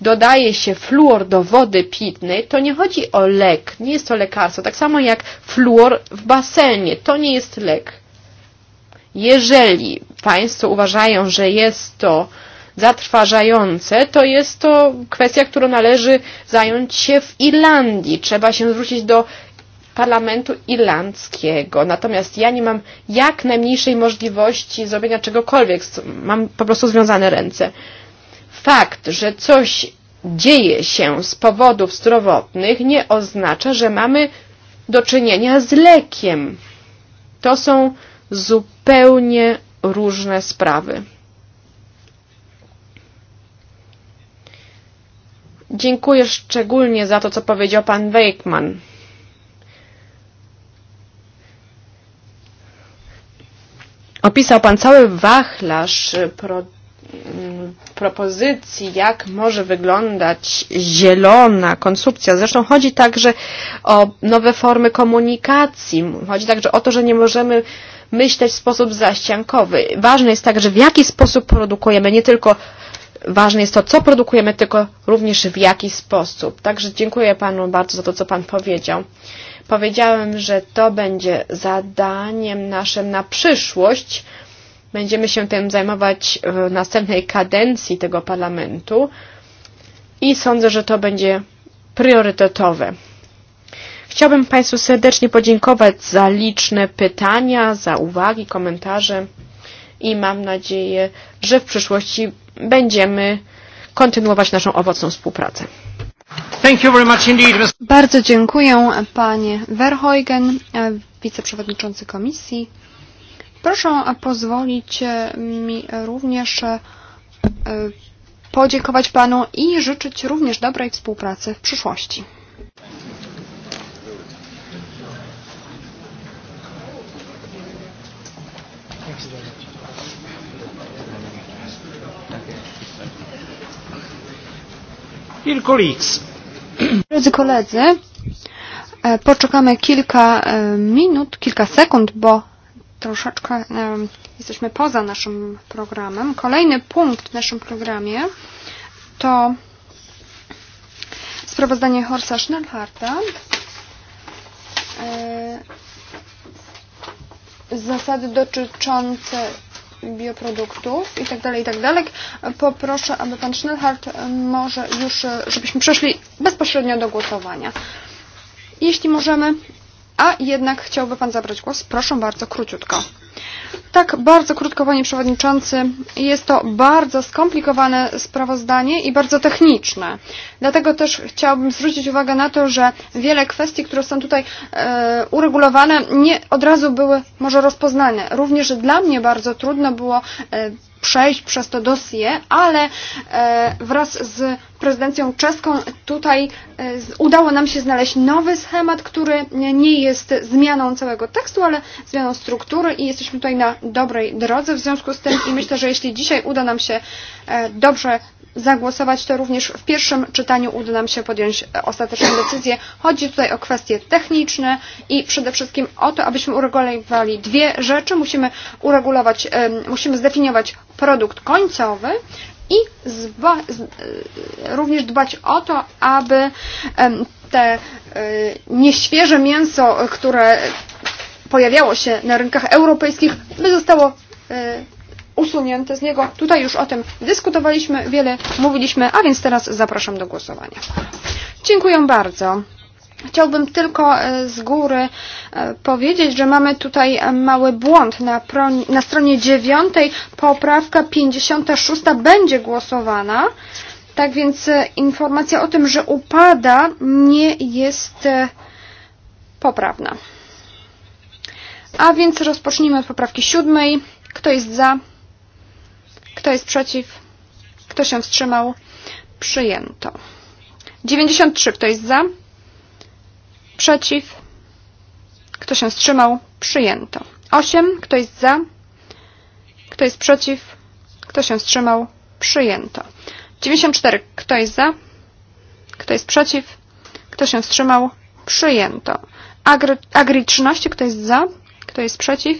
dodaje się fluor do wody pitnej, to nie chodzi o lek, nie jest to lekarstwo. Tak samo jak fluor w basenie, to nie jest lek. Jeżeli Państwo uważają, że jest to zatrważające, to jest to kwestia, którą należy zająć się w Irlandii. Trzeba się zwrócić do parlamentu irlandzkiego. Natomiast ja nie mam jak najmniejszej możliwości zrobienia czegokolwiek. Mam po prostu związane ręce. Fakt, że coś dzieje się z powodów zdrowotnych nie oznacza, że mamy do czynienia z lekiem. To są zupełnie różne sprawy. Dziękuję szczególnie za to, co powiedział pan Wejkman. Opisał pan cały wachlarz pro, Mm, propozycji, jak może wyglądać zielona konsumpcja. Zresztą chodzi także o nowe formy komunikacji. Chodzi także o to, że nie możemy myśleć w sposób zaściankowy. Ważne jest także, w jaki sposób produkujemy, nie tylko ważne jest to, co produkujemy, tylko również w jaki sposób. Także dziękuję Panu bardzo za to, co Pan powiedział. Powiedziałem, że to będzie zadaniem naszym na przyszłość, Będziemy się tym zajmować e, w następnej kadencji tego parlamentu i sądzę, że to będzie priorytetowe. Chciałbym Państwu serdecznie podziękować za liczne pytania, za uwagi, komentarze i mam nadzieję, że w przyszłości będziemy kontynuować naszą owocną współpracę. Thank you very much indeed. Bardzo dziękuję Panie Verheugen, e, wiceprzewodniczący komisji. Proszę pozwolić e, mi również e, podziękować Panu i życzyć również dobrej współpracy w przyszłości. Drodzy koledzy, e, poczekamy kilka minut, kilka sekund, bo troszeczkę jesteśmy poza naszym programem. Kolejny punkt w naszym programie to sprawozdanie Horsa Schnellharta e, zasady dotyczące bioproduktów i tak dalej, i tak dalej. Poproszę, aby pan Schnellhardt e, może już, e, żebyśmy przeszli bezpośrednio do głosowania. Jeśli możemy, A jednak chciałby Pan zabrać głos? Proszę bardzo, króciutko. Tak, bardzo krótko, Panie Przewodniczący. Jest to bardzo skomplikowane sprawozdanie i bardzo techniczne. Dlatego też chciałbym zwrócić uwagę na to, że wiele kwestii, które są tutaj e, uregulowane, nie od razu były może rozpoznane. Również dla mnie bardzo trudno było e, przejść przez to dosie, ale e, wraz z prezydencją czeską tutaj e, udało nam się znaleźć nowy schemat, który nie jest zmianą całego tekstu, ale zmianą struktury i jesteśmy tutaj na dobrej drodze w związku z tym i myślę, że jeśli dzisiaj uda nam się e, dobrze zagłosować, to również w pierwszym czytaniu uda nam się podjąć e, ostateczną decyzję. Chodzi tutaj o kwestie techniczne i przede wszystkim o to, abyśmy uregulowali dwie rzeczy. Musimy uregulować, musimy zdefiniować produkt końcowy i zba, z, e, również dbać o to, aby te e, nieświeże mięso, które pojawiało się na rynkach europejskich, by zostało e, usunięte z niego. Tutaj już o tym dyskutowaliśmy, wiele mówiliśmy, a więc teraz zapraszam do głosowania. Dziękuję bardzo. Chciałbym tylko e, z góry e, powiedzieć, że mamy tutaj e, mały błąd. Na, na stronie 9 poprawka 56 będzie głosowana. Tak więc informacja o tym, że upada nie jest poprawna. A więc rozpocznijmy od poprawki siódmej. Kto jest za? Kto jest przeciw? Kto się wstrzymał? Przyjęto. 93. Kto jest za? Przeciw. Kto się wstrzymał? Przyjęto. 8. Kto jest za? Kto jest przeciw? Kto się wstrzymał? Przyjęto. 94. Kto jest za? Kto jest przeciw? Kto się wstrzymał? Przyjęto. Agri, agri 13. Kto jest za? Kto jest przeciw?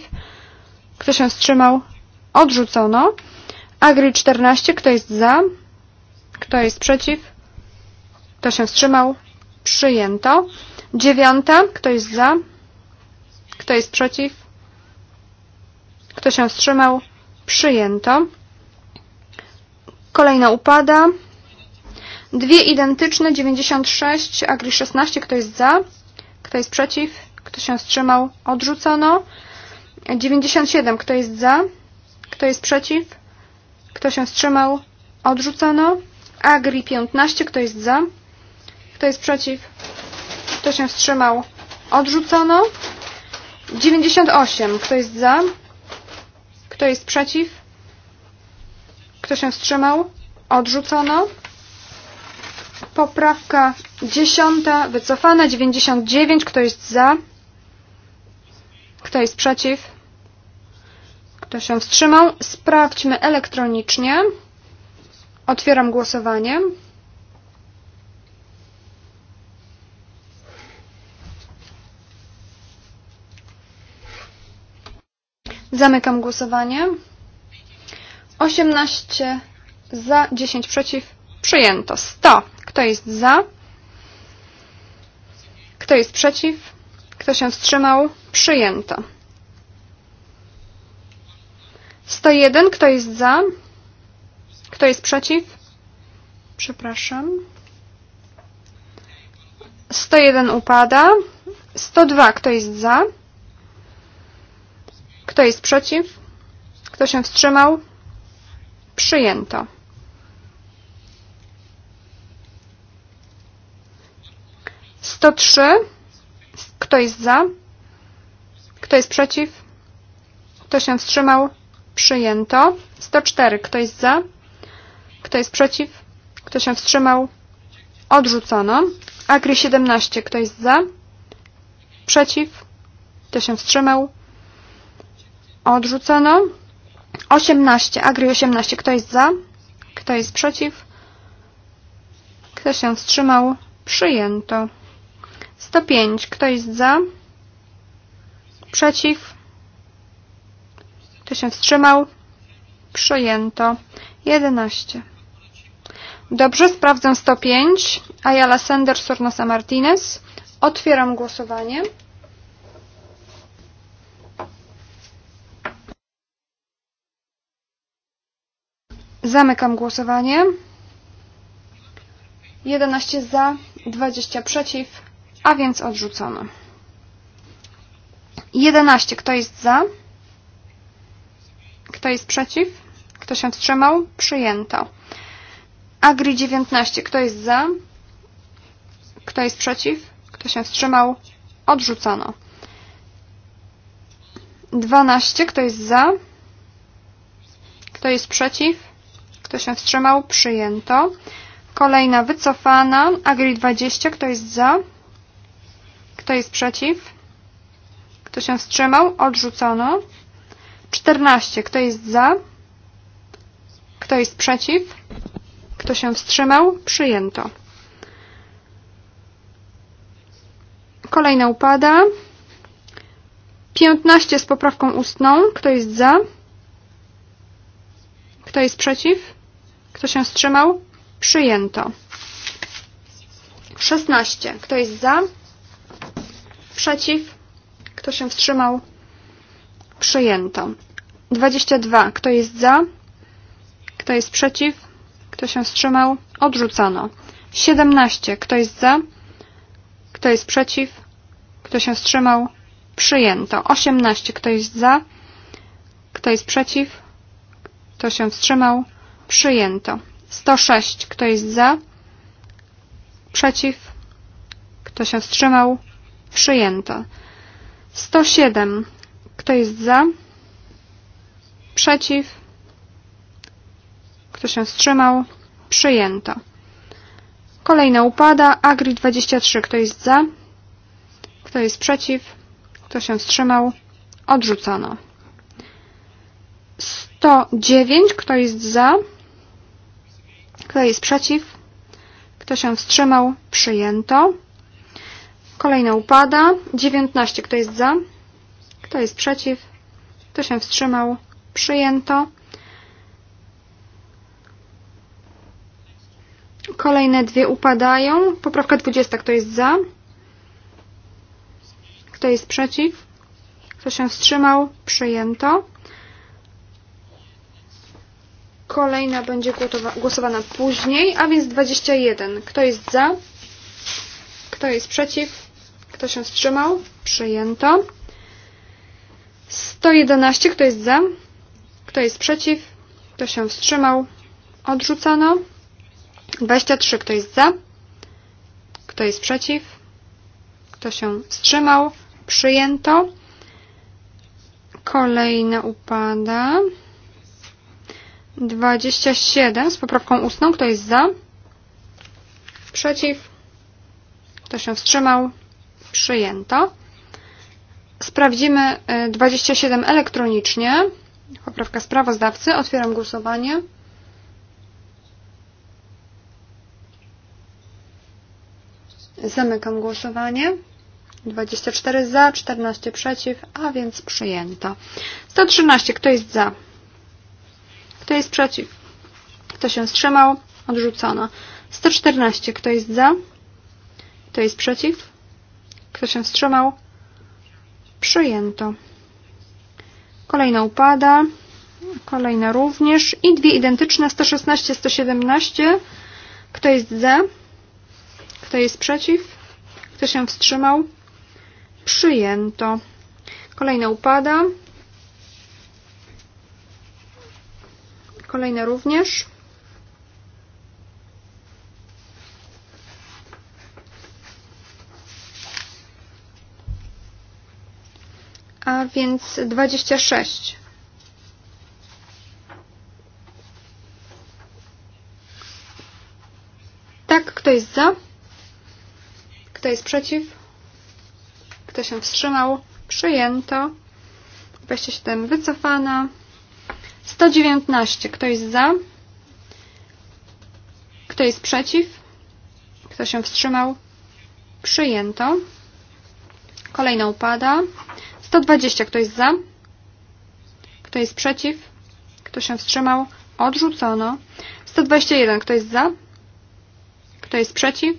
Kto się wstrzymał? Odrzucono. Agri 14. Kto jest za? Kto jest przeciw? Kto się wstrzymał? Przyjęto. Dziewiąta. Kto jest za? Kto jest przeciw? Kto się wstrzymał? Przyjęto. Kolejna upada. Dwie identyczne, 96, Agri 16. Kto jest za? Kto jest przeciw? Kto się wstrzymał? Odrzucono. 97. Kto jest za? Kto jest przeciw? Kto się wstrzymał? Odrzucono. Agri 15. Kto jest za? Kto jest przeciw? Kto się wstrzymał? Odrzucono. 98. Kto jest za? Kto jest przeciw? Kto się wstrzymał? Odrzucono. Poprawka 10. Wycofana. 99. Kto jest za? Kto jest przeciw? Kto się wstrzymał? Sprawdźmy elektronicznie. Otwieram głosowanie. Zamykam głosowanie. 18 za, 10 przeciw. Przyjęto. 100. Kto jest za? Kto jest przeciw? Kto się wstrzymał? Przyjęto. 101. Kto jest za? Kto jest przeciw? Przepraszam. 101 upada. 102. Kto jest za? Kto jest przeciw? Kto się wstrzymał? Przyjęto. Sto trzy. Kto jest za? Kto jest przeciw? Kto się wstrzymał? Przyjęto. 104. Kto jest za? Kto jest przeciw? Kto się wstrzymał? Odrzucono. Agri 17. Kto jest za? Przeciw? Kto się wstrzymał? Odrzucono. 18. Agri 18. Kto jest za? Kto jest przeciw? Kto się wstrzymał? Przyjęto. 105. Kto jest za? Przeciw? Kto się wstrzymał? Przyjęto. 11. Dobrze, sprawdzę 105. Ayala Sender, Sornosa Martinez. Otwieram głosowanie. Zamykam głosowanie. 11 za, 20 przeciw, a więc odrzucono. 11. Kto jest za? Kto jest przeciw? Kto się wstrzymał? Przyjęto. Agri 19. Kto jest za? Kto jest przeciw? Kto się wstrzymał? Odrzucono. 12. Kto jest za? Kto jest przeciw? Kto się wstrzymał? Przyjęto. Kolejna wycofana. Agri 20. Kto jest za? Kto jest przeciw? Kto się wstrzymał? Odrzucono. 14. Kto jest za? Kto jest przeciw? Kto się wstrzymał? Przyjęto. Kolejna upada. 15 z poprawką ustną. Kto jest za? Kto jest przeciw? Kto się wstrzymał? Przyjęto. 16. Kto jest za? Przeciw? Kto się wstrzymał? Przyjęto. 22. Kto jest za? Kto jest przeciw? Kto się wstrzymał? Odrzucono. 17. Kto jest za? Kto jest przeciw? Kto się wstrzymał? Przyjęto. 18. Kto jest za? Kto jest przeciw? Kto się wstrzymał? Przyjęto. 106. Kto jest za? Przeciw? Kto się wstrzymał? Przyjęto. 107. Kto jest za? Przeciw? Kto się wstrzymał? Przyjęto. Kolejna upada. Agri 23. Kto jest za? Kto jest przeciw? Kto się wstrzymał? Odrzucono. 109. Kto jest za? Kto jest przeciw? Kto się wstrzymał? Przyjęto. Kolejna upada. 19. Kto jest za? Kto jest przeciw? Kto się wstrzymał? Przyjęto. Kolejne dwie upadają. Poprawka 20. Kto jest za? Kto jest przeciw? Kto się wstrzymał? Przyjęto. Kolejna będzie głosowana później, a więc 21. Kto jest za? Kto jest przeciw? Kto się wstrzymał? Przyjęto. 111. Kto jest za? Kto jest przeciw? Kto się wstrzymał? Odrzucono. 23. Kto jest za? Kto jest przeciw? Kto się wstrzymał? Przyjęto. Kolejna upada. 27 z poprawką ustną. Kto jest za? Przeciw? Kto się wstrzymał? Przyjęto. Sprawdzimy 27 elektronicznie. Poprawka sprawozdawcy. Otwieram głosowanie. Zamykam głosowanie. 24 za, 14 przeciw, a więc przyjęto. 113. Kto jest za? Kto jest przeciw? Kto się wstrzymał? Odrzucona. 114. Kto jest za? Kto jest przeciw? Kto się wstrzymał? Przyjęto. Kolejna upada. Kolejna również. I dwie identyczne. 116, 117. Kto jest za? Kto jest przeciw? Kto się wstrzymał? Przyjęto. Kolejna upada. Kolejne również. A więc 26. Tak, kto jest za? Kto jest przeciw? Kto się wstrzymał? Przyjęto. 27 wycofana. 119. Kto jest za? Kto jest przeciw? Kto się wstrzymał? Przyjęto. Kolejna upada. 120. Kto jest za? Kto jest przeciw? Kto się wstrzymał? Odrzucono. 121. Kto jest za? Kto jest przeciw?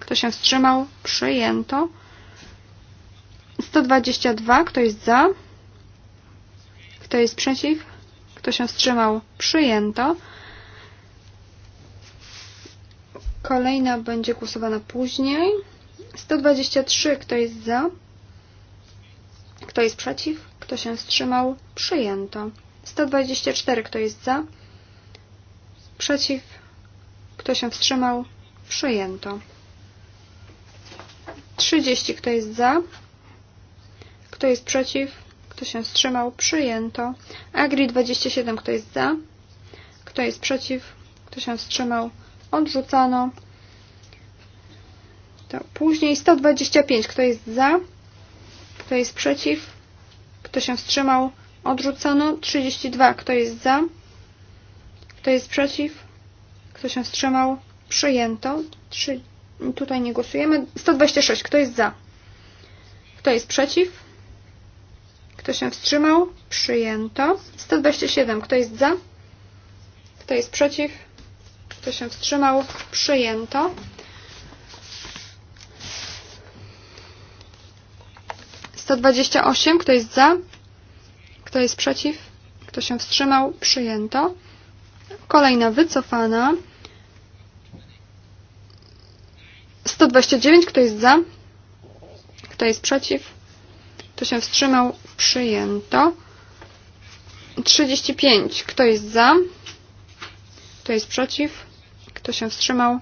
Kto się wstrzymał? Przyjęto. 122. Kto jest za? Kto jest przeciw? Kto się wstrzymał? Przyjęto. Kolejna będzie głosowana później. 123. Kto jest za? Kto jest przeciw? Kto się wstrzymał? Przyjęto. 124. Kto jest za? Przeciw? Kto się wstrzymał? Przyjęto. 30. Kto jest za? Kto jest przeciw? kto się wstrzymał, przyjęto. Agri 27, kto jest za, kto jest przeciw, kto się wstrzymał, odrzucano. To później 125, kto jest za, kto jest przeciw, kto się wstrzymał, odrzucano. 32, kto jest za, kto jest przeciw, kto się wstrzymał, przyjęto. 3, tutaj nie głosujemy. 126, kto jest za, kto jest przeciw, Kto się wstrzymał? Przyjęto. 127. Kto jest za? Kto jest przeciw? Kto się wstrzymał? Przyjęto. Sto dwadzieścia osiem. Kto jest za? Kto jest przeciw? Kto się wstrzymał? Przyjęto. Kolejna wycofana. 129. Kto jest za? Kto jest przeciw? Kto się wstrzymał? Przyjęto. 35. Kto jest za? Kto jest przeciw? Kto się wstrzymał?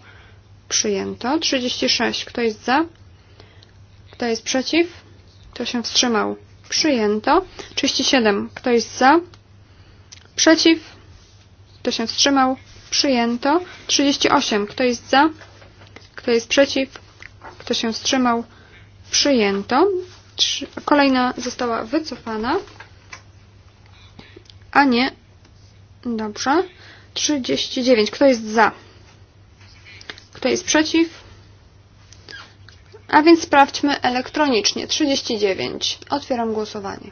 Przyjęto. 36. Kto jest za? Kto jest przeciw? Kto się wstrzymał? Przyjęto. 37. Kto jest za? Przeciw? Kto się wstrzymał? Przyjęto. 38. Kto jest za? Kto jest przeciw? Kto się wstrzymał? Przyjęto. Kolejna została wycofana. A nie. Dobrze. 39. Kto jest za? Kto jest przeciw? A więc sprawdźmy elektronicznie. 39. Otwieram głosowanie.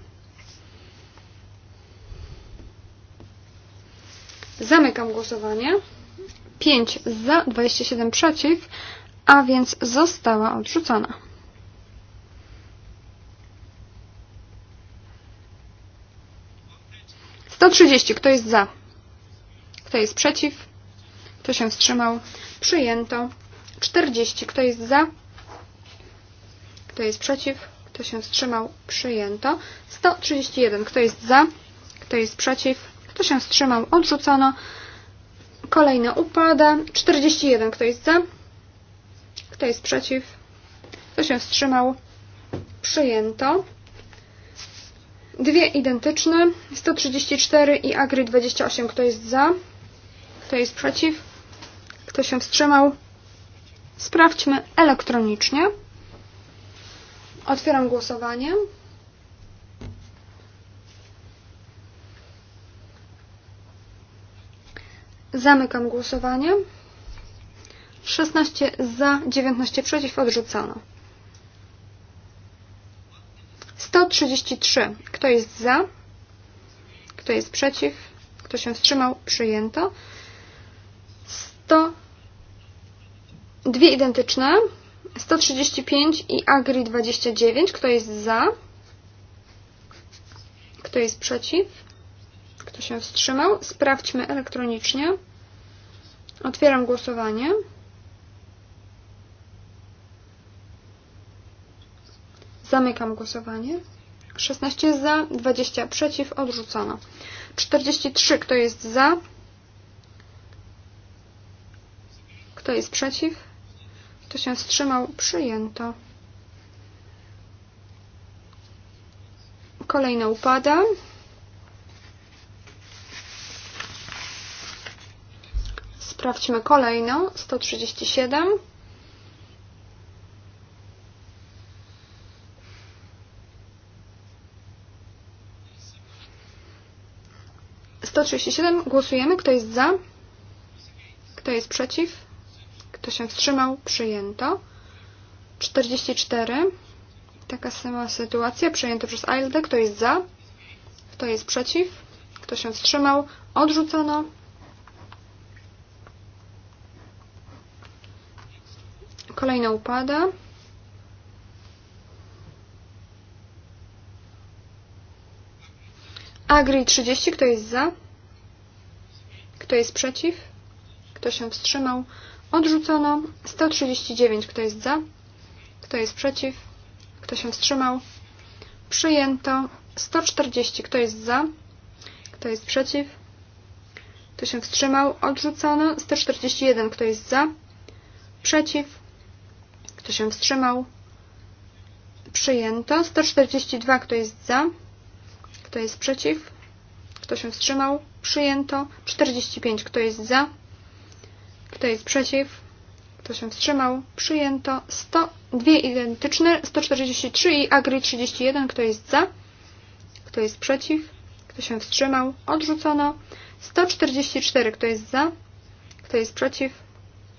Zamykam głosowanie. 5 za, 27 przeciw, a więc została odrzucona. 130. Kto jest za? Kto jest przeciw? Kto się wstrzymał? Przyjęto. 40. Kto jest za? Kto jest przeciw? Kto się wstrzymał? Przyjęto. 131. Kto jest za? Kto jest przeciw? Kto się wstrzymał? Odrzucono. Kolejna upada. 41. Kto jest za? Kto jest przeciw? Kto się wstrzymał? Przyjęto. Dwie identyczne, 134 i Agri 28. Kto jest za? Kto jest przeciw? Kto się wstrzymał? Sprawdźmy elektronicznie. Otwieram głosowanie. Zamykam głosowanie. 16 za, 19 przeciw, odrzucono. 133. Kto jest za? Kto jest przeciw? Kto się wstrzymał? Przyjęto. 100. Dwie identyczne. 135 i Agri 29. Kto jest za? Kto jest przeciw? Kto się wstrzymał? Sprawdźmy elektronicznie. Otwieram głosowanie. Zamykam głosowanie. 16 za, 20 przeciw, odrzucono. 43, kto jest za? Kto jest przeciw? Kto się wstrzymał? Przyjęto. Kolejne upada. Sprawdźmy kolejną. 137. 137 głosujemy. Kto jest za? Kto jest przeciw? Kto się wstrzymał? Przyjęto. 44. Taka sama sytuacja. Przyjęto przez ALD. Kto jest za? Kto jest przeciw? Kto się wstrzymał? Odrzucono. Kolejna upada. Agri 30, kto jest za? Kto jest przeciw? Kto się wstrzymał? Odrzucono. 139, kto jest za? Kto jest przeciw? Kto się wstrzymał? Przyjęto. 140, kto jest za? Kto jest przeciw? Kto się wstrzymał? Odrzucono. 141, kto jest za? Przeciw? Kto się wstrzymał? Przyjęto. 142, kto jest za? Kto jest przeciw? Kto się wstrzymał? Przyjęto. 45. Kto jest za? Kto jest przeciw? Kto się wstrzymał? Przyjęto. 100, dwie identyczne. 143 i Agri 31. Kto jest za? Kto jest przeciw? Kto się wstrzymał? Odrzucono. 144. Kto jest za? Kto jest przeciw?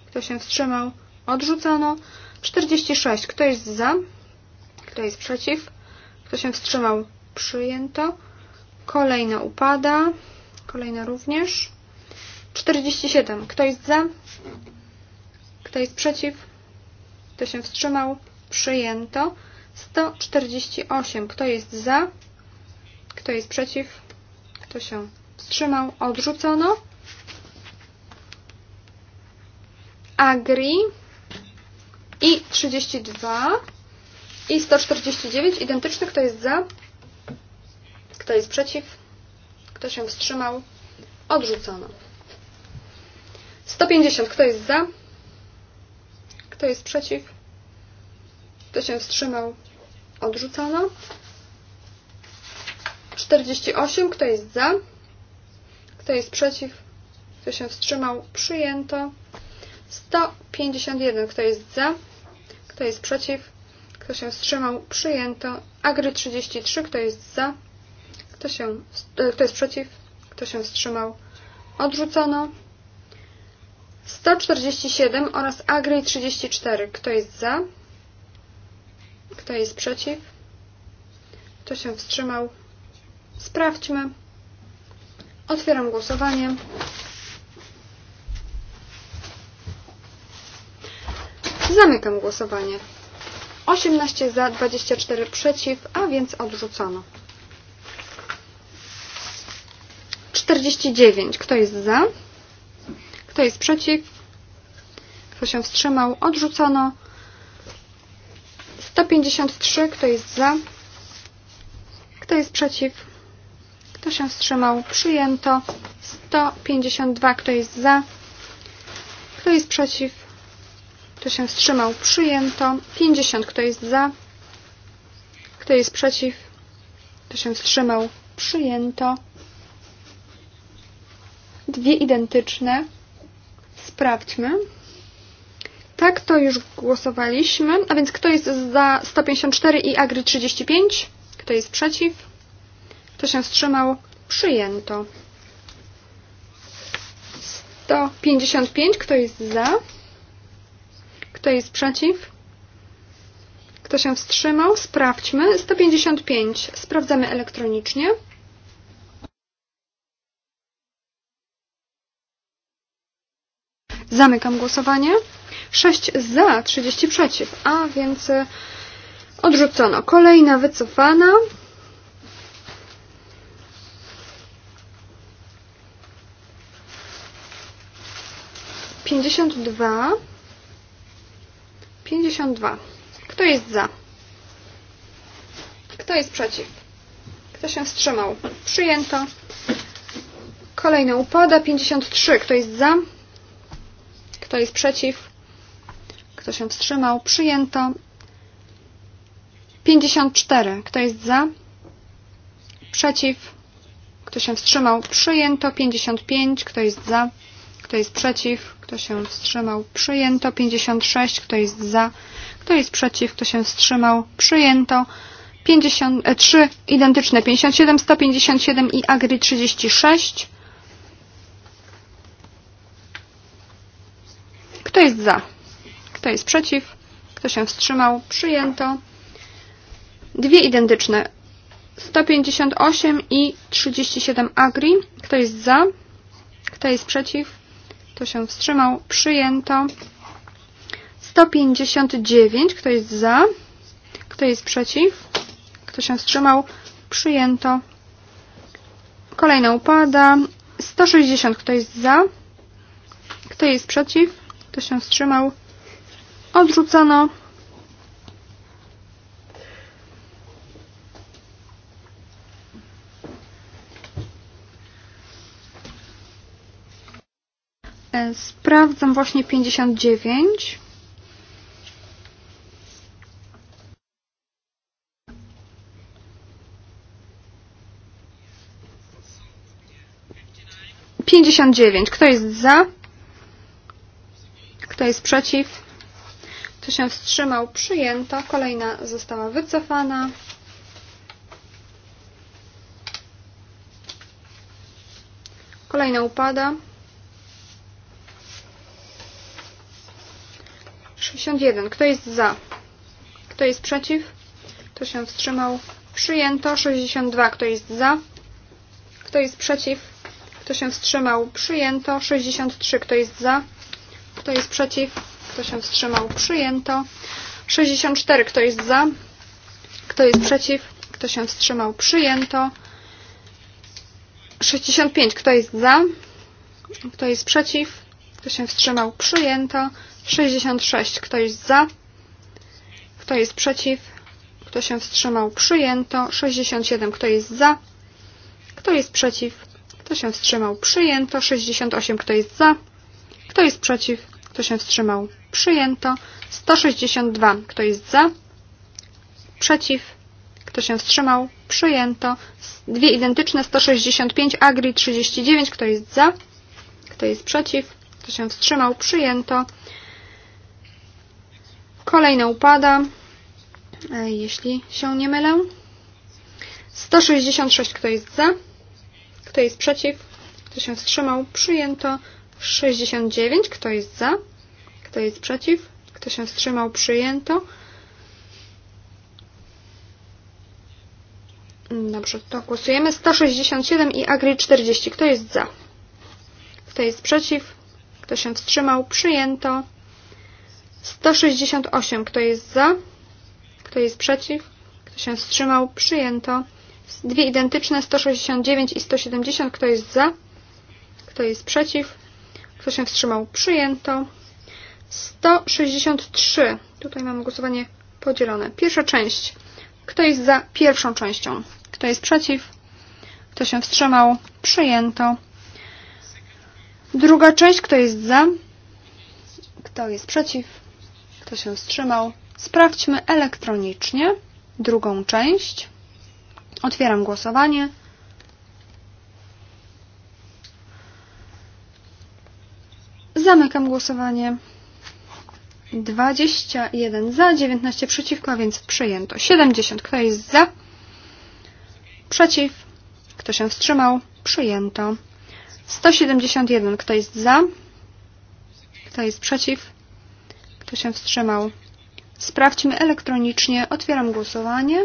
Kto się wstrzymał? Odrzucono. 46. Kto jest za? Kto jest przeciw? Kto się wstrzymał? Przyjęto. Kolejna upada. Kolejna również. 47. Kto jest za? Kto jest przeciw? Kto się wstrzymał? Przyjęto. 148. Kto jest za? Kto jest przeciw? Kto się wstrzymał? Odrzucono. Agri. I 32. I 149. Identyczny. Kto jest za? Kto jest przeciw? Kto się wstrzymał? Odrzucono. 150. Kto jest za? Kto jest przeciw? Kto się wstrzymał? Odrzucono. 48. Kto jest za? Kto jest przeciw? Kto się wstrzymał? Przyjęto. 151. Kto jest za? Kto jest przeciw? Kto się wstrzymał? Przyjęto. Agry 33. Kto jest za? Kto się... E, kto jest przeciw? Kto się wstrzymał? Odrzucono. 147 oraz Agri 34. Kto jest za? Kto jest przeciw? Kto się wstrzymał? Sprawdźmy. Otwieram głosowanie. Zamykam głosowanie. 18 za, 24 przeciw, a więc odrzucono. 49. Kto jest za? Kto jest przeciw? Kto się wstrzymał? Odrzucono. 153. Kto jest za? Kto jest przeciw? Kto się wstrzymał? Przyjęto. 152. Kto jest za? Kto jest przeciw? Kto się wstrzymał? Przyjęto. 50. Kto jest za? Kto jest przeciw? Kto się wstrzymał? Przyjęto. Dwie identyczne. Sprawdźmy. Tak, to już głosowaliśmy. A więc kto jest za 154 i Agry 35? Kto jest przeciw? Kto się wstrzymał? Przyjęto. 155. Kto jest za? Kto jest przeciw? Kto się wstrzymał? Sprawdźmy. 155. Sprawdzamy elektronicznie. Zamykam głosowanie. 6 za, 30 przeciw, a więc e, odrzucono. Kolejna wycofana. Pięćdziesiąt dwa. Pięćdziesiąt dwa. Kto jest za? Kto jest przeciw? Kto się wstrzymał? Przyjęto. Kolejne upada. Pięćdziesiąt trzy. Kto jest za? Kto jest przeciw? Kto się wstrzymał? Przyjęto. 54. Kto jest za? Przeciw. Kto się wstrzymał? Przyjęto. 55. Kto jest za? Kto jest przeciw? Kto się wstrzymał? Przyjęto. 56. Kto jest za? Kto jest przeciw? Kto się wstrzymał? Przyjęto. 53. E, identyczne. 57, 157 i Agri 36. Kto jest za? Kto jest przeciw? Kto się wstrzymał? Przyjęto. Dwie identyczne. 158 i 37 agri. Kto jest za? Kto jest przeciw? Kto się wstrzymał? Przyjęto. 159. Kto jest za? Kto jest przeciw? Kto się wstrzymał? Przyjęto. Kolejna upada. 160. Kto jest za? Kto jest przeciw? Kto się wstrzymał? Odrzucono. E, sprawdzam właśnie 59. Pięćdziesiąt dziewięć. Kto jest za? Kto jest przeciw? Kto się wstrzymał? Przyjęta. Kolejna została wycofana. Kolejna upada. 61. Kto jest za? Kto jest przeciw? Kto się wstrzymał? Przyjęto. 62. Kto jest za? Kto jest przeciw? Kto się wstrzymał? Przyjęto. 63. Kto jest za? Kto jest przeciw? Kto się wstrzymał? Przyjęto. 64. Kto jest za? Kto jest przeciw? Kto się wstrzymał? Przyjęto. 65. Kto jest za? Kto jest przeciw? Kto się wstrzymał? Przyjęto. 66. Kto jest za? Kto jest przeciw? Kto się wstrzymał? Przyjęto. 67. Kto jest za? Kto jest przeciw? Kto się wstrzymał? Przyjęto. 68. Kto jest za? Kto jest przeciw? Kto się wstrzymał? Przyjęto. 162. Kto jest za? Przeciw. Kto się wstrzymał? Przyjęto. Dwie identyczne. 165. Agri 39. Kto jest za? Kto jest przeciw? Kto się wstrzymał? Przyjęto. Kolejna upada. E, jeśli się nie mylę. 166. Kto jest za? Kto jest przeciw? Kto się wstrzymał? Przyjęto. 69. Kto jest za? Kto jest przeciw? Kto się wstrzymał? Przyjęto. Dobrze, to głosujemy. 167 i Agri 40. Kto jest za? Kto jest przeciw? Kto się wstrzymał? Przyjęto. 168. Kto jest za? Kto jest przeciw? Kto się wstrzymał? Przyjęto. Dwie identyczne 169 i 170. Kto jest za? Kto jest przeciw? Kto się wstrzymał? Przyjęto. 163. Tutaj mamy głosowanie podzielone. Pierwsza część. Kto jest za pierwszą częścią? Kto jest przeciw? Kto się wstrzymał? Przyjęto. Druga część. Kto jest za? Kto jest przeciw? Kto się wstrzymał? Sprawdźmy elektronicznie drugą część. Otwieram głosowanie. Zamykam głosowanie. 21 za, 19 przeciwko, a więc przyjęto. 70. Kto jest za? Przeciw. Kto się wstrzymał? Przyjęto. 171. Kto jest za? Kto jest przeciw? Kto się wstrzymał? Sprawdźmy elektronicznie. Otwieram głosowanie.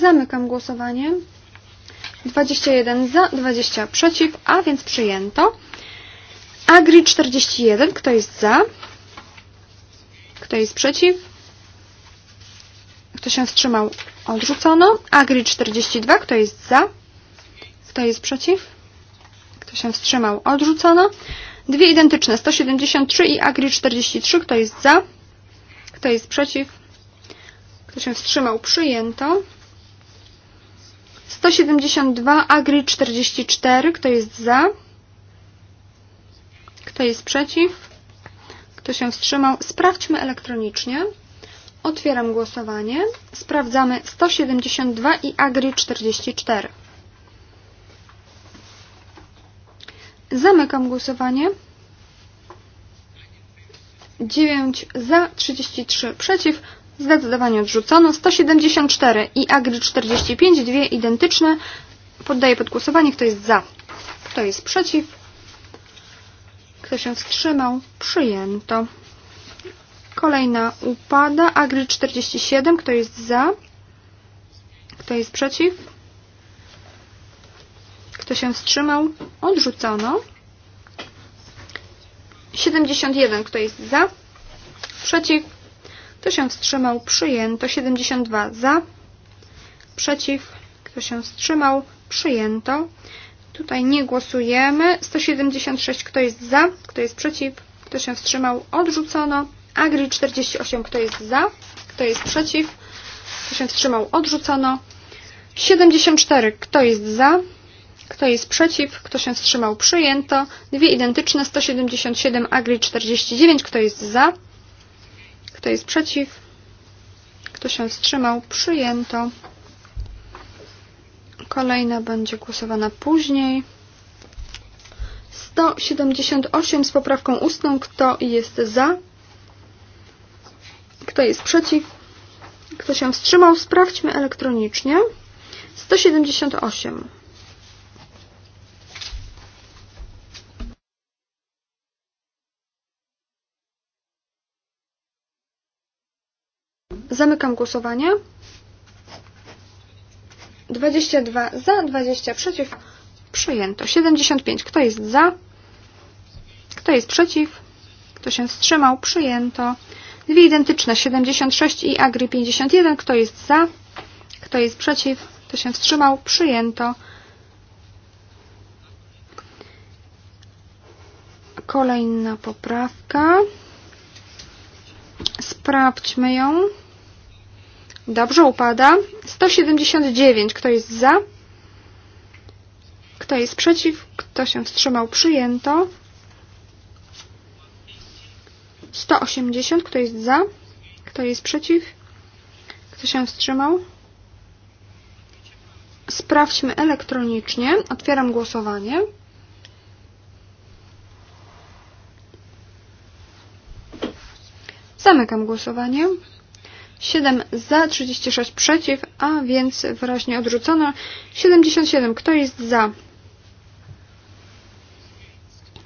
Zamykam głosowanie. 21 za, 20 przeciw, a więc przyjęto. Agri 41, kto jest za? Kto jest przeciw? Kto się wstrzymał? Odrzucono. Agri 42, kto jest za? Kto jest przeciw? Kto się wstrzymał? Odrzucono. Dwie identyczne, 173 i Agri 43, kto jest za? Kto jest przeciw? Kto się wstrzymał? Przyjęto. 172, Agri 44. Kto jest za? Kto jest przeciw? Kto się wstrzymał? Sprawdźmy elektronicznie. Otwieram głosowanie. Sprawdzamy 172 i Agri 44. Zamykam głosowanie. 9 za, 33 przeciw. Zdecydowanie odrzucono. 174 i Agri 45, dwie identyczne. Poddaję pod głosowanie, kto jest za, kto jest przeciw, kto się wstrzymał. Przyjęto. Kolejna upada. Agri 47, kto jest za, kto jest przeciw, kto się wstrzymał. Odrzucono. 71, kto jest za, przeciw, Kto się wstrzymał? Przyjęto. 72 za. Przeciw. Kto się wstrzymał? Przyjęto. Tutaj nie głosujemy. 176. Kto jest za? Kto jest przeciw? Kto się wstrzymał? Odrzucono. Agri 48. Kto jest za? Kto jest przeciw? Kto się wstrzymał? Odrzucono. 74. Kto jest za? Kto jest przeciw? Kto się wstrzymał? Przyjęto. Dwie identyczne. 177. Agri 49. Kto jest za? Kto jest przeciw? Kto się wstrzymał? Przyjęto. Kolejna będzie głosowana później. 178 z poprawką ustną. Kto jest za? Kto jest przeciw? Kto się wstrzymał? Sprawdźmy elektronicznie. 178. Zamykam głosowanie. 22 za, 20 przeciw. Przyjęto. 75. Kto jest za? Kto jest przeciw? Kto się wstrzymał? Przyjęto. Dwie identyczne. 76 i Agri 51. Kto jest za? Kto jest przeciw? Kto się wstrzymał? Przyjęto. Kolejna poprawka. Sprawdźmy ją. Dobrze, upada. 179. Kto jest za? Kto jest przeciw? Kto się wstrzymał? Przyjęto. 180. Kto jest za? Kto jest przeciw? Kto się wstrzymał? Sprawdźmy elektronicznie. Otwieram głosowanie. Zamykam głosowanie. 7 za, 36 przeciw, a więc wyraźnie odrzucono. 77. Kto jest za?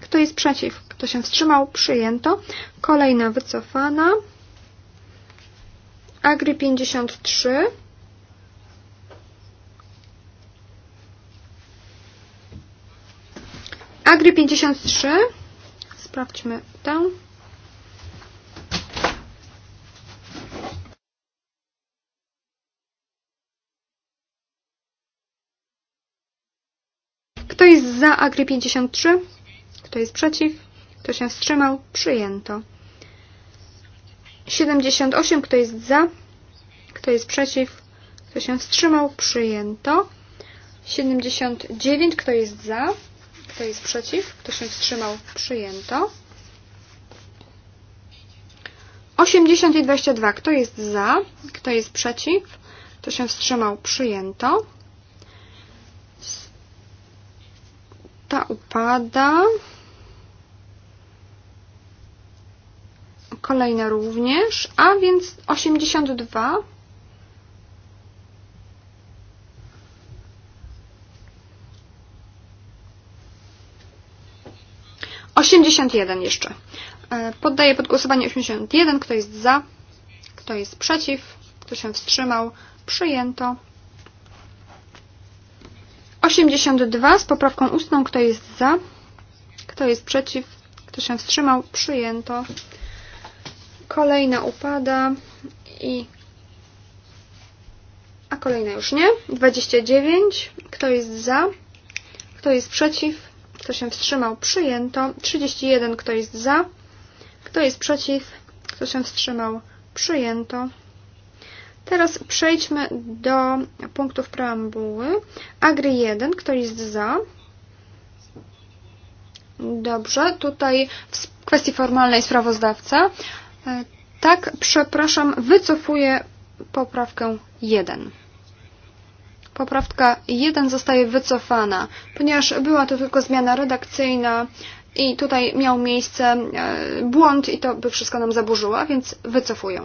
Kto jest przeciw? Kto się wstrzymał? Przyjęto. Kolejna wycofana. Agri 53. Agri 53. Sprawdźmy tę. za Agri 53. Kto jest przeciw? Kto się wstrzymał? Przyjęto. 78. Kto jest za? Kto jest przeciw? Kto się wstrzymał? Przyjęto. 79. Kto jest za? Kto jest przeciw? Kto się wstrzymał? Przyjęto. 80 i 22. Kto jest za? Kto jest przeciw? Kto się wstrzymał? Przyjęto. ta upada. Kolejna również, a więc 82. Osiemdziesiąt jeden jeszcze. E, poddaję pod głosowanie 81. Kto jest za? Kto jest przeciw? Kto się wstrzymał? Przyjęto. 82 z poprawką ustną. Kto jest za? Kto jest przeciw? Kto się wstrzymał? Przyjęto. Kolejna upada i... A kolejna już nie. 29. Kto jest za? Kto jest przeciw? Kto się wstrzymał? Przyjęto. 31. Kto jest za? Kto jest przeciw? Kto się wstrzymał? Przyjęto. Teraz przejdźmy do punktów preambuły. Agri 1, kto jest za? Dobrze, tutaj w kwestii formalnej sprawozdawca. E, tak, przepraszam, wycofuję poprawkę 1. Poprawka 1 zostaje wycofana, ponieważ była to tylko zmiana redakcyjna i tutaj miał miejsce e, błąd i to by wszystko nam zaburzyło, więc wycofuję.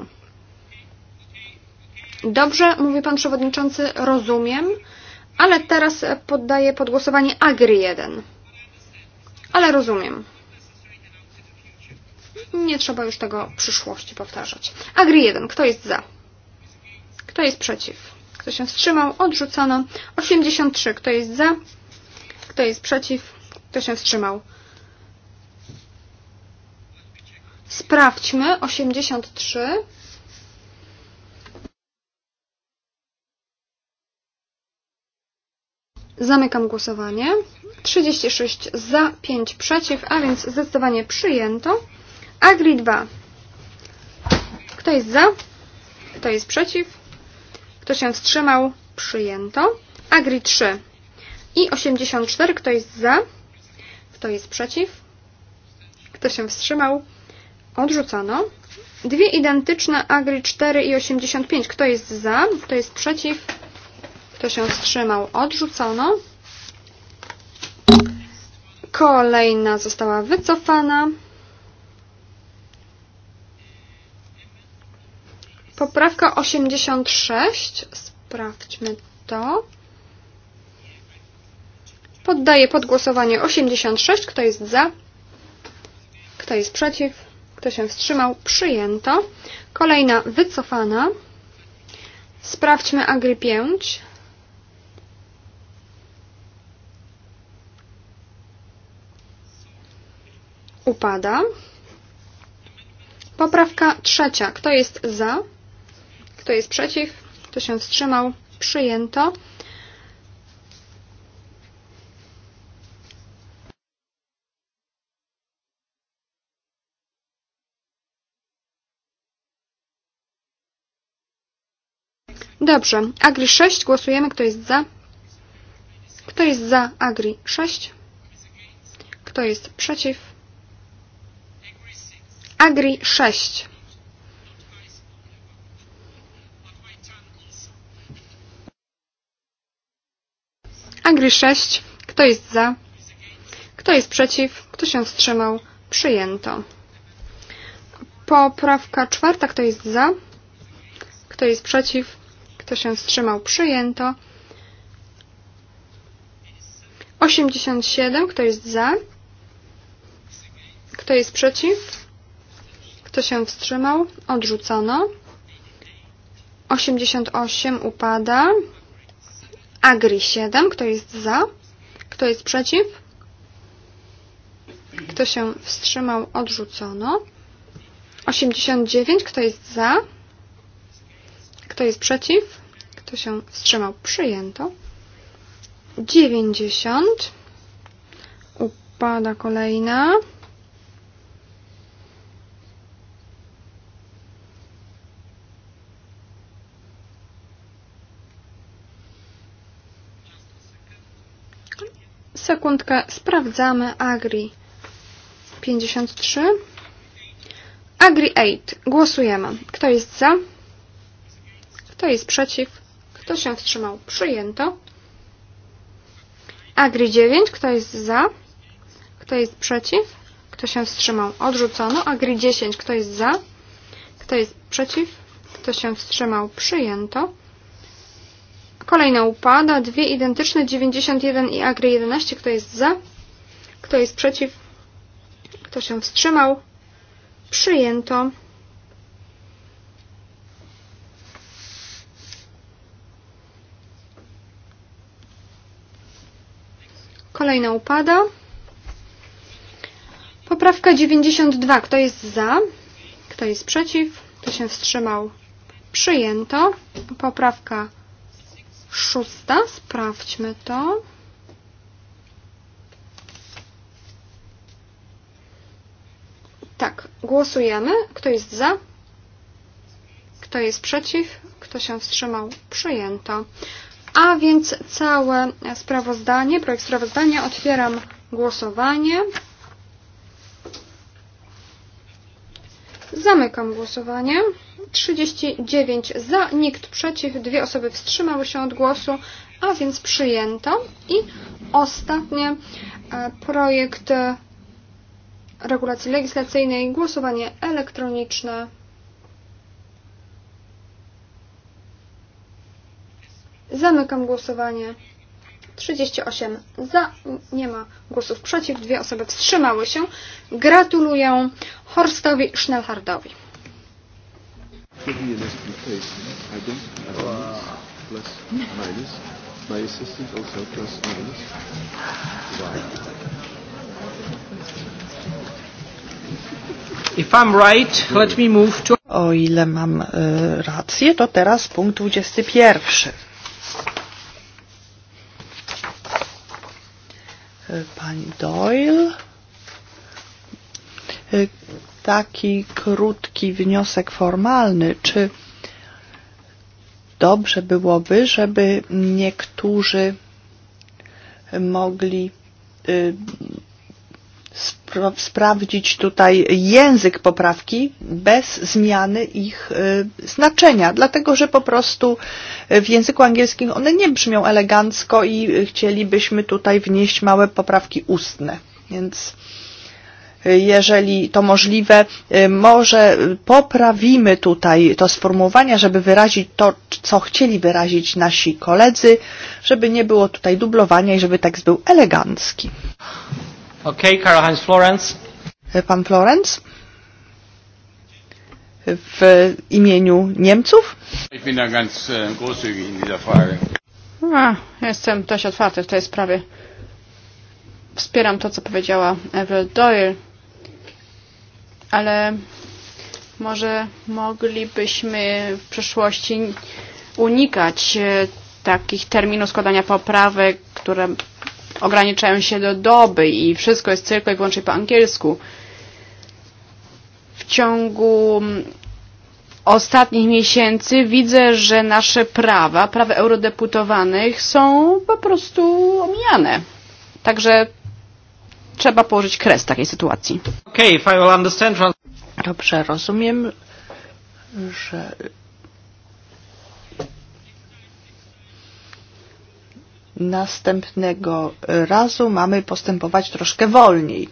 Dobrze, mówi pan przewodniczący, rozumiem, ale teraz poddaję pod głosowanie Agri 1. Ale rozumiem. Nie trzeba już tego w przyszłości powtarzać. Agri 1. Kto jest za? Kto jest przeciw? Kto się wstrzymał? Odrzucono. 83. Kto jest za? Kto jest przeciw? Kto się wstrzymał? Sprawdźmy. 83. Zamykam głosowanie. 36 za, 5 przeciw, a więc zdecydowanie przyjęto. Agri 2. Kto jest za? Kto jest przeciw? Kto się wstrzymał? Przyjęto. Agri 3. I 84. Kto jest za? Kto jest przeciw? Kto się wstrzymał? Odrzucono. Dwie identyczne Agri 4 i 85. Kto jest za? Kto jest przeciw? Kto się wstrzymał? Odrzucono. Kolejna została wycofana. Poprawka 86. Sprawdźmy to. Poddaję pod głosowanie 86. Kto jest za? Kto jest przeciw? Kto się wstrzymał? Przyjęto. Kolejna wycofana. Sprawdźmy Agri 5. upada. Poprawka trzecia. Kto jest za? Kto jest przeciw? Kto się wstrzymał? Przyjęto. Dobrze. Agri 6. Głosujemy. Kto jest za? Kto jest za Agri 6? Kto jest przeciw? Agri 6. Agri 6. Kto jest za? Kto jest przeciw? Kto się wstrzymał? Przyjęto. Poprawka czwarta. Kto jest za? Kto jest przeciw? Kto się wstrzymał? Przyjęto. 87. Kto jest za? Kto jest przeciw? Kto się wstrzymał? Odrzucono. 88 upada. Agri 7. Kto jest za? Kto jest przeciw? Kto się wstrzymał? Odrzucono. 89. Kto jest za? Kto jest przeciw? Kto się wstrzymał? Przyjęto. 90. Upada kolejna. Sekundka, sprawdzamy Agri 53. Agri 8. Głosujemy. Kto jest za? Kto jest przeciw? Kto się wstrzymał? Przyjęto. Agri 9. Kto jest za? Kto jest przeciw? Kto się wstrzymał? Odrzucono. Agri 10. Kto jest za? Kto jest przeciw? Kto się wstrzymał? Przyjęto. Kolejna upada. Dwie identyczne, 91 i Agri 11. Kto jest za? Kto jest przeciw? Kto się wstrzymał? Przyjęto. Kolejna upada. Poprawka 92. Kto jest za? Kto jest przeciw? Kto się wstrzymał? Przyjęto. Poprawka Szósta, sprawdźmy to. Tak, głosujemy. Kto jest za? Kto jest przeciw? Kto się wstrzymał? Przyjęto. A więc całe sprawozdanie, projekt sprawozdania otwieram głosowanie. Zamykam głosowanie. 39 za, nikt przeciw, dwie osoby wstrzymały się od głosu, a więc przyjęto. I ostatnie e, projekt e, regulacji legislacyjnej, głosowanie elektroniczne. Zamykam głosowanie. 38 za, nie ma głosów przeciw, dwie osoby wstrzymały się. Gratuluję Horstowi Schnellhardowi. If I'm right, let me move to... O ile mam y, e, rację, to teraz punkt 21. pani Doyle. E, taki krótki wniosek formalny. Czy dobrze byłoby, żeby niektórzy mogli spra sprawdzić tutaj język poprawki bez zmiany ich y, e, znaczenia, dlatego że po prostu e, w języku angielskim one nie brzmią elegancko i e, chcielibyśmy tutaj wnieść małe poprawki ustne. Więc jeżeli to możliwe, może poprawimy tutaj to sformułowania, żeby wyrazić to, co chcieli wyrazić nasi koledzy, żeby nie było tutaj dublowania i żeby tekst był elegancki. Ok, Karl-Heinz Florence. Pan Florence? W imieniu Niemców? Ich bin da ganz äh, großzügig in dieser Frage. A, jestem dość otwarty w tej sprawie. Wspieram to, co powiedziała Evel Doyle, ale może moglibyśmy w przyszłości unikać e, takich terminów składania poprawek, które ograniczają się do doby i wszystko jest tylko i wyłącznie po angielsku. W ciągu mm, ostatnich miesięcy widzę, że nasze prawa, prawa eurodeputowanych są po prostu omijane. Także trzeba położyć kres takiej sytuacji. Okay, if I will understand... Dobrze, rozumiem, że Następnego razu mamy postępować troszkę wolniej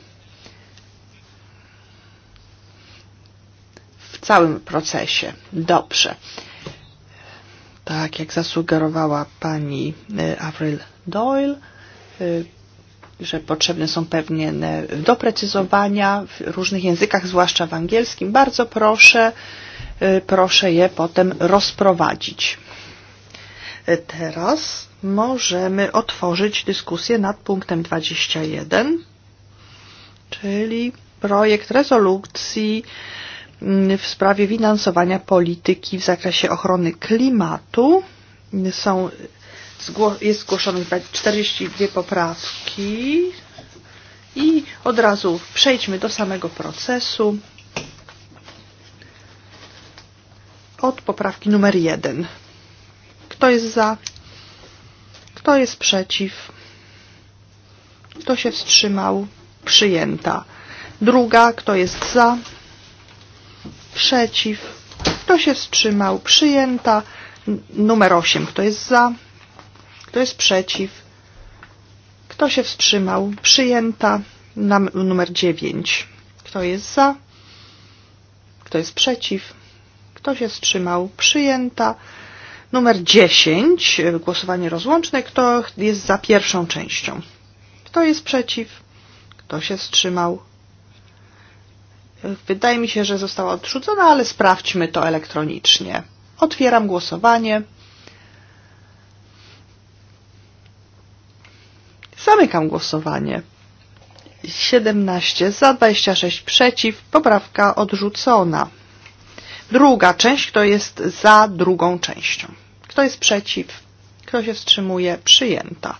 w całym procesie. Dobrze. Tak jak zasugerowała pani e, Avril Doyle, e, że potrzebne są pewne e, doprecyzowania w różnych językach, zwłaszcza w angielskim. Bardzo proszę, proszę je potem rozprowadzić. Teraz możemy otworzyć dyskusję nad punktem 21, czyli projekt rezolucji mm, w sprawie finansowania polityki w zakresie ochrony klimatu. Są, jest zgłoszonych 42 poprawki i od razu przejdźmy do samego procesu. Od poprawki numer 1. Kto jest za? Kto jest przeciw? Kto się wstrzymał? Przyjęta. Druga. Kto jest za? Przeciw. Kto się wstrzymał? Przyjęta. Numer 8. Kto jest za? Kto jest przeciw? Kto się wstrzymał? Przyjęta. Nam, numer 9. Kto jest za? Kto jest przeciw? Kto się wstrzymał? Przyjęta. Numer 10. Głosowanie rozłączne. Kto jest za pierwszą częścią? Kto jest przeciw? Kto się wstrzymał? Wydaje mi się, że została odrzucona, ale sprawdźmy to elektronicznie. Otwieram głosowanie. Zamykam głosowanie. 17 za, 26 przeciw. Poprawka odrzucona. Druga część to jest za drugą częścią. Kto jest przeciw? Kto się wstrzymuje? Przyjęta.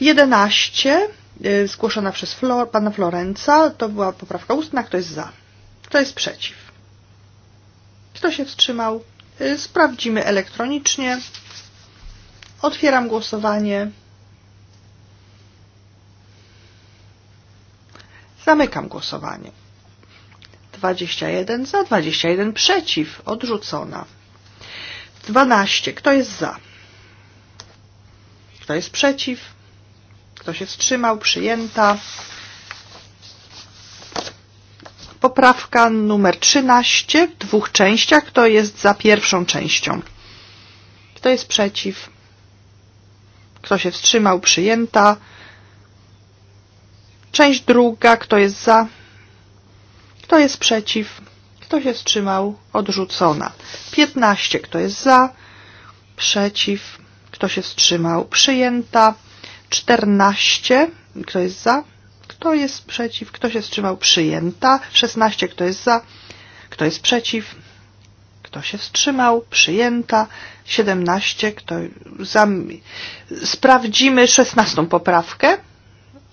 11 zgłoszona przez Flor, pana Florenca. To była poprawka ustna. Kto jest za? Kto jest przeciw? Kto się wstrzymał? Sprawdzimy elektronicznie. Otwieram głosowanie. Zamykam głosowanie. 21 za, 21 przeciw. Odrzucona. 12. Kto jest za? Kto jest przeciw? Kto się wstrzymał? Przyjęta. Poprawka numer 13 w dwóch częściach. Kto jest za pierwszą częścią? Kto jest przeciw? Kto się wstrzymał? Przyjęta. Część druga. Kto jest za? Kto jest przeciw? Kto się wstrzymał? Odrzucona. 15. Kto jest za? Przeciw. Kto się wstrzymał? Przyjęta. 14. Kto jest za? Kto jest przeciw? Kto się wstrzymał? Przyjęta. 16. Kto jest za? Kto jest przeciw? Kto się wstrzymał? Przyjęta. 17. Kto za... Sprawdzimy 16 poprawkę.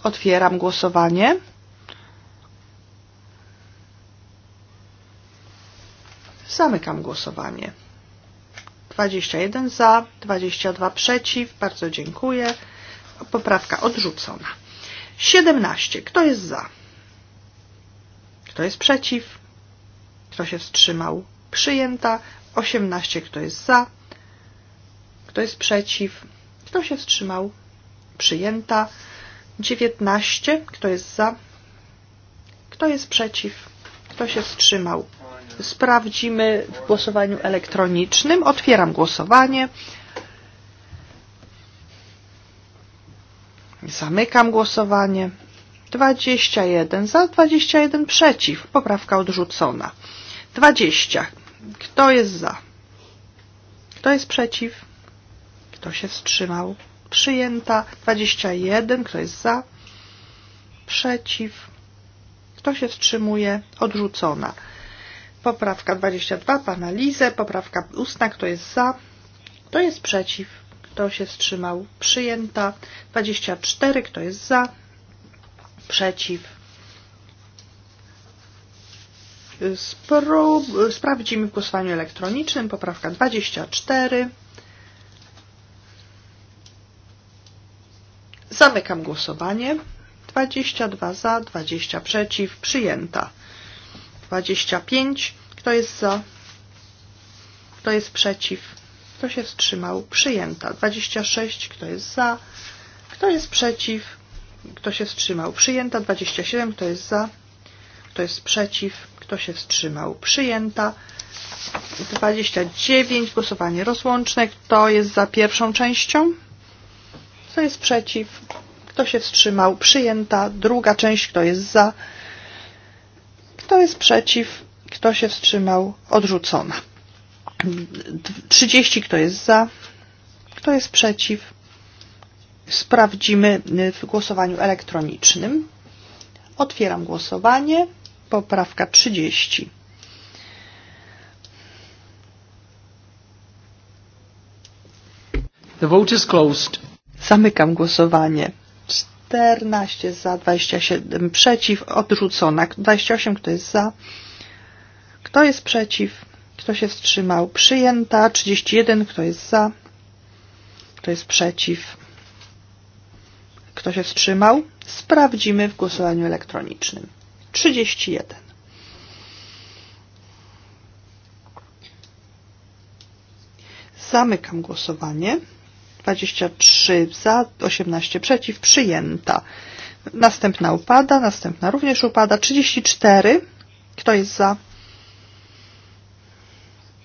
Otwieram głosowanie. Zamykam głosowanie. 21 za, 22 przeciw. Bardzo dziękuję. Poprawka odrzucona. 17. Kto jest za? Kto jest przeciw? Kto się wstrzymał? Przyjęta. 18. Kto jest za? Kto jest przeciw? Kto się wstrzymał? Przyjęta. 19. Kto jest za? Kto jest przeciw? Kto się wstrzymał? sprawdzimy w głosowaniu elektronicznym. Otwieram głosowanie. Zamykam głosowanie. 21 za, 21 przeciw. Poprawka odrzucona. 20. Kto jest za? Kto jest przeciw? Kto się wstrzymał? Przyjęta. 21. Kto jest za? Przeciw. Kto się wstrzymuje? Odrzucona. Poprawka 22, pana Lizę. Poprawka ustna, kto jest za, kto jest przeciw, kto się wstrzymał. Przyjęta. 24, kto jest za, przeciw. Sprób... Sprawdzimy w głosowaniu elektronicznym. Poprawka 24. Zamykam głosowanie. 22 za, 20 przeciw. Przyjęta. 25. Kto jest za? Kto jest przeciw? Kto się wstrzymał? Przyjęta. 26. Kto jest za? Kto jest przeciw? Kto się wstrzymał? Przyjęta. 27. Kto jest za? Kto jest przeciw? Kto się wstrzymał? Przyjęta. 29. Głosowanie rozłączne. Kto jest za pierwszą częścią? Kto jest przeciw? Kto się wstrzymał? Przyjęta. Druga część. Kto jest za? Kto jest przeciw? Kto się wstrzymał? Odrzucona. 30. Kto jest za? Kto jest przeciw? Sprawdzimy w głosowaniu elektronicznym. Otwieram głosowanie. Poprawka 30. The vote is closed. Zamykam głosowanie. 14 za, 27 przeciw, odrzucona. 28, kto jest za, kto jest przeciw, kto się wstrzymał, przyjęta. 31, kto jest za, kto jest przeciw, kto się wstrzymał. Sprawdzimy w głosowaniu elektronicznym. 31. Zamykam głosowanie. 23 za, 18 przeciw, przyjęta. Następna upada, następna również upada. 34. Kto jest za?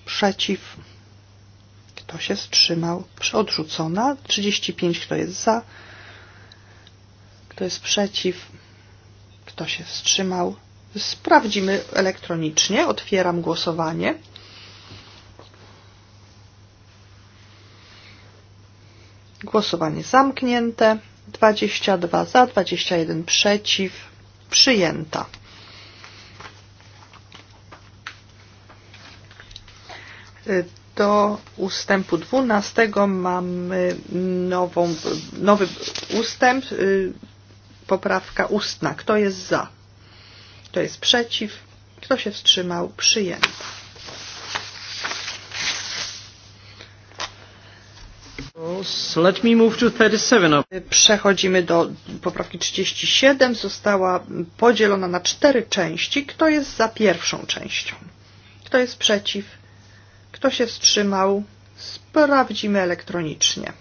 Przeciw. Kto się wstrzymał? Odrzucona. 35. Kto jest za? Kto jest przeciw? Kto się wstrzymał? Sprawdzimy elektronicznie. Otwieram głosowanie. Głosowanie zamknięte. 22 za, 21 przeciw. Przyjęta. Do ustępu 12 mamy nową, nowy ustęp, poprawka ustna. Kto jest za? Kto jest przeciw? Kto się wstrzymał? Przyjęta. Let me move to 37. Przechodzimy do poprawki 37. Została podzielona na cztery części. Kto jest za pierwszą częścią? Kto jest przeciw? Kto się wstrzymał? Sprawdzimy elektronicznie.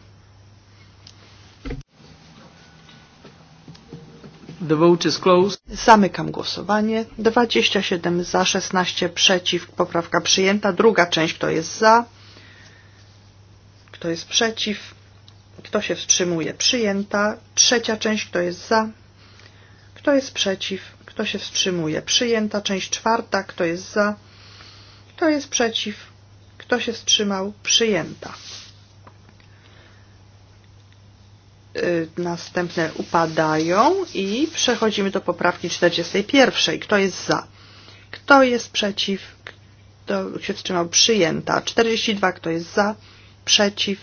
The vote is closed. Zamykam głosowanie. 27 za, 16 przeciw. Poprawka przyjęta. Druga część, kto jest za? Kto jest przeciw? Kto się wstrzymuje? Przyjęta. Trzecia część. Kto jest za? Kto jest przeciw? Kto się wstrzymuje? Przyjęta. Część czwarta. Kto jest za? Kto jest przeciw? Kto się wstrzymał? Przyjęta. Następne upadają i przechodzimy do poprawki 41. Kto jest za? Kto jest przeciw? Kto się wstrzymał? Przyjęta. 42. Kto jest za? przeciw,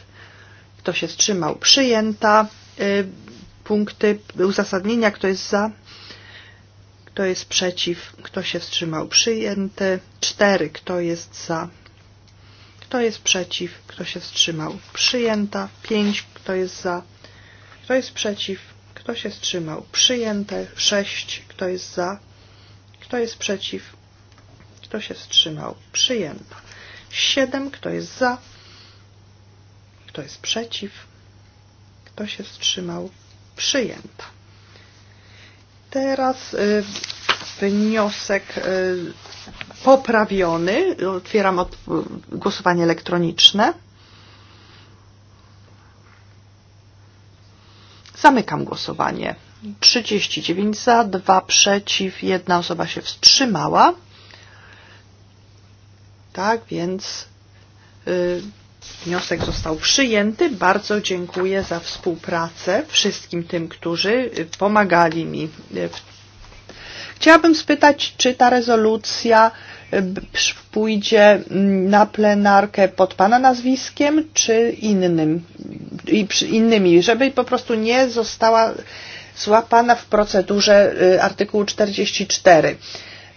kto się wstrzymał, przyjęta. Punkty uzasadnienia, kto jest za, kto jest przeciw, kto się wstrzymał, przyjęty. Cztery, kto jest za, kto jest przeciw, kto się wstrzymał, przyjęta. Pięć, kto jest za, kto jest przeciw, kto się wstrzymał, przyjęte. Sześć, kto jest za, kto jest przeciw, kto się wstrzymał, przyjęta. Siedem, kto jest za, Kto jest przeciw? Kto się wstrzymał? Przyjęta. Teraz y, wniosek y, poprawiony. Otwieram od, głosowanie elektroniczne. Zamykam głosowanie. 39 za, 2 przeciw, jedna osoba się wstrzymała. Tak więc y, wniosek został przyjęty. Bardzo dziękuję za współpracę wszystkim tym, którzy pomagali mi. Chciałabym spytać, czy ta rezolucja e, pójdzie na plenarkę pod Pana nazwiskiem, czy innym, i innymi, żeby po prostu nie została złapana w procedurze e, artykułu 44.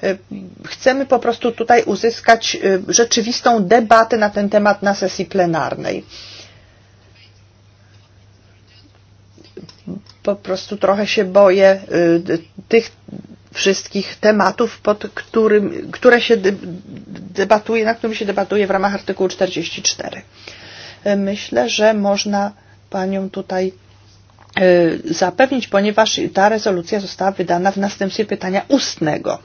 Eh, chcemy po prostu tutaj uzyskać eh, rzeczywistą debatę na ten temat na sesji plenarnej. Po prostu trochę się boję eh, tych wszystkich tematów, pod którym, które się debatuje, na którym się debatuje w ramach artykułu 44. Myślę, że można Panią tutaj zapewnić, ponieważ ta rezolucja została wydana w następstwie pytania ustnego.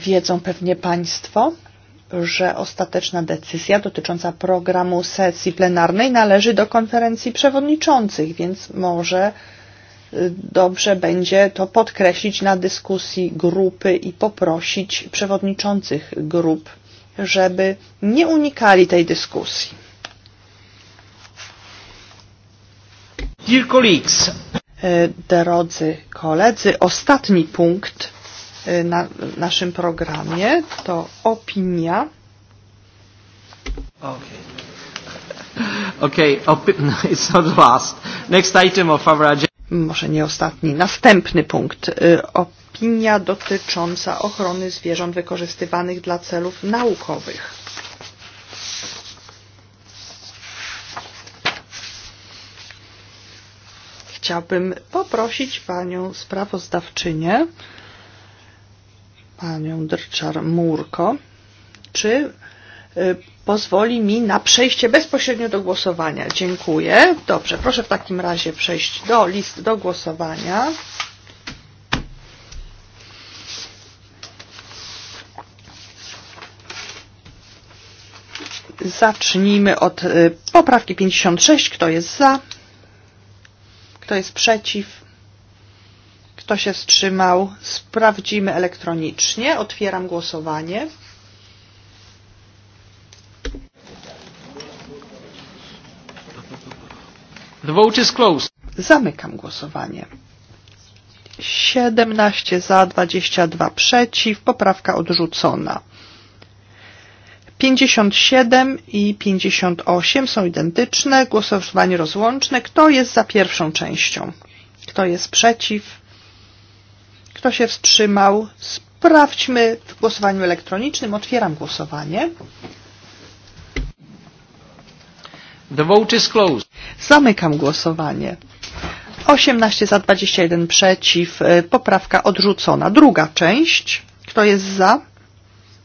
Wiedzą pewnie Państwo, że ostateczna decyzja dotycząca programu sesji plenarnej należy do konferencji przewodniczących, więc może dobrze będzie to podkreślić na dyskusji grupy i poprosić przewodniczących grup, żeby nie unikali tej dyskusji. Dear colleagues. Drodzy koledzy, ostatni punkt na naszym programie. To opinia. Okay. Okay, opi [LAUGHS] no, it's not last. Next item of our agenda. Może nie ostatni, następny punkt. Opinia dotycząca ochrony zwierząt wykorzystywanych dla celów naukowych. Chciałbym poprosić panią sprawozdawczynię, panią Drczar-Murko, czy e, pozwoli mi na przejście bezpośrednio do głosowania. Dziękuję. Dobrze, proszę w takim razie przejść do list do głosowania. Zacznijmy od e, poprawki 56. Kto jest za? Kto jest przeciw? Kto się wstrzymał? Sprawdzimy elektronicznie. Otwieram głosowanie. The vote is closed. Zamykam głosowanie. 17 za, 22 przeciw. Poprawka odrzucona. 57 i 58 są identyczne. Głosowanie rozłączne. Kto jest za pierwszą częścią? Kto jest przeciw? Kto się wstrzymał? Sprawdźmy w głosowaniu elektronicznym. Otwieram głosowanie. The vote is closed. Zamykam głosowanie. 18 za 21 przeciw. E, poprawka odrzucona. Druga część. Kto jest za?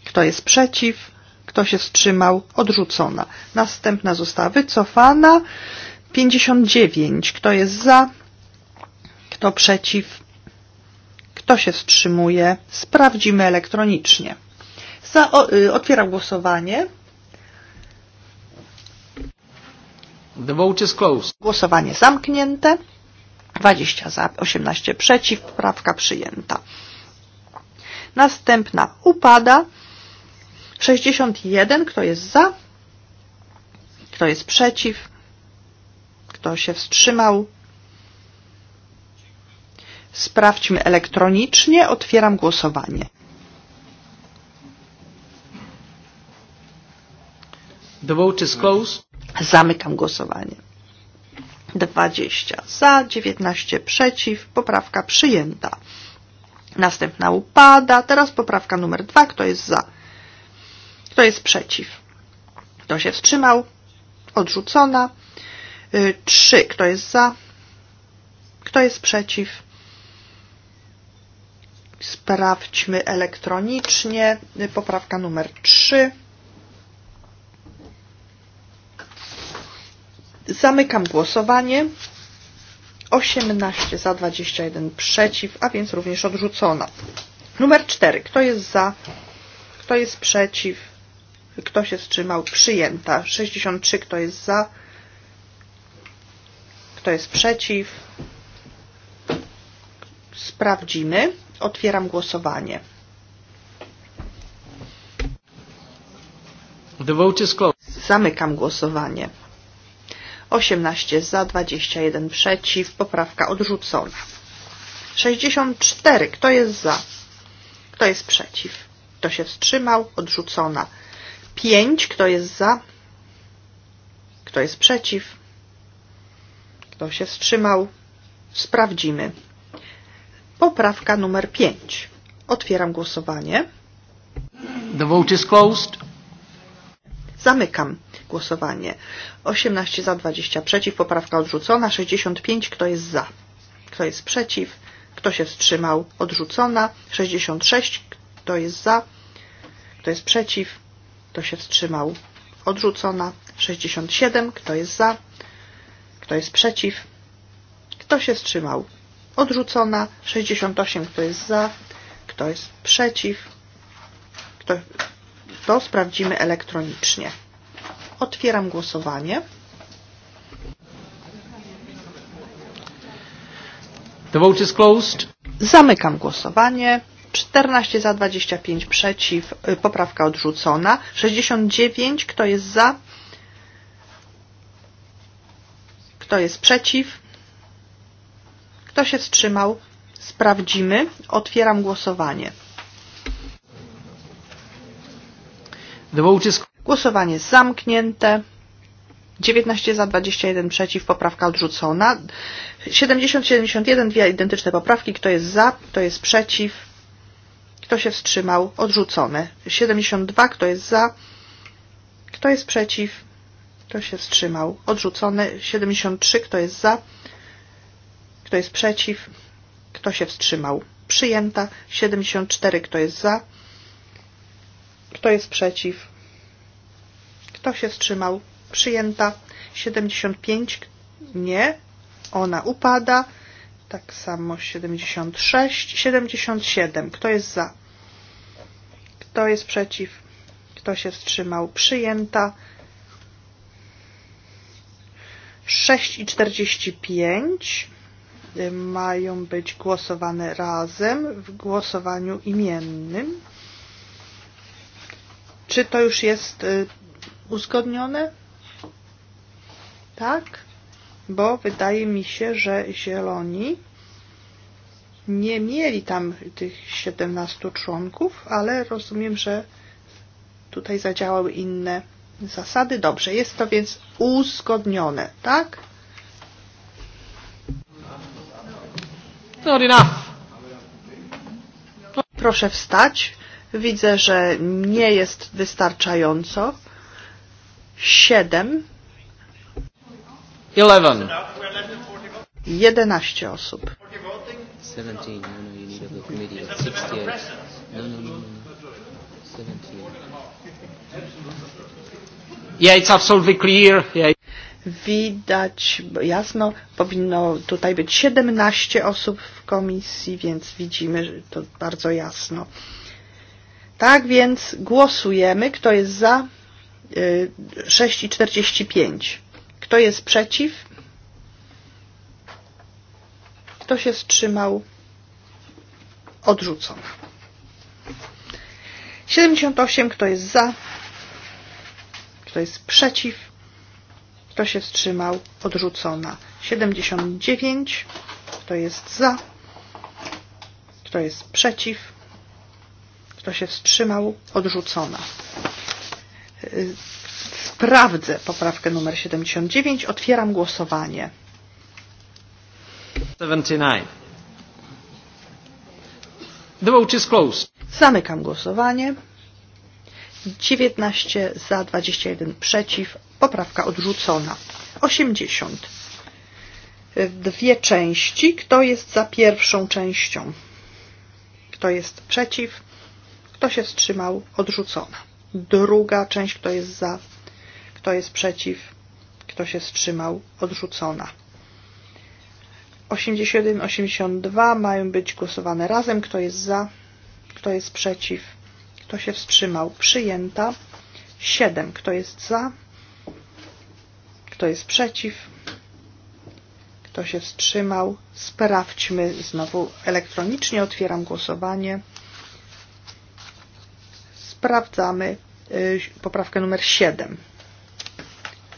Kto jest przeciw? Kto się wstrzymał? Odrzucona. Następna została wycofana. 59. Kto jest za? Kto przeciw? Kto się wstrzymuje? Sprawdzimy elektronicznie. Za, o, otwieram głosowanie. The vote is closed. Głosowanie zamknięte. 20 za, 18 przeciw. Poprawka przyjęta. Następna upada. 61. Kto jest za? Kto jest przeciw? Kto się wstrzymał? Sprawdźmy elektronicznie. Otwieram głosowanie. The vote is closed. Zamykam głosowanie. 20 za, 19 przeciw. Poprawka przyjęta. Następna upada. Teraz poprawka numer 2. Kto jest za? Kto jest przeciw? Kto się wstrzymał? Odrzucona. 3. Kto jest za? Kto jest przeciw? Sprawdźmy elektronicznie. Poprawka numer 3. Zamykam głosowanie. 18 za, 21 przeciw, a więc również odrzucona. Numer 4. Kto jest za? Kto jest przeciw? Kto się wstrzymał? Przyjęta. 63. Kto jest za? Kto jest przeciw? Sprawdzimy. Otwieram głosowanie. The vote is closed. Zamykam głosowanie. 18 za, 21 przeciw. Poprawka odrzucona. 64. Kto jest za? Kto jest przeciw? Kto się wstrzymał? Odrzucona. 5. Kto jest za? Kto jest przeciw? Kto się wstrzymał? Sprawdzimy. Poprawka numer 5. Otwieram głosowanie. The vote is closed. Zamykam głosowanie. 18 za, 20 przeciw. Poprawka odrzucona. 65. Kto jest za? Kto jest przeciw? Kto się wstrzymał? Odrzucona. 66. Kto jest za? Kto jest przeciw? Kto się wstrzymał? Odrzucona. 67. Kto jest za? Kto jest przeciw? Kto się wstrzymał? Odrzucona. 68. Kto jest za? Kto jest przeciw? Kto... To sprawdzimy elektronicznie. Otwieram głosowanie. The vote is closed. Zamykam głosowanie. 14 za, 25 przeciw. Poprawka odrzucona. 69. Kto jest za? Kto jest przeciw? Kto się wstrzymał? Sprawdzimy. Otwieram głosowanie. Głosowanie zamknięte. 19 za, 21 przeciw, poprawka odrzucona. 70-71, dwie identyczne poprawki. Kto jest za, kto jest przeciw, kto się wstrzymał, odrzucone. 72, kto jest za, kto jest przeciw, kto się wstrzymał, odrzucone. 73, kto jest za, Kto jest przeciw? Kto się wstrzymał? Przyjęta. 74. Kto jest za? Kto jest przeciw? Kto się wstrzymał? Przyjęta. 75. Nie. Ona upada. Tak samo 76. 77. Kto jest za? Kto jest przeciw? Kto się wstrzymał? Przyjęta. 6 i 45 mają być głosowane razem w głosowaniu imiennym. Czy to już jest uzgodnione? Tak, bo wydaje mi się, że zieloni nie mieli tam tych 17 członków, ale rozumiem, że tutaj zadziałały inne zasady. Dobrze, jest to więc uzgodnione, tak? Not enough. Proszę wstać. Widzę, że nie jest wystarczająco. Siedem. Eleven. Jedenaście osób. 17. No, no, you need a good committee. 68. No, no, no, no. 17. Yeah, it's absolutely clear. Yeah widać jasno, powinno tutaj być 17 osób w komisji, więc widzimy to bardzo jasno. Tak więc głosujemy, kto jest za 6,45. Kto jest przeciw? Kto się wstrzymał? Odrzucono. 78. Kto jest za? Kto jest przeciw? Kto się wstrzymał? Odrzucona. 79. Kto jest za? Kto jest przeciw? Kto się wstrzymał? Odrzucona. Sprawdzę poprawkę numer 79. Otwieram głosowanie. 79. The vote is closed. Zamykam głosowanie. 19 za, 21 przeciw, Poprawka odrzucona. 80. Dwie części. Kto jest za pierwszą częścią? Kto jest przeciw? Kto się wstrzymał? Odrzucona. Druga część. Kto jest za? Kto jest przeciw? Kto się wstrzymał? Odrzucona. 81, 82 mają być głosowane razem. Kto jest za? Kto jest przeciw? Kto się wstrzymał? Przyjęta. 7. Kto jest za? Kto jest przeciw? Kto się wstrzymał? Sprawdźmy znowu elektronicznie. Otwieram głosowanie. Sprawdzamy poprawkę numer 7.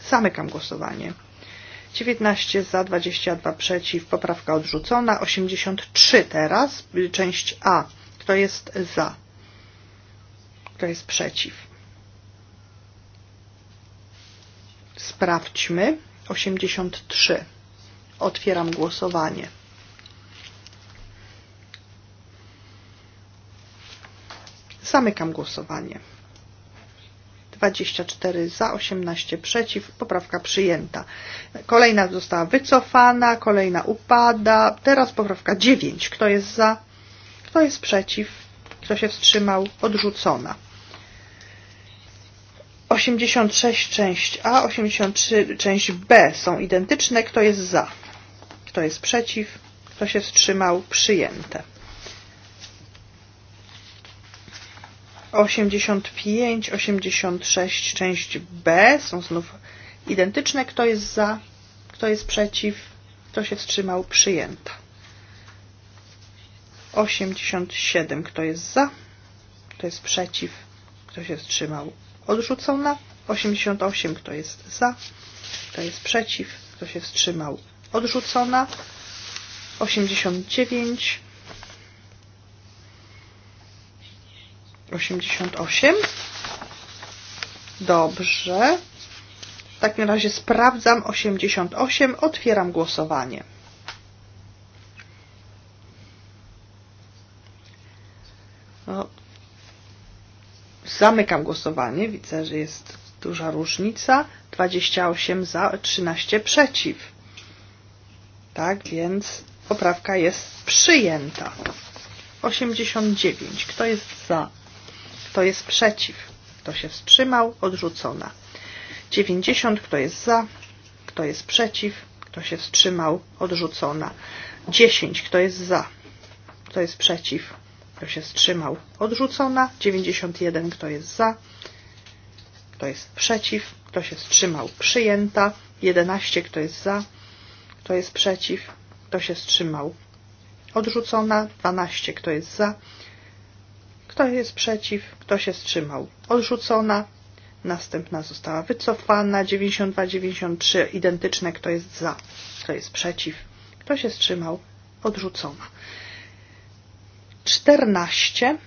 Zamykam głosowanie. 19 za, 22 przeciw, poprawka odrzucona. 83 teraz, część A. Kto jest za? Kto jest przeciw? Sprawdźmy. 83. Otwieram głosowanie. Zamykam głosowanie. 24 za, 18 przeciw. Poprawka przyjęta. Kolejna została wycofana, kolejna upada. Teraz poprawka 9. Kto jest za? Kto jest przeciw? Kto się wstrzymał? Odrzucona. 86 część A, 83 część B są identyczne. Kto jest za? Kto jest przeciw? Kto się wstrzymał? Przyjęte. 85, 86 część B są znów identyczne. Kto jest za? Kto jest przeciw? Kto się wstrzymał? Przyjęta. 87. Kto jest za? Kto jest przeciw? Kto się wstrzymał? Odrzucona. 88. Kto jest za? Kto jest przeciw? Kto się wstrzymał? Odrzucona. 89. 88. Dobrze. W takim razie sprawdzam 88. Otwieram głosowanie. No, Zamykam głosowanie. Widzę, że jest duża różnica. 28 za, 13 przeciw. Tak więc poprawka jest przyjęta. 89. Kto jest za? Kto jest przeciw? Kto się wstrzymał? Odrzucona. 90. Kto jest za? Kto jest przeciw? Kto się wstrzymał? Odrzucona. 10. Kto jest za? Kto jest przeciw? Kto się wstrzymał? Odrzucona. 91. Kto jest za? Kto jest przeciw? Kto się wstrzymał? Przyjęta. 11. Kto jest za? Kto jest przeciw? Kto się wstrzymał? Odrzucona. 12. Kto jest za? Kto jest przeciw? Kto się wstrzymał? Odrzucona. Następna została wycofana. 92-93 identyczne. Kto jest za? Kto jest przeciw? Kto się wstrzymał? Odrzucona. 14.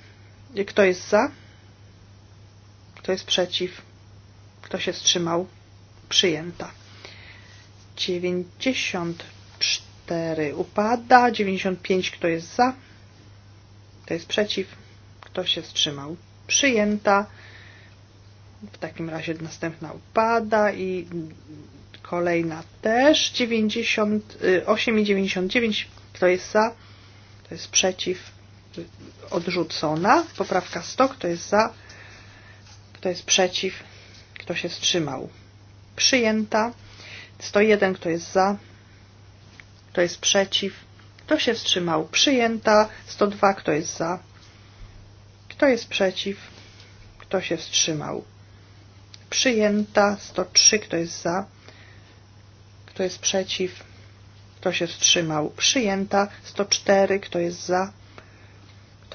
Kto jest za? Kto jest przeciw? Kto się wstrzymał? Przyjęta. 94 upada. 95 kto jest za? Kto jest przeciw? Kto się wstrzymał? Przyjęta. W takim razie następna upada i kolejna też. 98 i 99 kto jest za? Kto jest przeciw? odrzucona. Poprawka 100, kto jest za, kto jest przeciw, kto się wstrzymał. Przyjęta. 101, kto jest za, kto jest przeciw, kto się wstrzymał. Przyjęta. 102, kto jest za, kto jest przeciw, kto się wstrzymał. Przyjęta. 103, kto jest za, kto jest przeciw, kto się wstrzymał. Przyjęta. 104, kto jest za,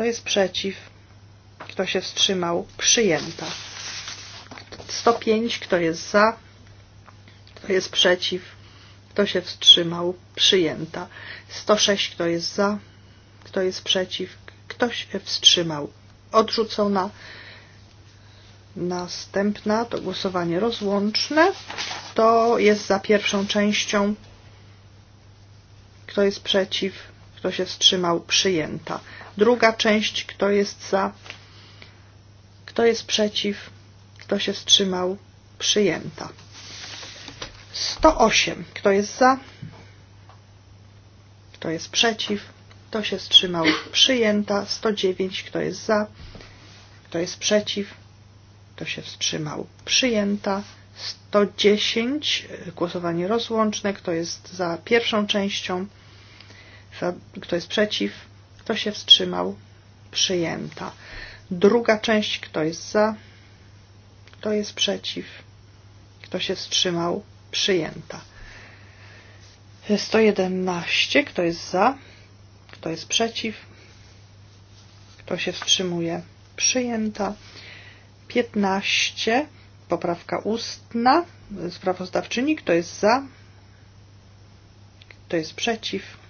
Kto jest przeciw? Kto się wstrzymał? Przyjęta. 105. Kto jest za? Kto jest przeciw? Kto się wstrzymał? Przyjęta. 106. Kto jest za? Kto jest przeciw? Kto się wstrzymał? Odrzucona. Następna to głosowanie rozłączne. Kto jest za pierwszą częścią? Kto jest przeciw? kto się wstrzymał, przyjęta. Druga część, kto jest za, kto jest przeciw, kto się wstrzymał, przyjęta. 108. Kto jest za? Kto jest przeciw? Kto się wstrzymał? Przyjęta. 109. Kto jest za? Kto jest przeciw? Kto się wstrzymał? Przyjęta. 110. Głosowanie rozłączne. Kto jest za pierwszą częścią? Kto jest przeciw? Kto się wstrzymał? Przyjęta. Druga część. Kto jest za? Kto jest przeciw? Kto się wstrzymał? Przyjęta. 111. Kto jest za? Kto jest przeciw? Kto się wstrzymuje? Przyjęta. 15. Poprawka ustna. Sprawozdawczyni. Kto jest za? Kto jest przeciw?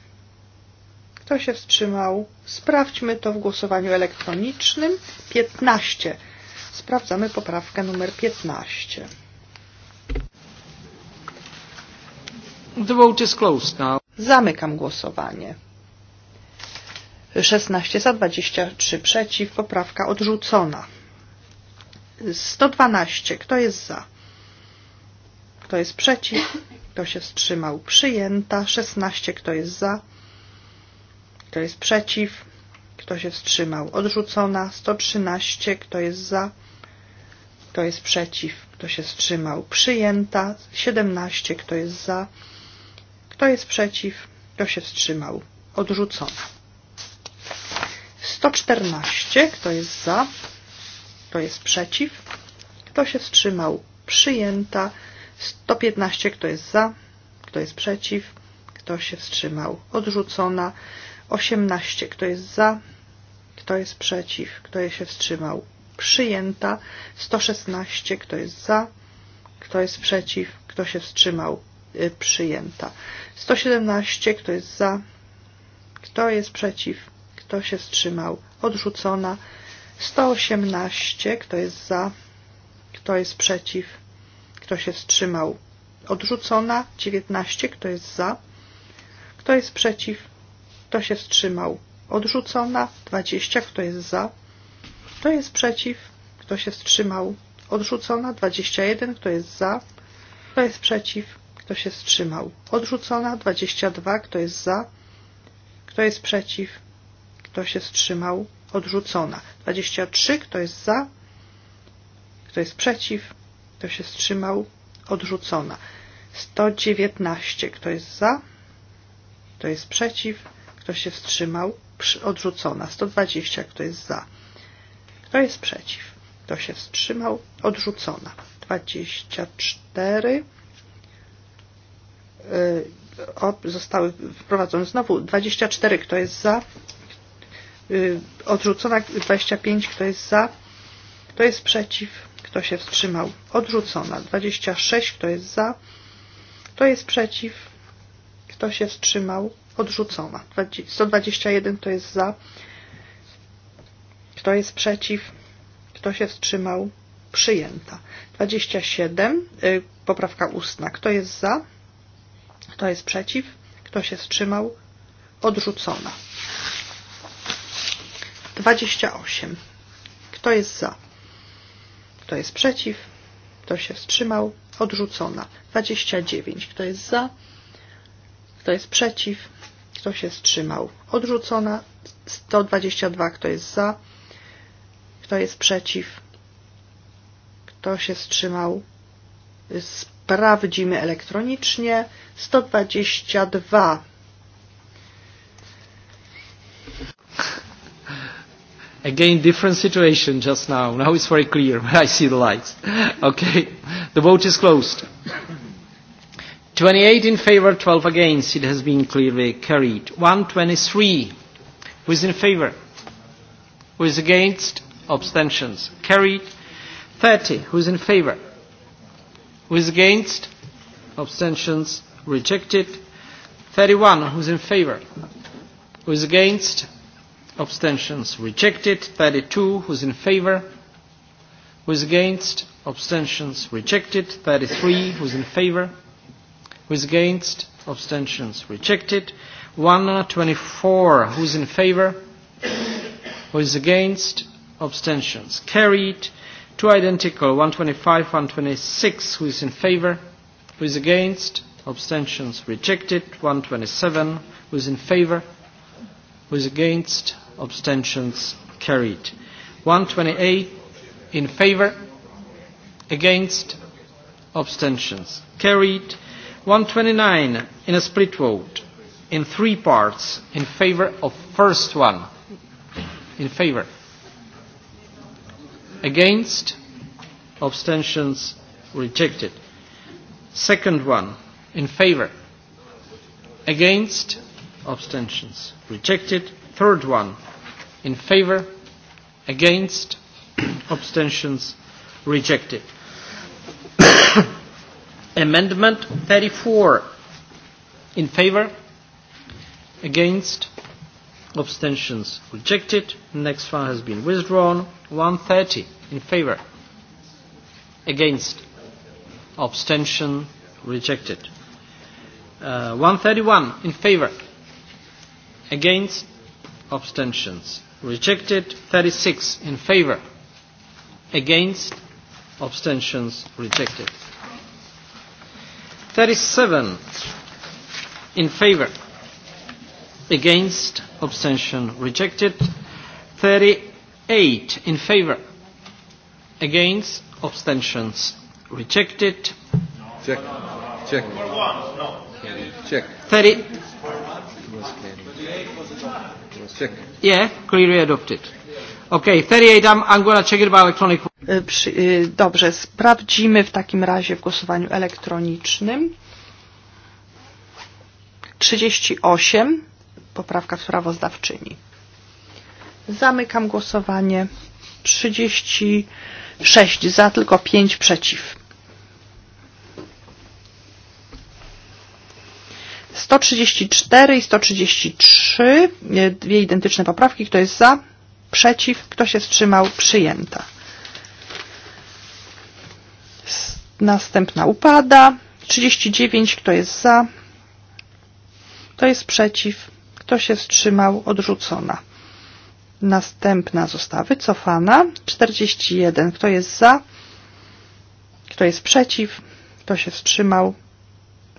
Kto się wstrzymał? Sprawdźmy to w głosowaniu elektronicznym. 15. Sprawdzamy poprawkę numer 15. The vote is closed now. Zamykam głosowanie. 16 za 23 przeciw. Poprawka odrzucona. 112. Kto jest za? Kto jest przeciw? Kto się wstrzymał? Przyjęta. 16. Kto jest za? Kto jest przeciw? Kto się wstrzymał? Odrzucona. 113. Kto jest za? Kto jest przeciw? Kto się wstrzymał? Przyjęta. 17. Kto jest za? Kto jest przeciw? Kto się wstrzymał? Odrzucona. 114. Kto jest za? Kto jest przeciw? Kto się wstrzymał? Przyjęta. 115. Kto jest za? Kto jest przeciw? Kto się wstrzymał? Odrzucona. 18. Kto jest za? Kto jest przeciw? Kto się wstrzymał? Przyjęta. 116. Kto jest za? Kto jest przeciw? Kto się wstrzymał? Przyjęta. 117. Kto jest za? Kto jest przeciw? Kto się wstrzymał? Odrzucona. 118. Kto jest za? Kto jest przeciw? Kto się wstrzymał? Odrzucona. 19. Kto jest za? Kto jest przeciw? Kto się wstrzymał? Odrzucona. 20. Kto jest za? Kto jest przeciw? Kto się wstrzymał? Odrzucona. 21. Kto jest za? Kto jest przeciw? Kto się wstrzymał? Odrzucona. 22. Kto jest za? Kto jest przeciw? Kto się wstrzymał? Odrzucona. 23. Kto jest za? Kto jest przeciw? Kto się wstrzymał? Odrzucona. 119. Kto jest za? Kto jest przeciw? Kto się wstrzymał? Odrzucona. 120. Kto jest za? Kto jest przeciw? Kto się wstrzymał? Odrzucona. 24. Zostały wprowadzone znowu 24. Kto jest za? Odrzucona 25. Kto jest za? Kto jest przeciw? Kto się wstrzymał? Odrzucona 26. Kto jest za? Kto jest przeciw? Kto się wstrzymał? odrzucona. 121 to jest za. Kto jest przeciw? Kto się wstrzymał? Przyjęta. 27. Y, poprawka ustna. Kto jest za? Kto jest przeciw? Kto się wstrzymał? Odrzucona. 28. Kto jest za? Kto jest przeciw? Kto się wstrzymał? Odrzucona. 29. Kto jest za? Kto jest przeciw? Kto się wstrzymał? Odrzucona. 122. Kto jest za? Kto jest przeciw? Kto się wstrzymał? Sprawdzimy elektronicznie. 122. Again, different situation just now. Now it's very clear when I see the lights. Okay. The vote is closed. 28 in favor, 12 against. It has been clearly carried. 123. Who is in favor? Who is against? Abstentions. Carried. 30. Who is in favor? Who is against? Abstentions. Rejected. 31. Who is in favor? Who is against? Abstentions. Rejected. 32. Who is in favor? Who is against? Abstentions. Rejected. 33. Who is in favor? who's against, abstentions rejected. 124, uh, who's in favor, who is against, abstentions carried. Two identical, 125, 126, who is in favor, who is against, abstentions rejected. 127, who is in favor, who is against, abstentions carried. 128 in favor, against, abstentions carried. 129 in a split vote, in three parts, in favor of first one. In favor. Against. Abstentions rejected. Second one. In favor. Against. Abstentions rejected. Third one. In favor. Against. Abstentions rejected. [COUGHS] Amendment 34 in favor, against, abstentions rejected. Next one has been withdrawn. 130 in favor, against, abstention rejected. Uh, 131 in favor, against, abstentions rejected. 36 in favor, against, abstentions rejected. 37 in favor against abstention rejected 38 in favor against abstentions rejected check check check 30 check yeah clearly adopted Okej, okay, 38, I'm, I'm gonna check it by electronic. E, e, dobrze, sprawdzimy w takim razie w głosowaniu elektronicznym. 38, poprawka sprawozdawczyni. Zamykam głosowanie. 36 za, tylko 5 przeciw. 134 i 133, e, dwie identyczne poprawki. Kto jest za? przeciw, kto się wstrzymał, przyjęta. Następna upada. 39, kto jest za, kto jest przeciw, kto się wstrzymał, odrzucona. Następna została wycofana. 41, kto jest za, kto jest przeciw, kto się wstrzymał,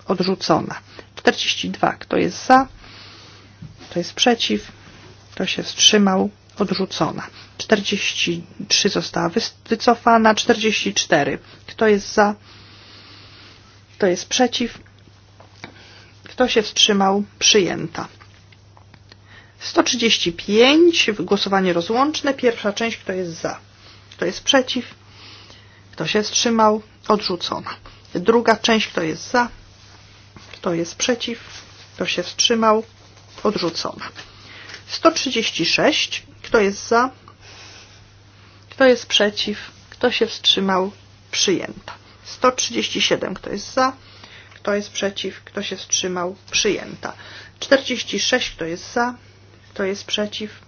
odrzucona. 42, kto jest za, kto jest przeciw, kto się wstrzymał, odrzucona. 43 została wycofana, 44. Kto jest za? Kto jest przeciw? Kto się wstrzymał? Przyjęta. 135, głosowanie rozłączne. Pierwsza część, kto jest za? Kto jest przeciw? Kto się wstrzymał? Odrzucona. Druga część, kto jest za? Kto jest przeciw? Kto się wstrzymał? Odrzucona. 136 Kto jest za? Kto jest przeciw? Kto się wstrzymał? Przyjęta. 137. Kto jest za? Kto jest przeciw? Kto się wstrzymał? Przyjęta. 46. Kto jest za? Kto jest przeciw?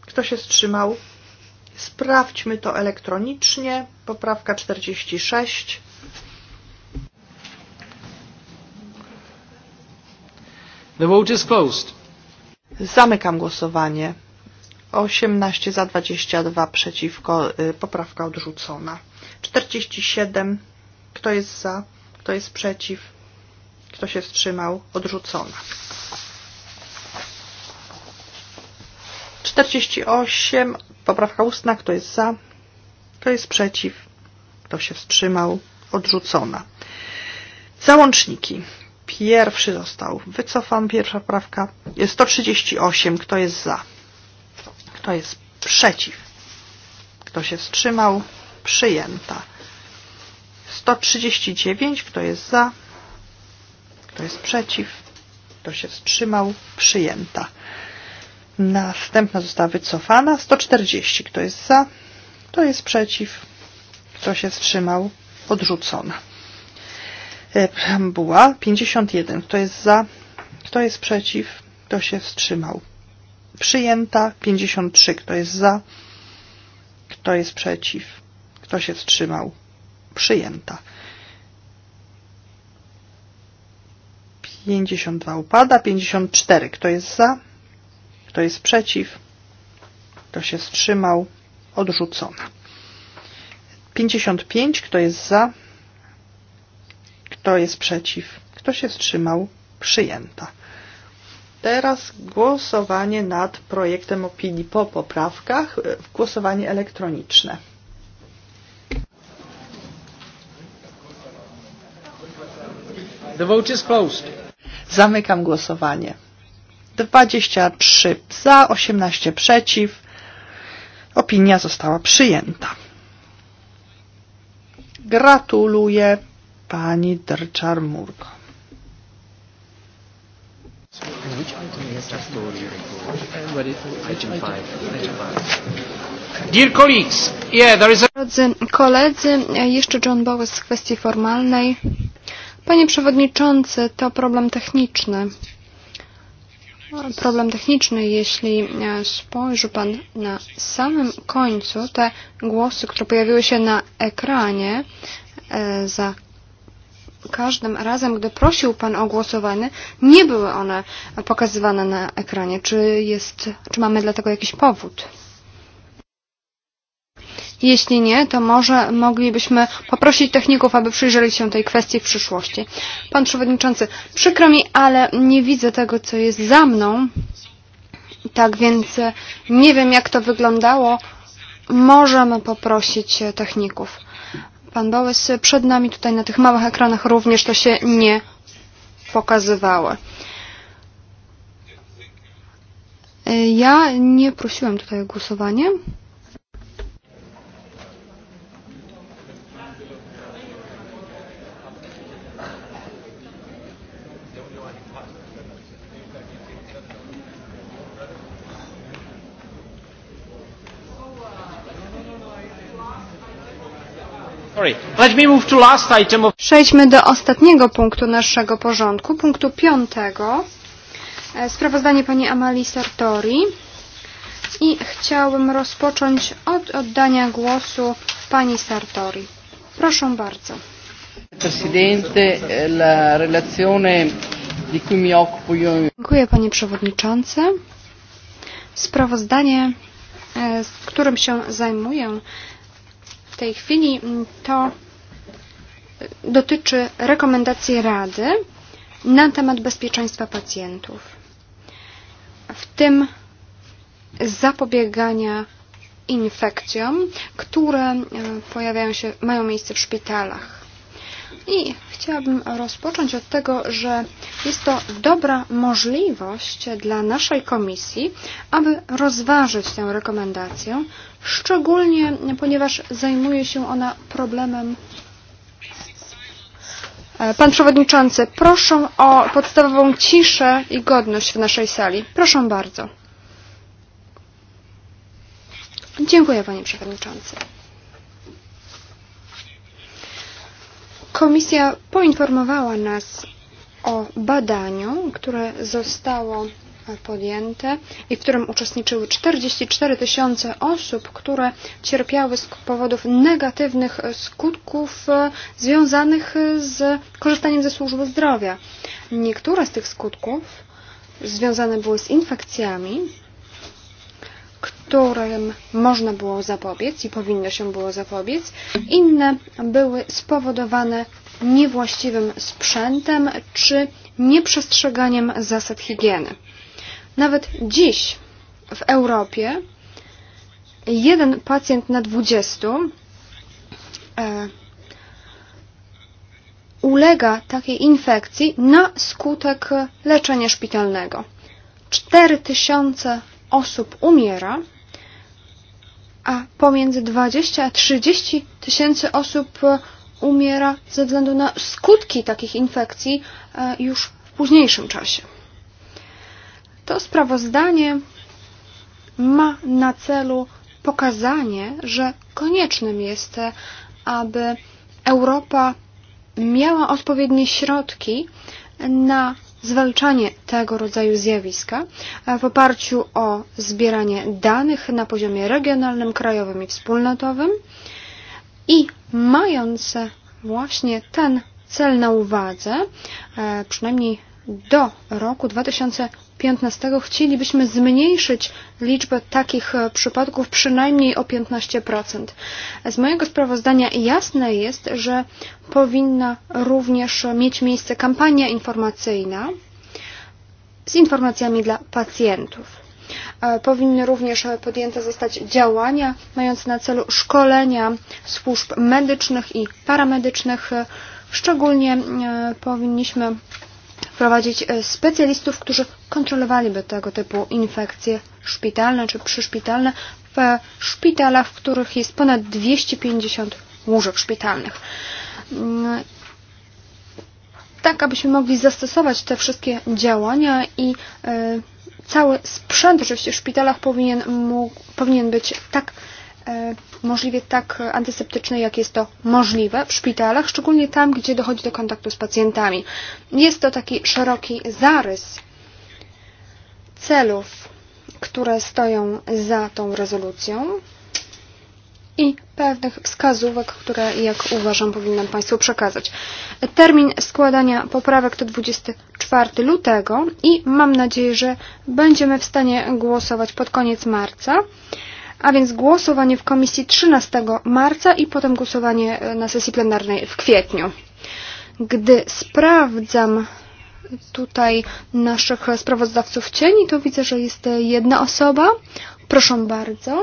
Kto się wstrzymał? Sprawdźmy to elektronicznie. Poprawka 46. The vote is closed. Zamykam głosowanie. 18 za 22 przeciwko. Poprawka odrzucona. 47. Kto jest za? Kto jest przeciw? Kto się wstrzymał? Odrzucona. 48. Poprawka ustna. Kto jest za? Kto jest przeciw? Kto się wstrzymał? Odrzucona. Załączniki. Pierwszy został wycofany, pierwsza prawka. 138. Kto jest za? Kto jest przeciw? Kto się wstrzymał? Przyjęta. 139. Kto jest za? Kto jest przeciw? Kto się wstrzymał? Przyjęta. Następna została wycofana. 140. Kto jest za? Kto jest przeciw? Kto się wstrzymał? Odrzucona. E, Była 51. Kto jest za? Kto jest przeciw? Kto się wstrzymał? Przyjęta 53. Kto jest za? Kto jest przeciw? Kto się wstrzymał? Przyjęta. 52 upada. 54. Kto jest za? Kto jest przeciw? Kto się wstrzymał? Odrzucona. 55. Kto jest za? Kto jest przeciw? Kto się wstrzymał? Przyjęta. Teraz głosowanie nad projektem opinii po poprawkach, e, głosowanie elektroniczne. The vote is closed. Zamykam głosowanie. 23 za, 18 przeciw. Opinia została przyjęta. Gratuluję pani Drčar-Murko. Dear colleagues, yeah, there is a... Drodzy koledzy, jeszcze John Bowes z kwestii formalnej. Panie Przewodniczący, to problem techniczny. Problem techniczny, jeśli e, spojrzy Pan na samym końcu te głosy, które pojawiły się na ekranie e, za każdym razem, gdy prosił Pan o głosowanie, nie były one pokazywane na ekranie. Czy, jest, czy mamy dla tego jakiś powód? Jeśli nie, to może moglibyśmy poprosić techników, aby przyjrzeli się tej kwestii w przyszłości. Pan Przewodniczący, przykro mi, ale nie widzę tego, co jest za mną. Tak więc e, nie wiem, jak to wyglądało. Możemy poprosić e, techników. Pan Bołys, przed nami tutaj na tych małych ekranach również to się nie pokazywało. Ja nie prosiłem tutaj o głosowanie. Przejdźmy do ostatniego punktu naszego porządku, punktu piątego. E, sprawozdanie pani Amalii Sartori. I chciałbym rozpocząć od oddania głosu pani Sartori. Proszę bardzo. Presidente, e, la relazione di cui mi occupo io... Dziękuję panie przewodniczący. Sprawozdanie, e, z którym się zajmuję, tej chwili mm, to dotyczy rekomendacji Rady na temat bezpieczeństwa pacjentów, w tym zapobiegania infekcjom, które e, pojawiają się, mają miejsce w szpitalach. I chciałabym rozpocząć od tego, że jest to dobra możliwość dla naszej komisji, aby rozważyć tę rekomendację, szczególnie ponieważ zajmuje się ona problemem. E, pan Przewodniczący, proszę o podstawową ciszę i godność w naszej sali. Proszę bardzo. Dziękuję Panie Przewodniczący. Komisja poinformowała nas o badaniu, które zostało podjęte i w którym uczestniczyły 44 tysiące osób, które cierpiały z powodów negatywnych skutków e, związanych z korzystaniem ze służby zdrowia. Niektóre z tych skutków związane były z infekcjami, którym można było zapobiec i powinno się było zapobiec. Inne były spowodowane niewłaściwym sprzętem czy nieprzestrzeganiem zasad higieny. Nawet dziś w Europie jeden pacjent na 20 e, ulega takiej infekcji na skutek leczenia szpitalnego. 4000 osób umiera, a pomiędzy 20 a 30 tysięcy osób umiera ze względu na skutki takich infekcji e, już w późniejszym czasie. To sprawozdanie ma na celu pokazanie, że koniecznym jest, aby Europa miała odpowiednie środki na zwalczanie tego rodzaju zjawiska w oparciu o zbieranie danych na poziomie regionalnym, krajowym i wspólnotowym i mając właśnie ten cel na uwadze, e, przynajmniej do roku 2015 chcielibyśmy zmniejszyć liczbę takich e, przypadków przynajmniej o 15%. Z mojego sprawozdania jasne jest, że powinna również mieć miejsce kampania informacyjna z informacjami dla pacjentów. E, powinny również podjęte zostać działania mające na celu szkolenia służb medycznych i paramedycznych. E, szczególnie powinniśmy wprowadzić e, specjalistów, którzy kontrolowaliby tego typu infekcje szpitalne czy przyszpitalne w szpitalach, w których jest ponad 250 łóżek szpitalnych. Mm, tak, abyśmy mogli zastosować te wszystkie działania i e, cały sprzęt oczywiście w szpitalach powinien, mógł, powinien być tak E, możliwie tak antyseptycznej, jak jest to możliwe w szpitalach, szczególnie tam, gdzie dochodzi do kontaktu z pacjentami. Jest to taki szeroki zarys celów, które stoją za tą rezolucją i pewnych wskazówek, które, jak uważam, powinnam Państwu przekazać. Termin składania poprawek to 24 lutego i mam nadzieję, że będziemy w stanie głosować pod koniec marca a więc głosowanie w komisji 13 marca i potem głosowanie e, na sesji plenarnej w kwietniu. Gdy sprawdzam tutaj naszych sprawozdawców cieni, to widzę, że jest jedna osoba, Proszę bardzo.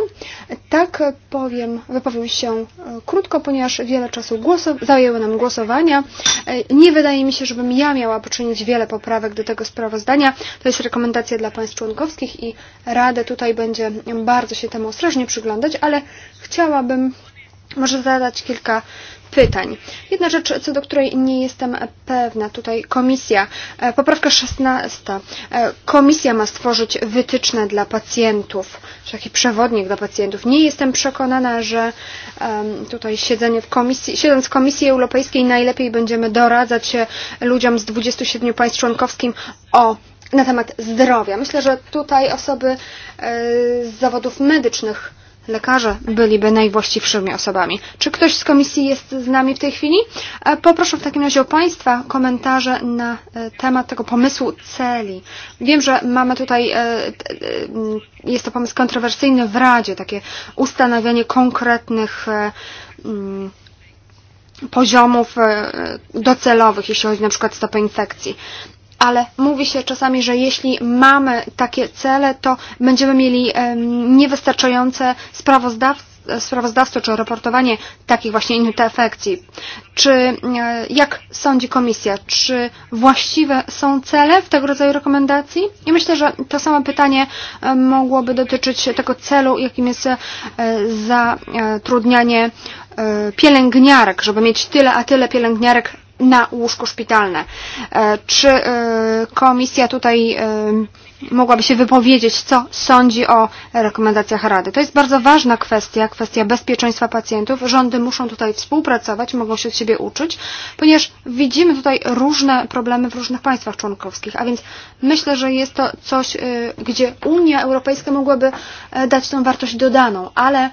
Tak powiem, wypowiem się e, krótko, ponieważ wiele czasu zajęły nam głosowania. E, nie wydaje mi się, żebym ja miała poczynić wiele poprawek do tego sprawozdania. To jest rekomendacja dla państw członkowskich i Radę tutaj będzie bardzo się temu ostrożnie przyglądać, ale chciałabym może zadać kilka pytań. Jedna rzecz, co do której nie jestem pewna, tutaj komisja, e, poprawka 16. E, komisja ma stworzyć wytyczne dla pacjentów, taki przewodnik dla pacjentów. Nie jestem przekonana, że tutaj siedzenie w komisji, siedząc w Komisji Europejskiej najlepiej będziemy doradzać się ludziom z 27 państw członkowskich o na temat zdrowia. Myślę, że tutaj osoby e, z zawodów medycznych lekarze byliby najwłaściwszymi osobami. Czy ktoś z komisji jest z nami w tej chwili? E, poproszę w takim razie o Państwa komentarze na e, temat tego pomysłu celi. Wiem, że mamy tutaj, e, jest to pomysł kontrowersyjny w Radzie, takie ustanawianie konkretnych mm, poziomów docelowych, jeśli chodzi na przykład stopę infekcji ale mówi się czasami, że jeśli mamy takie cele, to będziemy mieli niewystarczające sprawozdawstwo czy raportowanie takich właśnie interfekcji. Czy e, jak sądzi komisja, czy właściwe są cele w tego rodzaju rekomendacji? I myślę, że to samo pytanie e, mogłoby dotyczyć tego celu, jakim jest e, zatrudnianie pielęgniarek, żeby mieć tyle a tyle pielęgniarek na łóżko szpitalne. E, czy e, komisja tutaj e, mogłaby się wypowiedzieć, co sądzi o rekomendacjach Rady. To jest bardzo ważna kwestia, kwestia bezpieczeństwa pacjentów. Rządy muszą tutaj współpracować, mogą się od siebie uczyć, ponieważ widzimy tutaj różne problemy w różnych państwach członkowskich, a więc myślę, że jest to coś, gdzie Unia Europejska mogłaby dać tą wartość dodaną, ale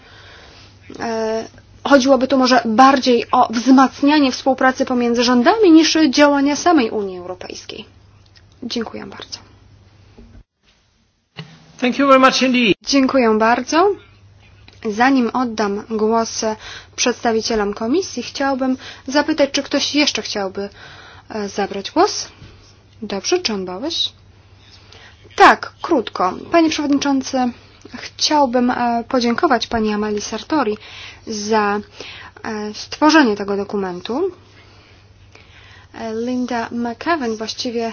chodziłoby tu może bardziej o wzmacnianie współpracy pomiędzy rządami niż działania samej Unii Europejskiej. Dziękuję bardzo. Thank you very much indeed. Dziękuję bardzo. Zanim oddam głos przedstawicielom komisji, chciałbym zapytać, czy ktoś jeszcze chciałby e, zabrać głos? Dobrze, John Bałeś? Tak, krótko. Panie Przewodniczący, Chciałbym e, podziękować pani Amalii Sartori za e, stworzenie tego dokumentu. E, Linda McEwen właściwie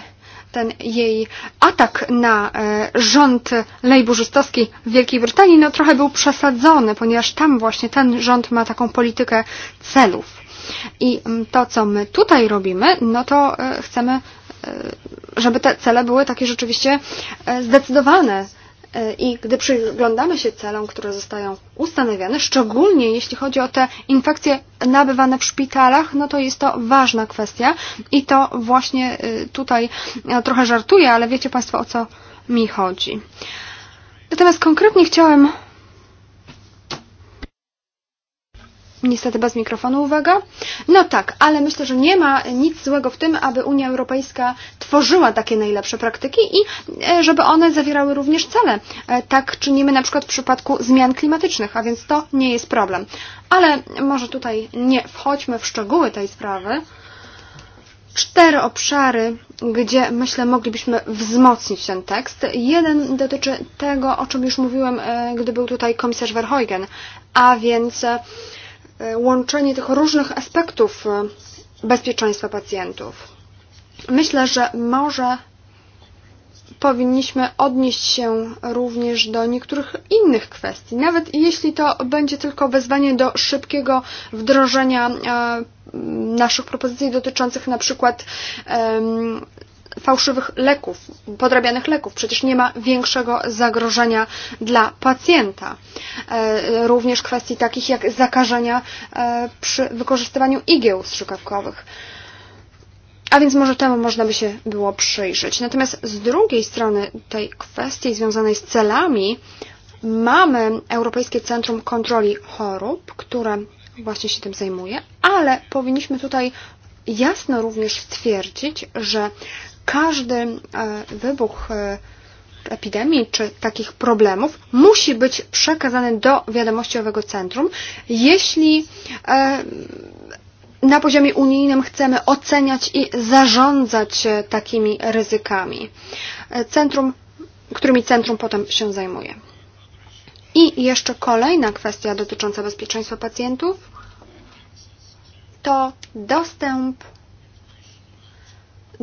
ten jej atak na e, rząd lejburzystowski w Wielkiej Brytanii no, trochę był przesadzony, ponieważ tam właśnie ten rząd ma taką politykę celów. I mm, to, co my tutaj robimy, no to e, chcemy, e, żeby te cele były takie rzeczywiście zdecydowane, I gdy przyglądamy się celom, które zostają ustanowione, szczególnie jeśli chodzi o te infekcje nabywane w szpitalach, no to jest to ważna kwestia i to właśnie tutaj trochę żartuję, ale wiecie Państwo o co mi chodzi. Natomiast konkretnie chciałem Niestety bez mikrofonu, uwaga. No tak, ale myślę, że nie ma nic złego w tym, aby Unia Europejska tworzyła takie najlepsze praktyki i e, żeby one zawierały również cele. E, tak czynimy na przykład w przypadku zmian klimatycznych, a więc to nie jest problem. Ale może tutaj nie wchodźmy w szczegóły tej sprawy. Cztery obszary, gdzie myślę moglibyśmy wzmocnić ten tekst. Jeden dotyczy tego, o czym już mówiłem, e, gdy był tutaj komisarz Verheugen, a więc E, łączenie tych różnych aspektów e, bezpieczeństwa pacjentów. Myślę, że może powinniśmy odnieść się również do niektórych innych kwestii, nawet jeśli to będzie tylko wezwanie do szybkiego wdrożenia e, naszych propozycji dotyczących na przykład fałszywych leków, podrabianych leków. Przecież nie ma większego zagrożenia dla pacjenta. E, również kwestii takich jak zakażenia e, przy wykorzystywaniu igieł strzykawkowych. A więc może temu można by się było przyjrzeć. Natomiast z drugiej strony tej kwestii związanej z celami mamy Europejskie Centrum Kontroli Chorób, które właśnie się tym zajmuje, ale powinniśmy tutaj jasno również stwierdzić, że każdy e, wybuch e, epidemii czy takich problemów musi być przekazany do wiadomościowego centrum, jeśli e, na poziomie unijnym chcemy oceniać i zarządzać takimi ryzykami, centrum, którymi centrum potem się zajmuje. I jeszcze kolejna kwestia dotycząca bezpieczeństwa pacjentów to dostęp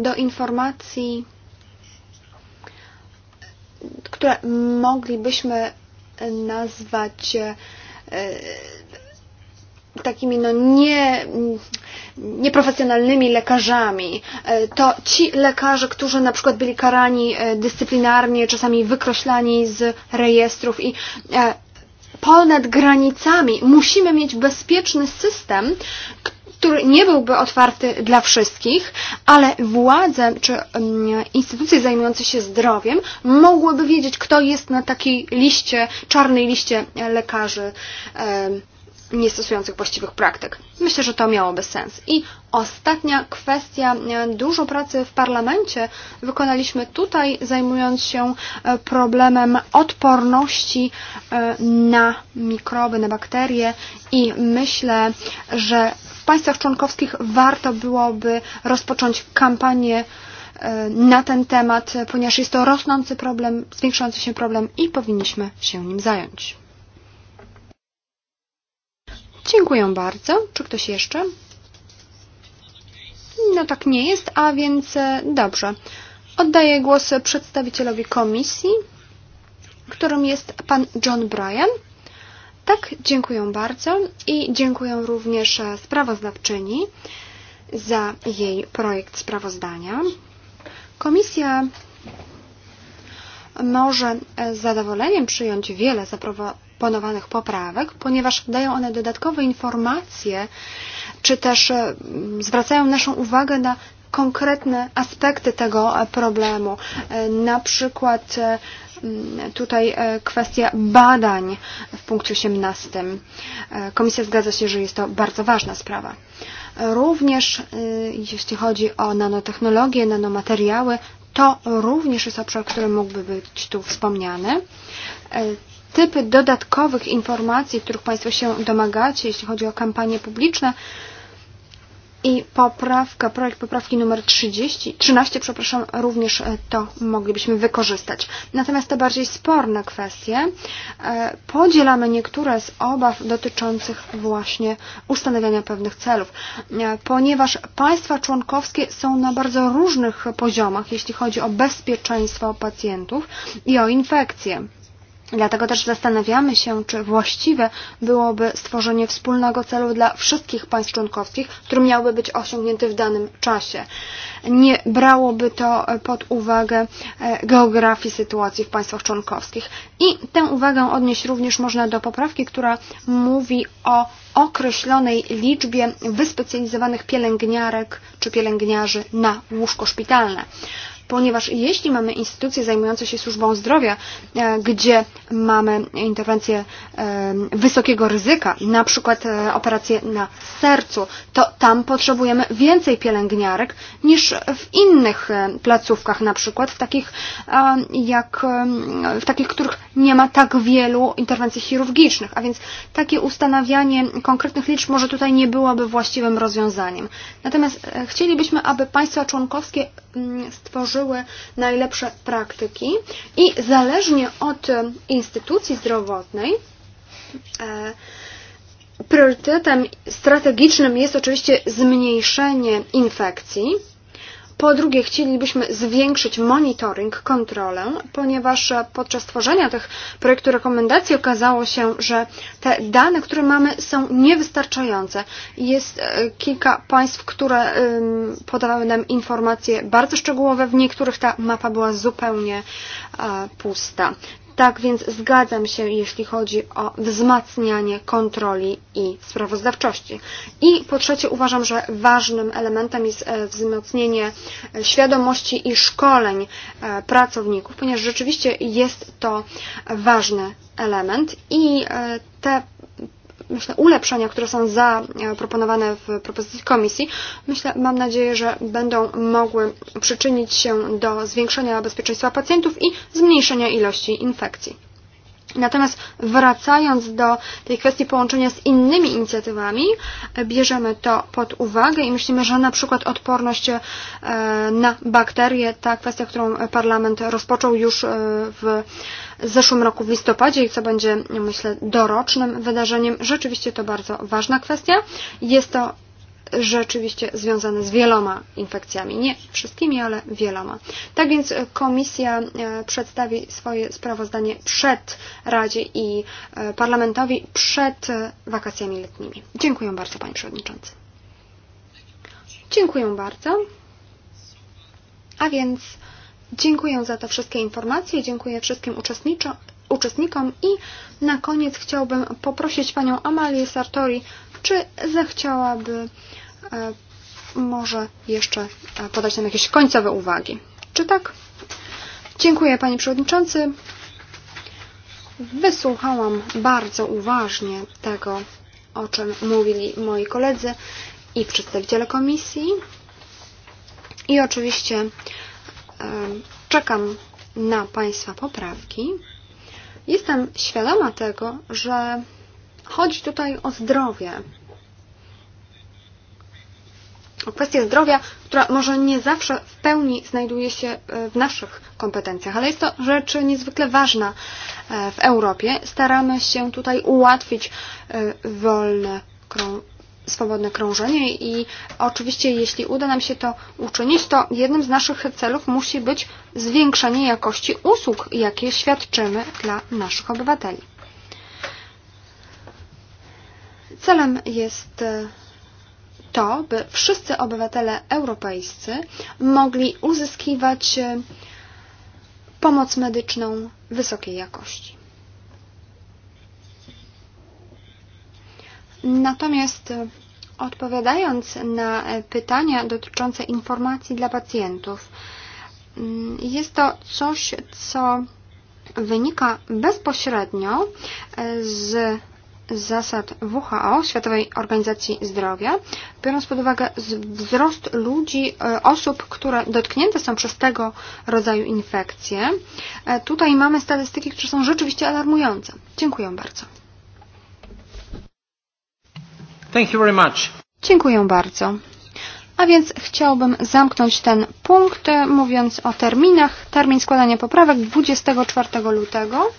do informacji, które moglibyśmy nazwać e, takimi no nie, nieprofesjonalnymi lekarzami, e, to ci lekarze, którzy na przykład byli karani e, dyscyplinarnie, czasami wykreślani z rejestrów i ponad granicami musimy mieć bezpieczny system, który który nie byłby otwarty dla wszystkich, ale władze czy instytucje zajmujące się zdrowiem mogłyby wiedzieć, kto jest na takiej liście, czarnej liście lekarzy niestosujących właściwych praktyk. Myślę, że to miałoby sens. I ostatnia kwestia. Dużo pracy w parlamencie wykonaliśmy tutaj, zajmując się e, problemem odporności e, na mikroby, na bakterie i myślę, że w państwach członkowskich warto byłoby rozpocząć kampanię e, na ten temat, ponieważ jest to rosnący problem, zwiększający się problem i powinniśmy się nim zająć. Dziękuję bardzo. Czy ktoś jeszcze? No tak nie jest, a więc e, dobrze. Oddaję głos przedstawicielowi komisji, którym jest pan John Bryan. Tak, dziękuję bardzo i dziękuję również sprawozdawczyni za jej projekt sprawozdania. Komisja może z zadowoleniem przyjąć wiele proponowanych poprawek, ponieważ dają one dodatkowe informacje, czy też e, zwracają naszą uwagę na konkretne aspekty tego e, problemu. E, na przykład tutaj kwestia badań w punkcie 18. Komisja zgadza się, że jest to bardzo ważna sprawa. Również jeśli chodzi o nanotechnologie, nanomateriały, to również jest obszar, który mógłby być tu wspomniany typy dodatkowych informacji, których Państwo się domagacie, jeśli chodzi o kampanie publiczne. I poprawka, projekt poprawki numer 30, 13, przepraszam, również e, to moglibyśmy wykorzystać. Natomiast te bardziej sporne kwestie e, podzielamy niektóre z obaw dotyczących właśnie ustanawiania pewnych celów, e, ponieważ państwa członkowskie są na bardzo różnych poziomach, jeśli chodzi o bezpieczeństwo pacjentów i o infekcje. Dlatego też zastanawiamy się, czy właściwe byłoby stworzenie wspólnego celu dla wszystkich państw członkowskich, który miałby być osiągnięty w danym czasie. Nie brałoby to pod uwagę e, geografii sytuacji w państwach członkowskich. I tę uwagę odnieść również można do poprawki, która mówi o określonej liczbie wyspecjalizowanych pielęgniarek czy pielęgniarzy na łóżko szpitalne ponieważ jeśli mamy instytucje zajmujące się służbą zdrowia, e, gdzie mamy interwencje e, wysokiego ryzyka, na przykład e, operacje na sercu, to tam potrzebujemy więcej pielęgniarek niż w innych placówkach, na przykład w takich, jak, w takich, w których nie ma tak wielu interwencji chirurgicznych, a więc takie ustanawianie konkretnych liczb może tutaj nie byłoby właściwym rozwiązaniem. Natomiast chcielibyśmy, aby państwa członkowskie mm, stworzyły wdrożyły najlepsze praktyki i zależnie od instytucji zdrowotnej e, priorytetem strategicznym jest oczywiście zmniejszenie infekcji Po drugie, chcielibyśmy zwiększyć monitoring, kontrolę, ponieważ podczas tworzenia tych projektu rekomendacji okazało się, że te dane, które mamy, są niewystarczające. Jest e, kilka państw, które podawały nam informacje bardzo szczegółowe, w niektórych ta mapa była zupełnie e, pusta. Tak więc zgadzam się, jeśli chodzi o wzmacnianie kontroli i sprawozdawczości. I po trzecie uważam, że ważnym elementem jest e, wzmocnienie e, świadomości i szkoleń e, pracowników, ponieważ rzeczywiście jest to ważny element i te myślę, ulepszenia, które są zaproponowane w propozycji komisji, myślę, mam nadzieję, że będą mogły przyczynić się do zwiększenia bezpieczeństwa pacjentów i zmniejszenia ilości infekcji. Natomiast wracając do tej kwestii połączenia z innymi inicjatywami, bierzemy to pod uwagę i myślimy, że na przykład odporność e, na bakterie, ta kwestia, którą parlament rozpoczął już e, w w zeszłym roku w listopadzie i co będzie, myślę, dorocznym wydarzeniem. Rzeczywiście to bardzo ważna kwestia. Jest to rzeczywiście związane z wieloma infekcjami. Nie wszystkimi, ale wieloma. Tak więc komisja e, przedstawi swoje sprawozdanie przed Radzie i e, Parlamentowi przed e, wakacjami letnimi. Dziękuję bardzo Panie Przewodniczący. Dziękuję bardzo. A więc Dziękuję za te wszystkie informacje, dziękuję wszystkim uczestnikom i na koniec chciałbym poprosić Panią Amalię Sartori, czy zechciałaby e, może jeszcze e, podać nam jakieś końcowe uwagi. Czy tak? Dziękuję Panie Przewodniczący. Wysłuchałam bardzo uważnie tego, o czym mówili moi koledzy i przedstawiciele komisji. I oczywiście czekam na Państwa poprawki. Jestem świadoma tego, że chodzi tutaj o zdrowie. O kwestię zdrowia, która może nie zawsze w pełni znajduje się e, w naszych kompetencjach, ale jest to rzecz niezwykle ważna e, w Europie. Staramy się tutaj ułatwić e, wolne swobodne krążenie i oczywiście jeśli uda nam się to uczynić, to jednym z naszych celów musi być zwiększenie jakości usług, jakie świadczymy dla naszych obywateli. Celem jest e, to, by wszyscy obywatele europejscy mogli uzyskiwać e, pomoc medyczną wysokiej jakości. Natomiast e, odpowiadając na e, pytania dotyczące informacji dla pacjentów, mm, jest to coś, co wynika bezpośrednio e, z zasad WHO, Światowej Organizacji Zdrowia, biorąc pod uwagę wzrost ludzi, osób, które dotknięte są przez tego rodzaju infekcje. Tutaj mamy statystyki, które są rzeczywiście alarmujące. Dziękuję bardzo. Thank you very much. Dziękuję bardzo. A więc chciałbym zamknąć ten punkt, e, mówiąc o terminach. Termin składania poprawek 24 lutego.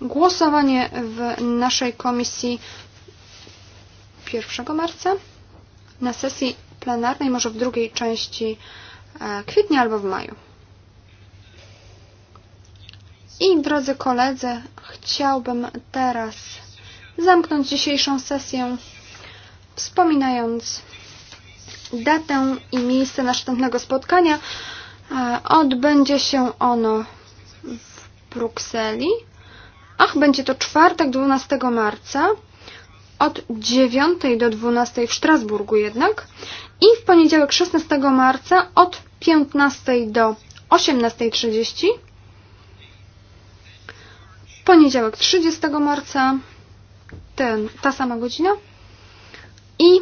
Głosowanie w naszej komisji 1 marca. Na sesji plenarnej może w drugiej części e, kwietnia albo w maju. I drodzy koledzy, chciałbym teraz zamknąć dzisiejszą sesję, wspominając datę i miejsce następnego spotkania. E, odbędzie się ono w Brukseli. Ach, będzie to czwartek 12 marca od 9 do 12 w Strasburgu jednak i w poniedziałek 16 marca od 15 do 18.30 poniedziałek 30 marca ten, ta sama godzina. I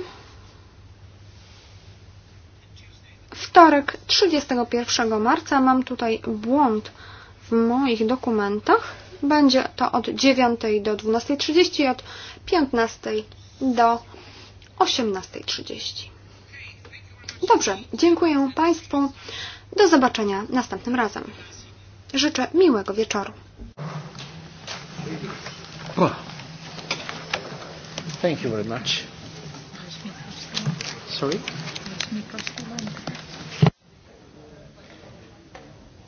wtorek 31 marca mam tutaj błąd w moich dokumentach. Będzie to od 9 do 12.30 i od 15 do 18.30. Dobrze, dziękuję Państwu. Do zobaczenia następnym razem. Życzę miłego wieczoru. Thank you very much. Sorry?